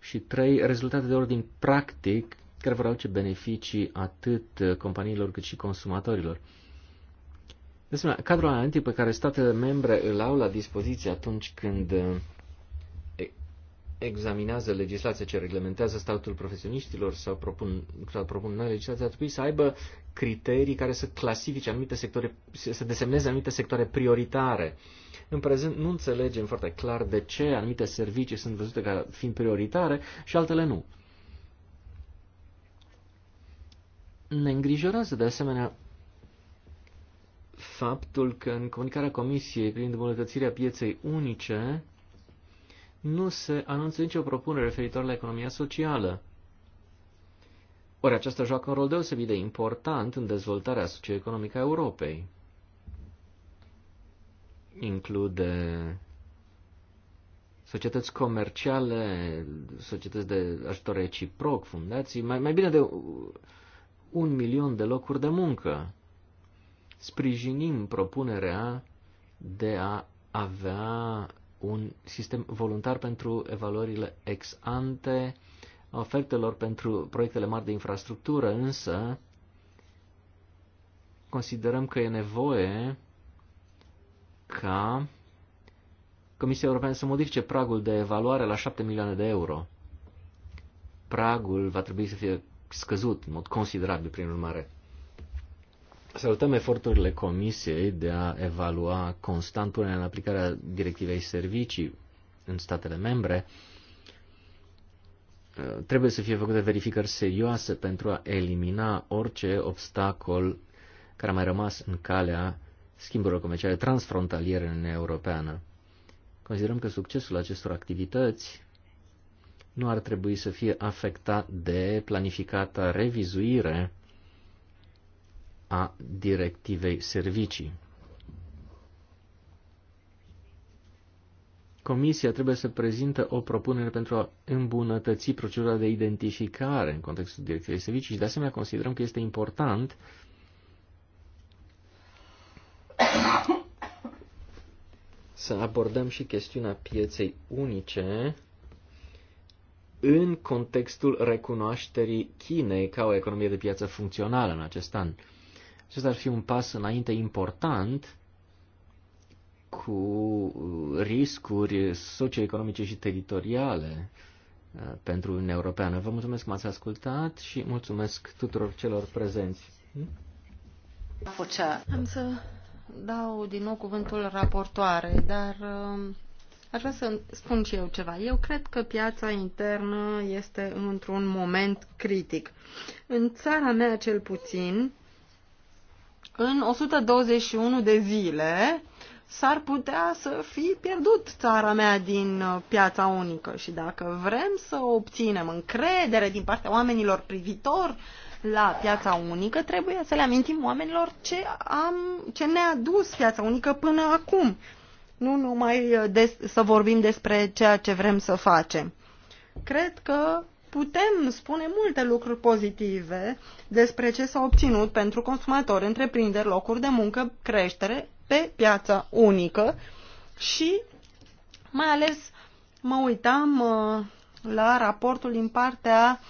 Și trei, rezultate de ordin practic care vor aduce beneficii atât companiilor cât și consumatorilor. De asemenea, cadrul analitic pe care statele membre îl au la dispoziție atunci când examinează legislația ce reglementează statul profesioniștilor sau propun, sau propun noi legislația, ar trebui să aibă criterii care să clasifice anumite sectoare, să desemneze anumite sectoare prioritare. În prezent nu înțelegem foarte clar de ce anumite servicii sunt văzute ca fiind prioritare și altele nu. Ne îngrijorează de asemenea faptul că în comunicarea Comisiei privind îmbunătățirea pieței unice, nu se anunță nicio propunere referitor la economia socială. Ori aceasta joacă un rol deosebit de important în dezvoltarea socioeconomică a Europei. Include societăți comerciale, societăți de ajutor reciproc, fundații, mai, mai bine de un milion de locuri de muncă. Sprijinim propunerea de a avea un sistem voluntar pentru evaluările ex ante ofertelor pentru proiectele mari de infrastructură, însă considerăm că e nevoie ca Comisia Europeană să modifice pragul de evaluare la 7 milioane de euro. Pragul va trebui să fie scăzut în mod considerabil, prin urmare. Salutăm eforturile Comisiei de a evalua constant punerea în aplicarea directivei servicii în statele membre. Trebuie să fie făcute verificări serioase pentru a elimina orice obstacol care a mai rămas în calea schimburilor comerciale transfrontaliere în Europeană. Considerăm că succesul acestor activități nu ar trebui să fie afectat de planificata revizuire a directivei servicii. Comisia trebuie să prezintă o propunere pentru a îmbunătăți procedura de identificare în contextul directivei servicii și de asemenea considerăm că este important să abordăm și chestiunea pieței unice în contextul recunoașterii Chinei ca o economie de piață funcțională în acest an. Acesta ar fi un pas înainte important cu uh, riscuri socioeconomice și teritoriale uh, pentru Uniunea Europeană. Vă mulțumesc că m-ați ascultat și mulțumesc tuturor celor prezenți. Am să dau din nou cuvântul raportoare, dar um, aș vrea să spun și eu ceva. Eu cred că piața internă este într-un moment critic. În țara mea cel puțin, în 121 de zile s-ar putea să fi pierdut țara mea din uh, piața unică și dacă vrem să obținem încredere din partea oamenilor privitor la piața unică, trebuie să le amintim oamenilor ce, am, ce ne-a dus piața unică până acum. Nu numai uh, des, să vorbim despre ceea ce vrem să facem. Cred că putem spune multe lucruri pozitive despre ce s-a obținut pentru consumatori, întreprinderi, locuri de muncă, creștere pe piața unică și mai ales mă uitam uh, la raportul din partea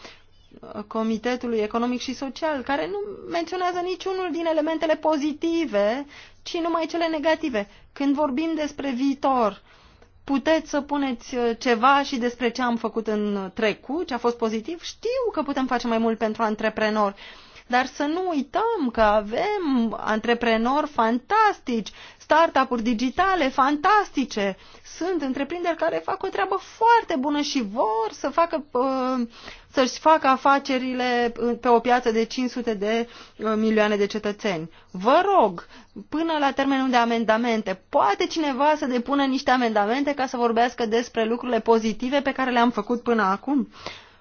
uh, Comitetului Economic și Social, care nu menționează niciunul din elementele pozitive, ci numai cele negative. Când vorbim despre viitor, uh, puteți să puneți uh, ceva și despre ce am făcut în trecut, ce a fost pozitiv. Știu că putem face mai mult pentru antreprenori, dar să nu uităm că avem antreprenori fantastici, startup-uri digitale fantastice. Sunt întreprinderi care fac o treabă foarte bună și vor să facă uh, să-și facă afacerile pe o piață de 500 de uh, milioane de cetățeni. Vă rog, până la termenul de amendamente, poate cineva să depună niște amendamente ca să vorbească despre lucrurile pozitive pe care le-am făcut până acum?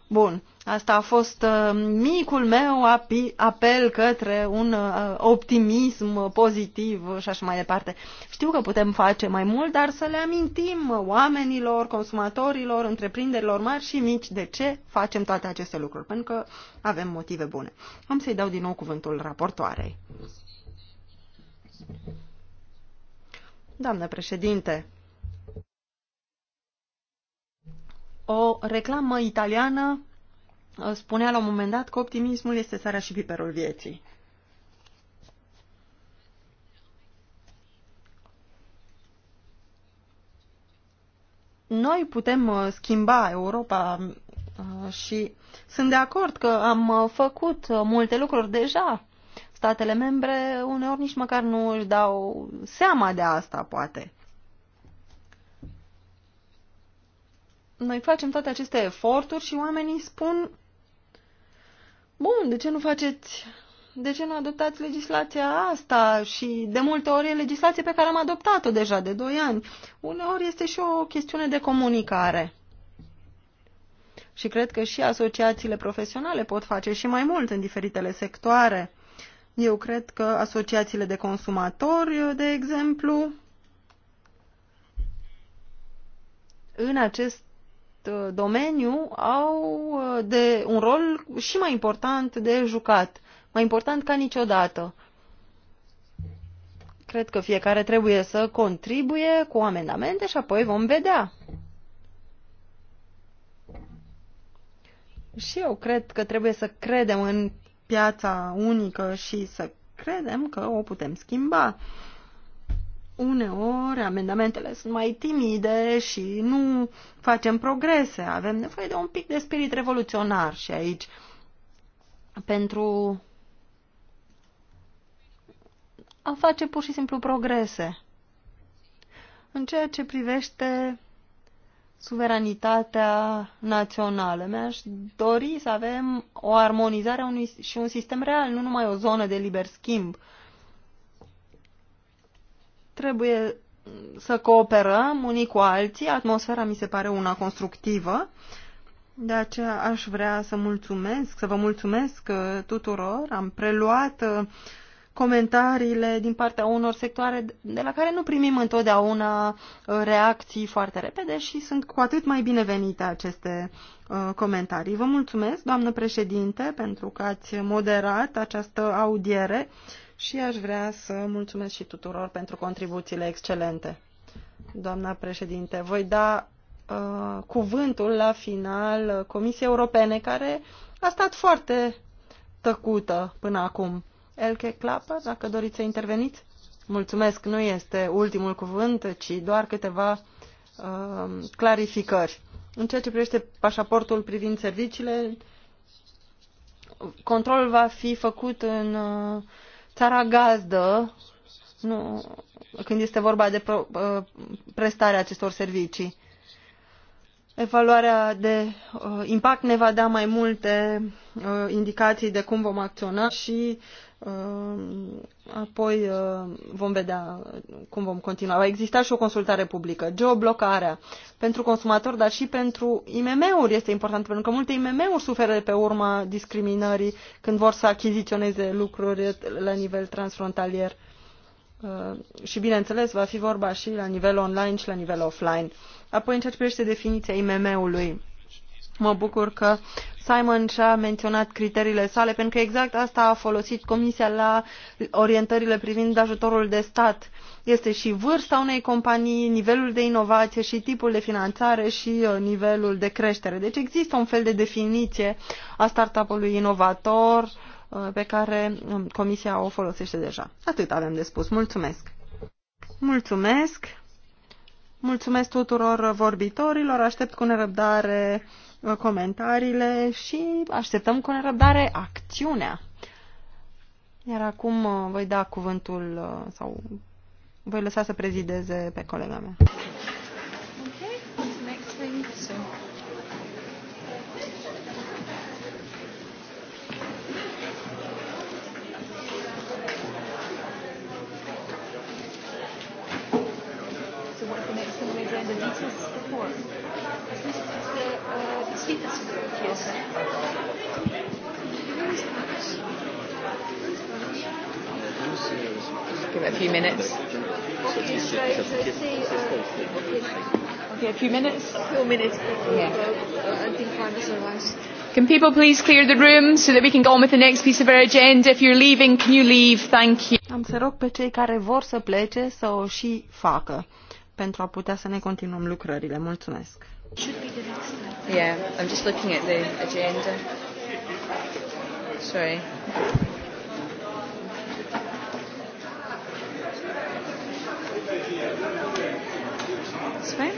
Bun. Asta a fost uh, micul meu apel către un uh, optimism pozitiv și așa mai departe. Știu că putem face mai mult, dar să le amintim oamenilor, consumatorilor, întreprinderilor mari și mici de ce facem toate aceste lucruri, pentru că avem motive bune. Am să-i dau din nou cuvântul raportoarei. Doamnă președinte, o reclamă italiană Uh, spunea la un moment dat că optimismul este sarea și piperul vieții. Noi putem uh, schimba Europa uh, și sunt de acord că am făcut multe lucruri deja. Statele membre uneori nici măcar nu își dau seama de asta, poate. Noi facem toate aceste eforturi și oamenii spun Bun, de ce nu faceți de ce nu adoptați legislația asta? Și de multe ori e legislație pe care am adoptat-o deja de 2 ani. Uneori este și o chestiune de comunicare. Și cred că și asociațiile profesionale pot face și mai mult în diferitele sectoare. Eu cred că asociațiile de consumatori, de exemplu, în acest Uh, domeniu au uh, de un rol și mai important de jucat, mai important ca niciodată. Cred că fiecare trebuie să contribuie cu amendamente și apoi vom vedea. Și eu cred că trebuie să credem în piața unică și să credem că o putem schimba uneori amendamentele sunt mai timide și nu facem progrese. Avem nevoie de un pic de spirit revoluționar și aici pentru a face pur și simplu progrese. În ceea ce privește suveranitatea națională, mi-aș dori să avem o armonizare și un sistem real, nu numai o zonă de liber schimb. Uh, Trebuie să cooperăm unii cu alții. Atmosfera mi se pare una constructivă. De aceea aș vrea să mulțumesc, să vă mulțumesc uh, tuturor. Am preluat uh, comentariile din partea unor sectoare de la care nu primim întotdeauna uh, reacții foarte repede și sunt cu atât mai binevenite aceste comentarii. Vă mulțumesc, doamnă președinte, pentru că ați moderat această audiere și aș vrea să mulțumesc și tuturor pentru contribuțiile excelente. Doamna președinte, voi da uh, cuvântul la final Comisiei Europene, care a stat foarte tăcută până acum. Elke Clapă, dacă doriți să interveniți? Mulțumesc, nu este ultimul cuvânt, ci doar câteva uh, clarificări. În ceea ce privește pașaportul privind serviciile, controlul va fi făcut în uh, țara gazdă, nu, când este vorba de pro, uh, prestarea acestor servicii. Evaluarea de uh, impact ne va da mai multe uh, indicații de cum vom acționa și uh, apoi uh, vom vedea cum vom continua. Va exista și o consultare publică, geoblocarea pentru consumatori, dar și pentru IMM-uri este important, pentru că multe IMM-uri suferă de pe urma discriminării când vor să achiziționeze lucruri la nivel transfrontalier. Uh, și bineînțeles, va fi vorba și la nivel online și la nivel offline. Apoi, în ceea ce privește definiția IMM-ului, Mă bucur că Simon și-a menționat criteriile sale, pentru că exact asta a folosit Comisia la orientările privind ajutorul de stat. Este și vârsta unei companii, nivelul de inovație și tipul de finanțare și uh, nivelul de creștere. Deci există un fel de definiție a startup-ului inovator uh, pe care um, Comisia o folosește deja. Atât avem de spus. Mulțumesc! Mulțumesc! Mulțumesc tuturor vorbitorilor, aștept cu nerăbdare comentariile și așteptăm cu nerăbdare acțiunea. Iar acum uh, voi da cuvântul uh, sau voi lăsa să prezideze pe colega mea. Thank you. Give it a few minutes. Okay, a few minutes. A few minutes. Can people please clear the room so that we can go on with the next piece of our agenda? If you're leaving, can you leave? Thank you. Am să rog pe cei care vor să plece să o și facă pentru a putea să ne continuăm lucrările. Mulțumesc. Yeah, I'm just looking at the agenda. Sorry. It's fine.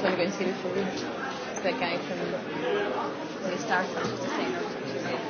what I'm going to see before. It's That guy from the Star Trek.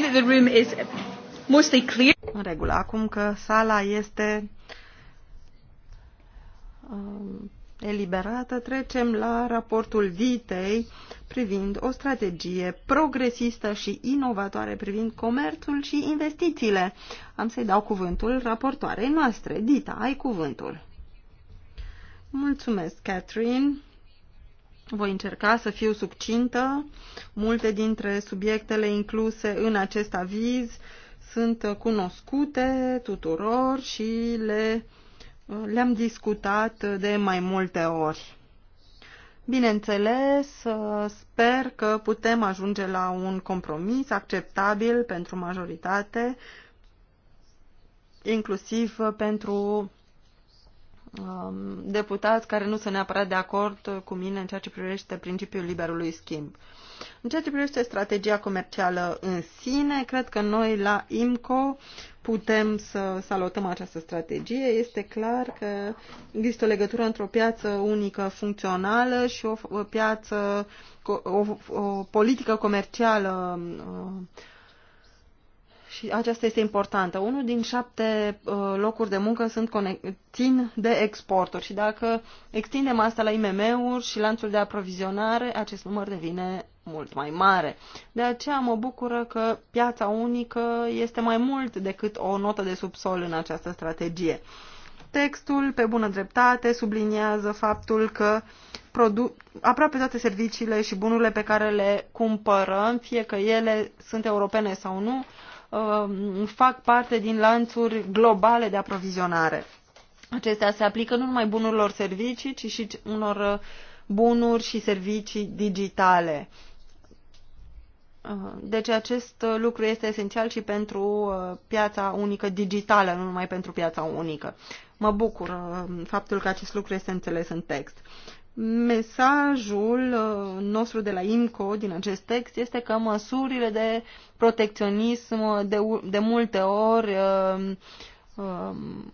that the room is mostly clear. În regulă, acum că sala este um, eliberată, trecem la raportul DITEI privind o strategie progresistă și inovatoare privind comerțul și investițiile. Am să-i dau cuvântul raportoarei noastre. Dita, ai cuvântul. Mulțumesc, Catherine. Voi încerca să fiu succintă. Multe dintre subiectele incluse în acest aviz sunt cunoscute tuturor și le, le-am discutat de mai multe ori. Bineînțeles, sper că putem ajunge la un compromis acceptabil pentru majoritate, inclusiv pentru Um, deputați care nu sunt neapărat de acord cu mine în ceea ce privește principiul liberului schimb. În ceea ce privește strategia comercială în sine, cred că noi la IMCO putem să salutăm această strategie. Este clar că există o legătură între o piață unică funcțională și o piață, o, o politică comercială uh, și aceasta este importantă. Unul din șapte uh, locuri de muncă sunt țin de exporturi și dacă extindem asta la IMM-uri și lanțul de aprovizionare, acest număr devine mult mai mare. De aceea mă bucură că piața unică este mai mult decât o notă de subsol în această strategie. Textul, pe bună dreptate, subliniază faptul că aproape toate serviciile și bunurile pe care le cumpărăm, fie că ele sunt europene sau nu, Um, fac parte din lanțuri globale de aprovizionare. Acestea se aplică nu numai bunurilor servicii, ci și unor uh, bunuri și servicii digitale. Uh, deci acest lucru este esențial și pentru uh, piața unică digitală, nu numai pentru piața unică. Mă bucur faptul că acest lucru este înțeles în text. Mesajul uh, nostru de la IMCO din acest text este că măsurile de protecționism de, de multe ori uh, um,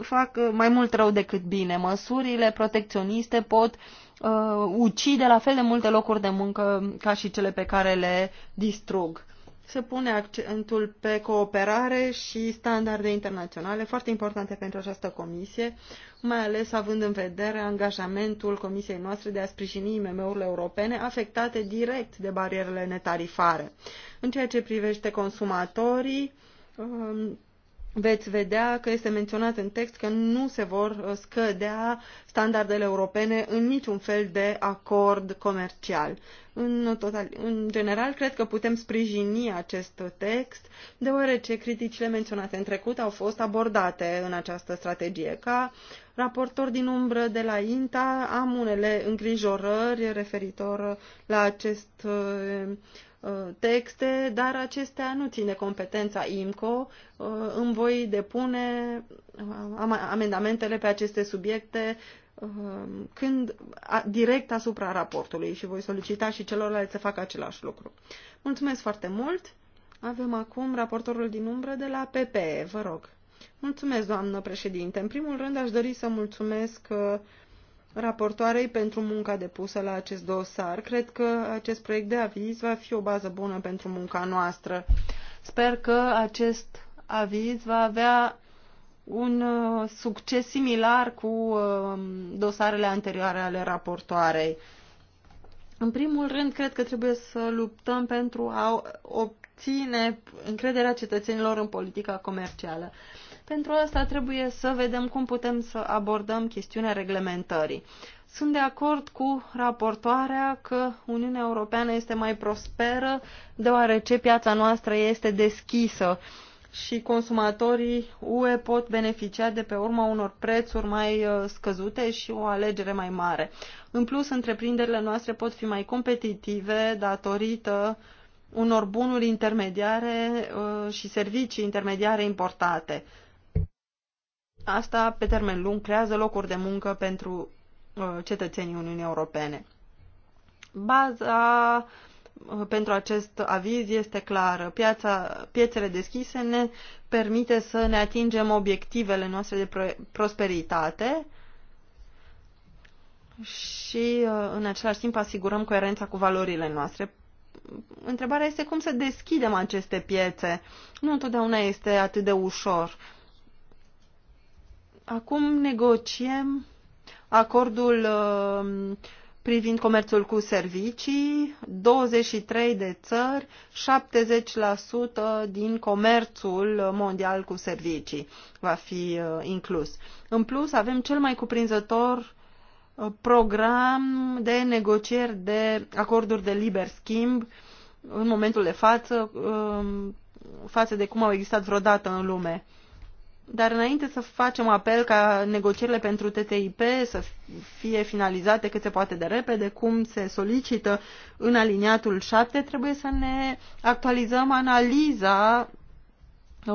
fac mai mult rău decât bine. Măsurile protecționiste pot uh, ucide la fel de multe locuri de muncă ca și cele pe care le distrug se pune accentul pe cooperare și standarde internaționale foarte importante pentru această comisie, mai ales având în vedere angajamentul comisiei noastre de a sprijini IMM-urile europene afectate direct de barierele netarifare. În ceea ce privește consumatorii, um, veți vedea că este menționat în text că nu se vor uh, scădea standardele europene în niciun fel de acord comercial. În, total, în general, cred că putem sprijini acest text, deoarece criticile menționate în trecut au fost abordate în această strategie. Ca raportor din umbră de la INTA am unele îngrijorări referitor la acest uh, texte, dar acestea nu ține competența IMCO. Uh, îmi voi depune uh, amendamentele pe aceste subiecte uh, când direct asupra raportului și voi solicita și celorlalți să facă același lucru. Mulțumesc foarte mult! Avem acum raportorul din umbră de la PPE, vă rog. Mulțumesc, doamnă președinte. În primul rând, aș dori să mulțumesc raportoarei pentru munca depusă la acest dosar. Cred că acest proiect de aviz va fi o bază bună pentru munca noastră. Sper că acest aviz va avea un uh, succes similar cu um, dosarele anterioare ale raportoarei. În primul rând, cred că trebuie să luptăm pentru a obține încrederea cetățenilor în politica comercială. Pentru asta trebuie să vedem cum putem să abordăm chestiunea reglementării. Sunt de acord cu raportoarea că Uniunea Europeană este mai prosperă deoarece piața noastră este deschisă și consumatorii UE pot beneficia de pe urma unor prețuri mai uh, scăzute și o alegere mai mare. În plus, întreprinderile noastre pot fi mai competitive datorită unor bunuri intermediare uh, și servicii intermediare importate. Asta, pe termen lung, creează locuri de muncă pentru uh, cetățenii Uniunii Europene. Baza uh, pentru acest aviz este clară. Piața, piețele deschise ne permite să ne atingem obiectivele noastre de prosperitate și uh, în același timp asigurăm coerența cu valorile noastre. Întrebarea este cum să deschidem aceste piețe. Nu întotdeauna este atât de ușor. Acum negociem acordul uh, privind comerțul cu servicii, 23 de țări, 70% din comerțul mondial cu servicii va fi uh, inclus. În plus, avem cel mai cuprinzător uh, program de negocieri de acorduri de liber schimb în momentul de față, față de cum au existat vreodată în lume dar înainte să facem apel ca negocierile pentru TTIP să fie finalizate cât se poate de repede, cum se solicită în aliniatul 7, trebuie să ne actualizăm analiza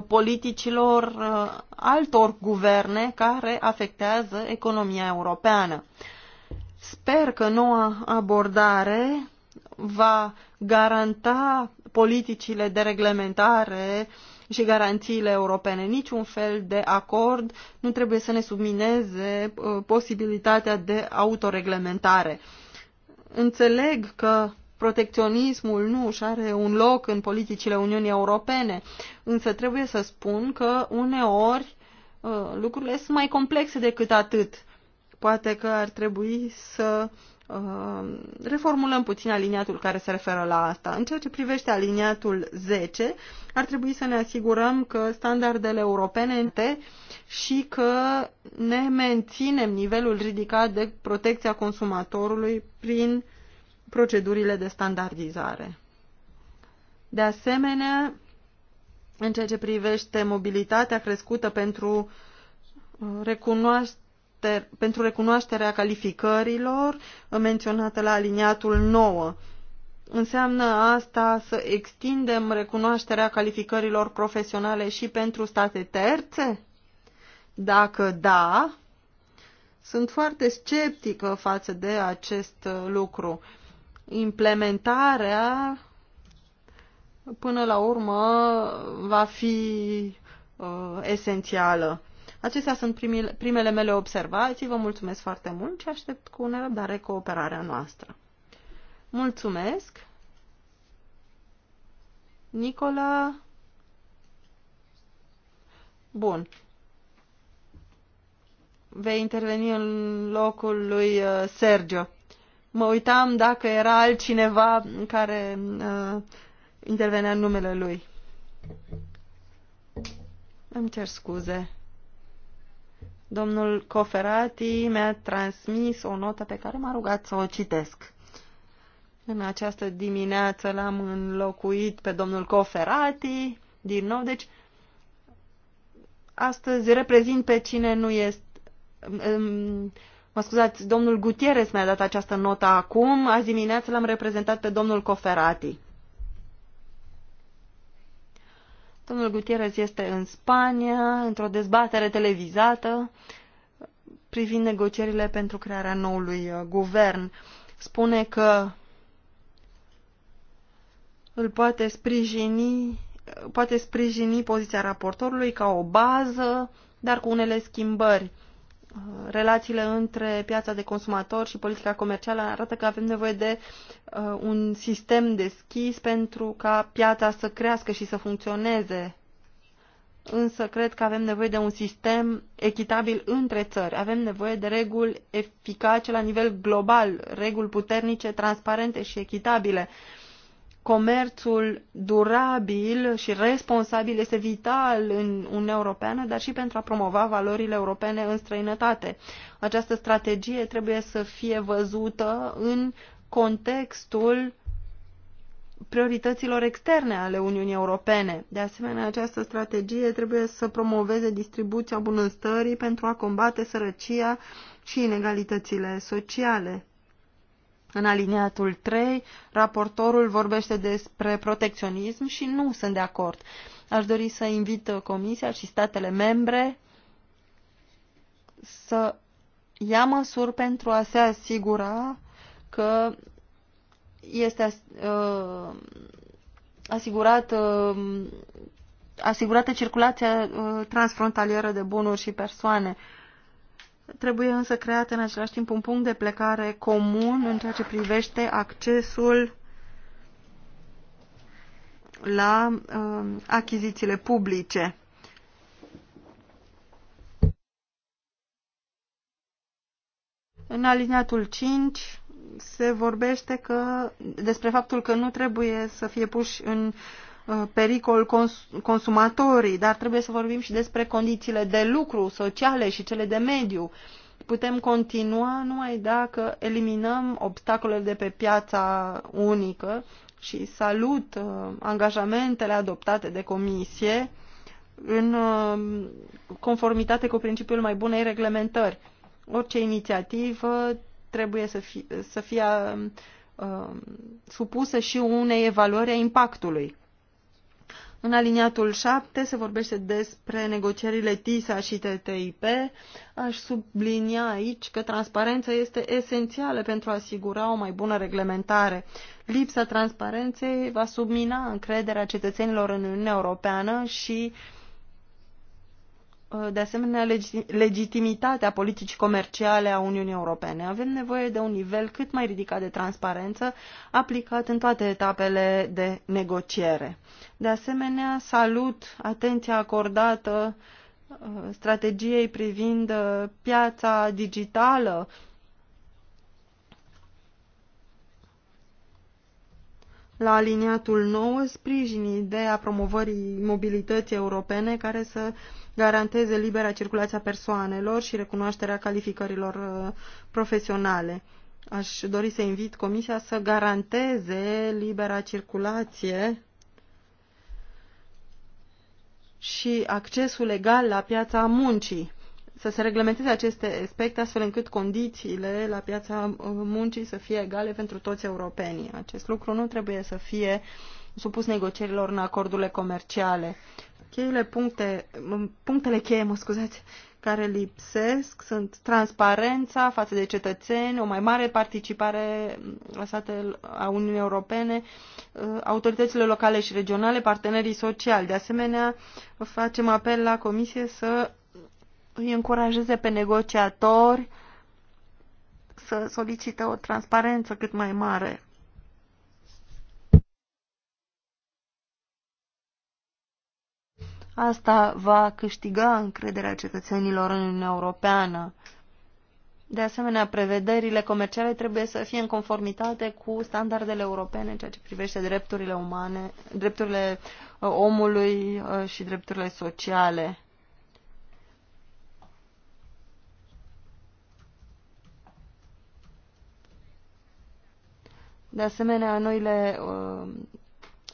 politicilor uh, altor guverne care afectează economia europeană. Sper că noua abordare va garanta politicile de reglementare uh, și garanțiile europene. Niciun fel de acord nu trebuie să ne submineze uh, posibilitatea de autoreglementare. Înțeleg că protecționismul nu își are un loc în politicile Uniunii Europene, însă trebuie să spun că uneori uh, lucrurile sunt mai complexe decât atât. Poate că ar trebui să Uh, reformulăm puțin aliniatul care se referă la asta. În ceea ce privește aliniatul 10, ar trebui să ne asigurăm că standardele europene și că ne menținem nivelul ridicat de protecția consumatorului prin procedurile de standardizare. De asemenea, în ceea ce privește mobilitatea crescută pentru uh, recunoaște pentru recunoașterea calificărilor uh, menționată la aliniatul 9. Înseamnă asta să extindem recunoașterea calificărilor profesionale și pentru state terțe? Dacă da, sunt foarte sceptică față de acest uh, lucru. Implementarea, până la urmă, va fi uh, esențială. Acestea sunt primele mele observații. Vă mulțumesc foarte mult și aștept cu nerăbdare cooperarea noastră. Mulțumesc! Nicola... Bun. Vei interveni în locul lui uh, Sergio. Mă uitam dacă era altcineva care uh, intervenea în numele lui. Îmi cer scuze. Domnul Coferati mi-a transmis o notă pe care m-a rugat să o citesc. În această dimineață l-am înlocuit pe domnul Coferati, din nou, deci astăzi reprezint pe cine nu este... Mă scuzați, domnul Gutierrez mi-a dat această notă acum, azi dimineață l-am reprezentat pe domnul Coferati. Domnul Gutierrez este în Spania, într-o dezbatere televizată privind negocierile pentru crearea noului uh, guvern. Spune că îl poate sprijini, poate sprijini poziția raportorului ca o bază, dar cu unele schimbări Uh, relațiile între piața de consumator și politica comercială arată că avem nevoie de uh, un sistem deschis pentru ca piața să crească și să funcționeze. Însă cred că avem nevoie de un sistem echitabil între țări. Avem nevoie de reguli eficace la nivel global, reguli puternice, transparente și echitabile. Uh, comerțul durabil și responsabil este vital în Uniunea Europeană, dar și pentru a promova valorile europene în străinătate. Această strategie trebuie să fie văzută în contextul priorităților externe ale Uniunii Europene. De asemenea, această strategie trebuie să promoveze distribuția bunăstării pentru a combate sărăcia și inegalitățile sociale. În alineatul 3, raportorul vorbește despre protecționism și nu sunt de acord. Aș dori să invit Comisia și statele membre să ia măsuri pentru a se asigura că este uh, asigurat, uh, asigurată circulația uh, transfrontalieră de bunuri și persoane Trebuie însă creat în același timp un punct de plecare comun în ceea ce privește accesul la uh, achizițiile publice. În aliniatul 5 se vorbește că, despre faptul că nu trebuie să fie puși în Uh, pericol cons consumatorii, dar trebuie să vorbim și despre condițiile de lucru, sociale și cele de mediu. Putem continua numai dacă eliminăm obstacolele de pe piața unică și salut uh, angajamentele adoptate de comisie în uh, conformitate cu principiul mai bunei reglementări. Orice inițiativă trebuie să fie, să fie supusă și unei evaluări a impactului. În aliniatul 7 se vorbește despre negocierile TISA și TTIP. Aș sublinia aici că transparența este esențială pentru a asigura o mai bună reglementare. Lipsa transparenței va submina încrederea cetățenilor în Uniunea Europeană și uh, Uh, de asemenea legitimitatea politicii comerciale a Uniunii Europene. Avem nevoie de un nivel cât mai ridicat de transparență aplicat în toate etapele de negociere. De asemenea, salut atenția acordată uh, strategiei privind uh, piața digitală La aliniatul 9, sprijin ideea promovării mobilității europene care să uh, garanteze libera circulația persoanelor și recunoașterea calificărilor uh, profesionale. Aș dori să invit Comisia să garanteze libera circulație și accesul legal la piața muncii. Să se reglementeze aceste aspecte astfel încât condițiile la piața uh, muncii să fie egale pentru toți europenii. Acest lucru nu trebuie să fie supus negocierilor în acordurile comerciale. Cheile puncte, punctele cheie, mă scuzați, care lipsesc sunt transparența față de cetățeni, o mai mare participare a, a Uniunii Europene, uh, autoritățile locale și regionale, partenerii sociali. De asemenea, facem apel la Comisie să îi încurajeze pe negociatori să solicite o transparență cât mai mare Asta va câștiga încrederea cetățenilor în Uniunea Europeană. De asemenea, prevederile comerciale trebuie să fie în conformitate cu standardele europene în ceea ce privește drepturile umane, drepturile uh, omului uh, și drepturile sociale. De asemenea, noile uh,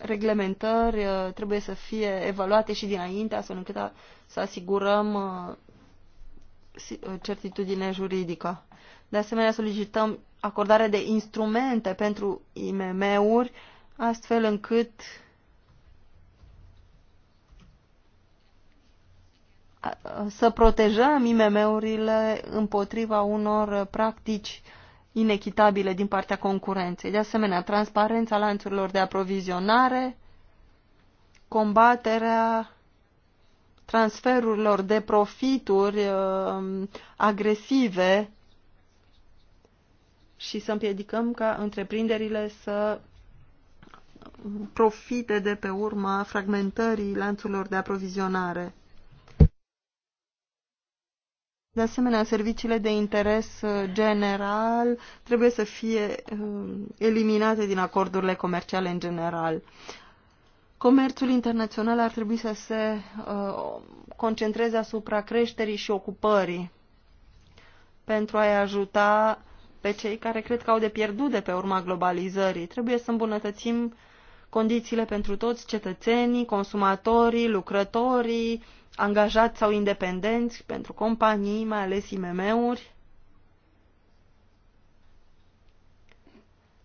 reglementări uh, trebuie să fie evaluate și dinainte, astfel încât a, să asigurăm uh, uh, certitudine juridică. De asemenea, solicităm acordarea de instrumente pentru IMM-uri, astfel încât să protejăm IMM-urile împotriva unor practici uh, inechitabile din partea concurenței. De asemenea, transparența lanțurilor de aprovizionare, combaterea transferurilor de profituri uh, agresive și să împiedicăm ca întreprinderile să profite de pe urma fragmentării lanțurilor de aprovizionare. De asemenea, serviciile de interes uh, general trebuie să fie uh, eliminate din acordurile comerciale în general. Comerțul internațional ar trebui să se uh, concentreze asupra creșterii și ocupării pentru a-i ajuta pe cei care cred că au de pierdut de pe urma globalizării. Trebuie să îmbunătățim uh, condițiile pentru toți cetățenii, consumatorii, lucrătorii, angajați sau independenți, pentru companii, mai ales IMM-uri.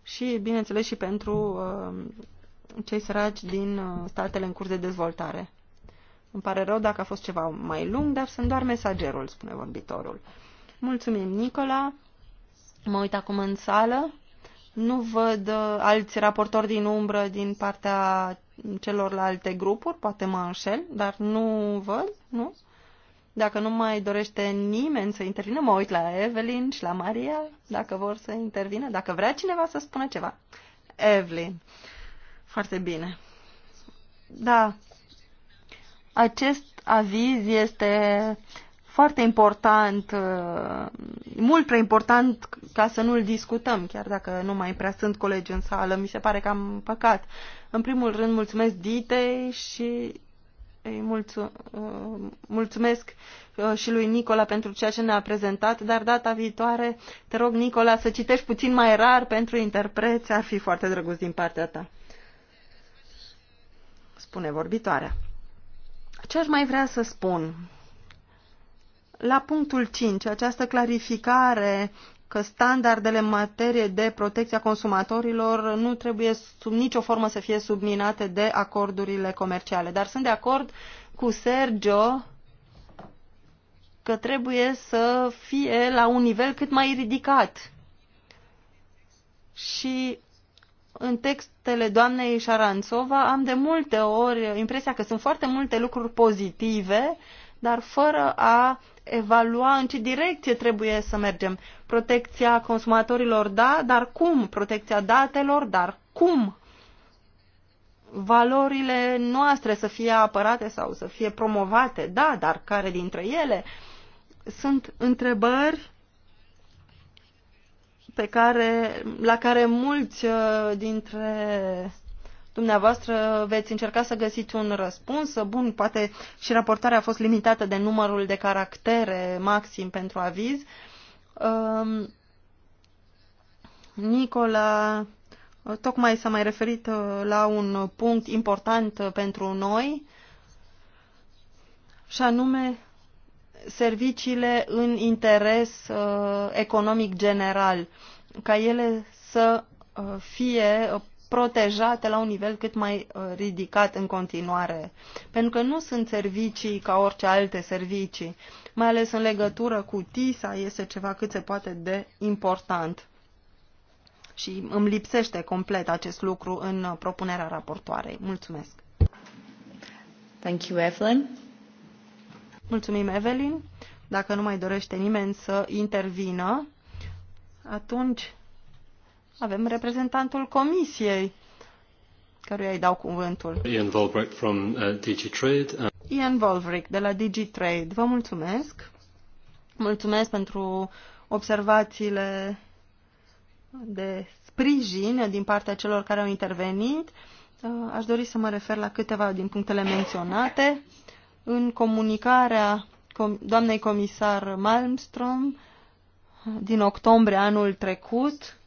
Și, bineînțeles, și pentru uh, cei săraci din uh, statele în curs de dezvoltare. Îmi pare rău dacă a fost ceva mai lung, dar sunt doar mesagerul, spune vorbitorul. Mulțumim, Nicola. Mă uit acum în sală. Nu văd uh, alți raportori din umbră din partea celorlalte grupuri, poate mă înșel, dar nu văd, nu? Dacă nu mai dorește nimeni să intervină, mă uit la Evelyn și la Maria, dacă vor să intervină, dacă vrea cineva să spună ceva. Evelyn. Foarte bine. Da. Acest aviz este foarte important, uh, mult prea important ca să nu-l discutăm, chiar dacă nu mai prea sunt colegi în sală, mi se pare că am păcat. În primul rând, mulțumesc Ditei și îi mulțu, uh, mulțumesc uh, și lui Nicola pentru ceea ce ne-a prezentat, dar data viitoare te rog, Nicola, să citești puțin mai rar pentru interpreți, ar fi foarte drăguț din partea ta. Spune vorbitoarea. Ce aș mai vrea să spun? La punctul 5, această clarificare că standardele în materie de protecția consumatorilor nu trebuie sub nicio formă să fie subminate de acordurile comerciale. Dar sunt de acord cu Sergio că trebuie să fie la un nivel cât mai ridicat. Și în textele doamnei Șaranțova am de multe ori impresia că sunt foarte multe lucruri pozitive, dar fără a evalua în ce direcție trebuie să mergem. Protecția consumatorilor, da, dar cum? Protecția datelor, dar cum? Valorile noastre să fie apărate sau să fie promovate, da, dar care dintre ele? Sunt întrebări pe care, la care mulți uh, dintre Dumneavoastră veți încerca să găsiți un răspuns. Bun, poate și raportarea a fost limitată de numărul de caractere maxim pentru aviz. Um, Nicola tocmai s-a mai referit uh, la un punct important uh, pentru noi și anume serviciile în interes uh, economic general, ca ele să fie protejate la un nivel cât mai uh, ridicat în continuare, pentru că nu sunt servicii ca orice alte servicii, mai ales în legătură cu TISA este ceva cât se poate de important. Și îmi lipsește complet acest lucru în uh, propunerea raportoarei. Mulțumesc! Thank you, Evelyn. Mulțumim, Evelyn. Dacă nu mai dorește nimeni să intervină, atunci avem reprezentantul comisiei, căruia îi dau cuvântul. Ian Volbrick from uh, DigiTrade. Uh, Ian Volbrick de la DigiTrade. Vă mulțumesc. Mulțumesc pentru observațiile de sprijin din partea celor care au intervenit. Uh, aș dori să mă refer la câteva din punctele menționate. În comunicarea doamnei comisar Malmström din octombrie anul trecut,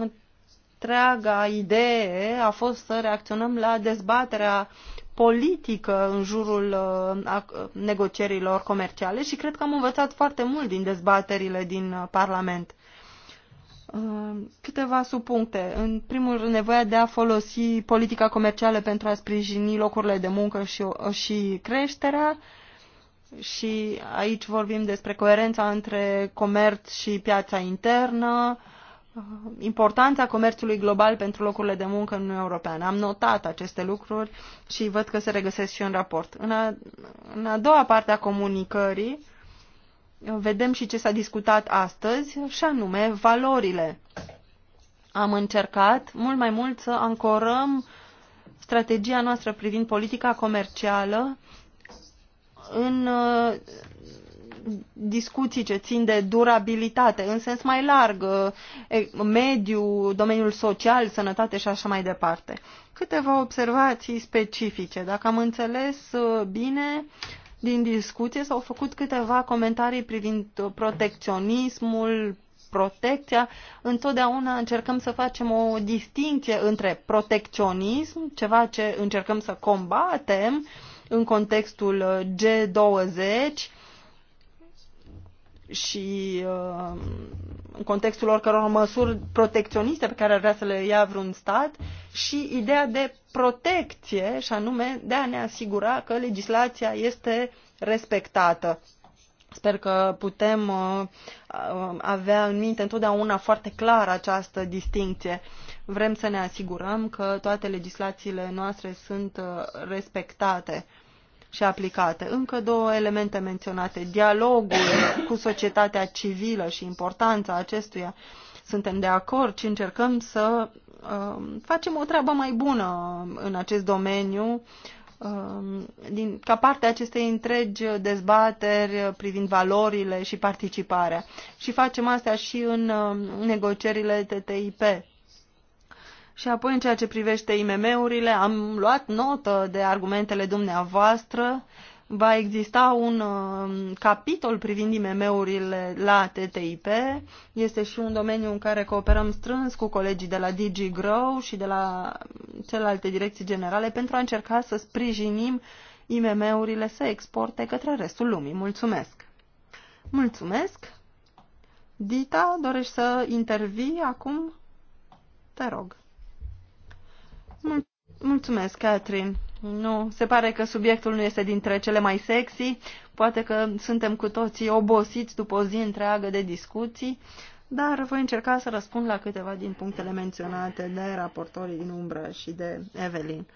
întreaga idee a fost să reacționăm la dezbaterea politică în jurul uh, negocierilor comerciale și cred că am învățat foarte mult din dezbaterile din uh, Parlament. Uh, câteva subpuncte. În primul rând, nevoia de a folosi politica comercială pentru a sprijini locurile de muncă și, și creșterea. Și aici vorbim despre coerența între comerț și piața internă, uh, Uh, importanța comerțului global pentru locurile de muncă în Uniunea Europeană. Am notat aceste lucruri și văd că se regăsesc și în raport. În a, în a doua parte a comunicării uh, vedem și ce s-a discutat astăzi, și anume valorile. Am încercat mult mai mult să ancorăm strategia noastră privind politica comercială în uh, discuții ce țin de durabilitate în sens mai larg, uh, mediu, domeniul social, sănătate și așa mai departe. Câteva observații specifice. Dacă am înțeles uh, bine, din discuție s-au făcut câteva comentarii privind uh, protecționismul, protecția. Întotdeauna încercăm să facem o distinție între protecționism, ceva ce încercăm să combatem în contextul G20 și uh, în contextul oricăror măsuri protecționiste pe care ar vrea să le ia vreun stat și ideea de protecție și anume de a ne asigura că legislația este respectată. Sper că putem uh, uh avea în minte întotdeauna foarte clar această distinție. Vrem să ne asigurăm că toate legislațiile noastre sunt uh, respectate și aplicate. Încă două elemente menționate. Dialogul cu societatea civilă și importanța acestuia. Suntem de acord și încercăm să uh, facem o treabă mai bună în acest domeniu uh, din, ca parte a acestei întregi dezbateri privind valorile și participarea. Și facem asta și în uh, negocierile TTIP și apoi, în ceea ce privește IMM-urile, am luat notă de argumentele dumneavoastră. Va exista un uh, capitol privind IMM-urile la TTIP. Este și un domeniu în care cooperăm strâns cu colegii de la DG Grow și de la celelalte direcții generale pentru a încerca să sprijinim IMM-urile să exporte către restul lumii. Mulțumesc! Mulțumesc! Dita, dorești să intervii acum? Te rog mulțumesc, Catherine. Nu, se pare că subiectul nu este dintre cele mai sexy. Poate că suntem cu toții obosiți după o zi întreagă de discuții, dar voi încerca să răspund la câteva din punctele menționate de raportorii din umbră și de Evelyn.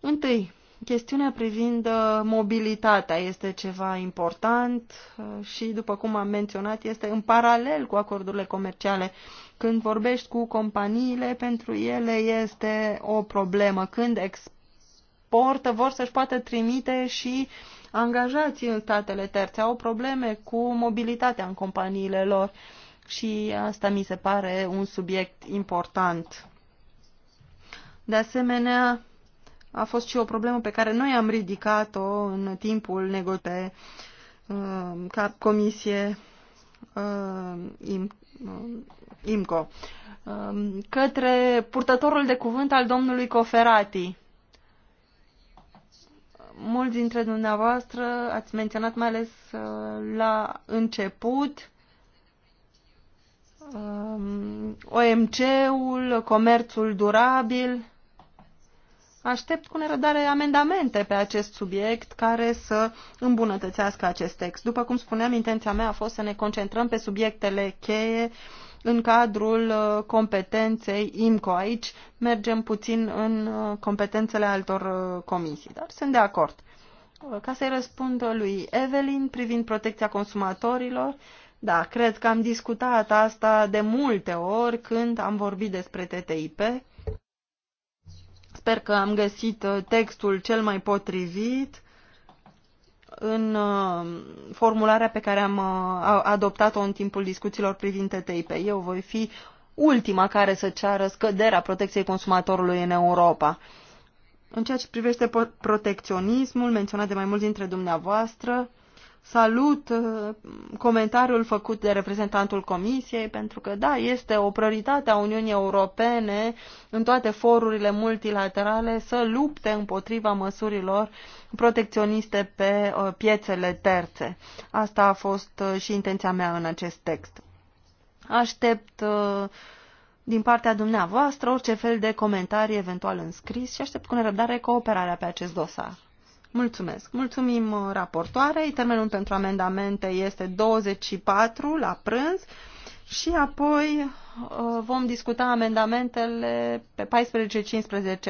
Întâi, chestiunea privind uh, mobilitatea este ceva important uh, și, după cum am menționat, este în paralel cu acordurile comerciale când vorbești cu companiile, pentru ele este o problemă. Când exportă, vor să-și poată trimite și angajații în statele terțe. Au probleme cu mobilitatea în companiile lor și asta mi se pare un subiect important. De asemenea, a fost și o problemă pe care noi am ridicat-o în timpul negociei uh, ca comisie uh, Uh, IMCO, uh, către purtătorul de cuvânt al domnului Coferati. Mulți dintre dumneavoastră ați menționat mai ales uh, la început um, OMC-ul, comerțul durabil, Aștept cu nerăbdare amendamente pe acest subiect care să îmbunătățească acest text. După cum spuneam, intenția mea a fost să ne concentrăm pe subiectele cheie în cadrul uh, competenței IMCO. Aici mergem puțin în uh, competențele altor uh, comisii, dar sunt de acord. Ca să-i răspund lui Evelyn privind protecția consumatorilor, da, cred că am discutat asta de multe ori când am vorbit despre TTIP Sper că am găsit uh, textul cel mai potrivit în uh, formularea pe care am uh, adoptat-o în timpul discuțiilor privind TTIP. Eu voi fi ultima care să ceară scăderea protecției consumatorului în Europa. În ceea ce privește protecționismul menționat de mai mulți dintre dumneavoastră, Salut uh, comentariul făcut de reprezentantul Comisiei, pentru că, da, este o prioritate a Uniunii Europene în toate forurile multilaterale să lupte împotriva măsurilor protecționiste pe uh, piețele terțe. Asta a fost uh, și intenția mea în acest text. Aștept din partea dumneavoastră orice fel de comentarii eventual înscris și aștept cu nerăbdare cooperarea pe acest dosar. Mulțumesc. Mulțumim uh, raportoarei. Termenul pentru amendamente este 24 la prânz și apoi uh, vom discuta amendamentele pe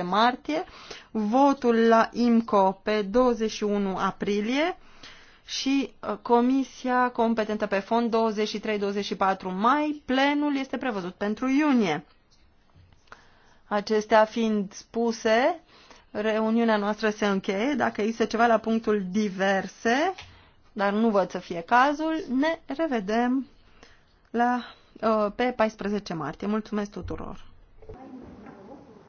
14-15 martie, votul la IMCO pe 21 aprilie și uh, comisia competentă pe fond 23-24 mai. Plenul este prevăzut pentru iunie. Acestea fiind spuse, Reuniunea noastră se încheie. Dacă există ceva la punctul diverse, dar nu văd să fie cazul, ne revedem la, uh, pe 14 martie. Mulțumesc tuturor!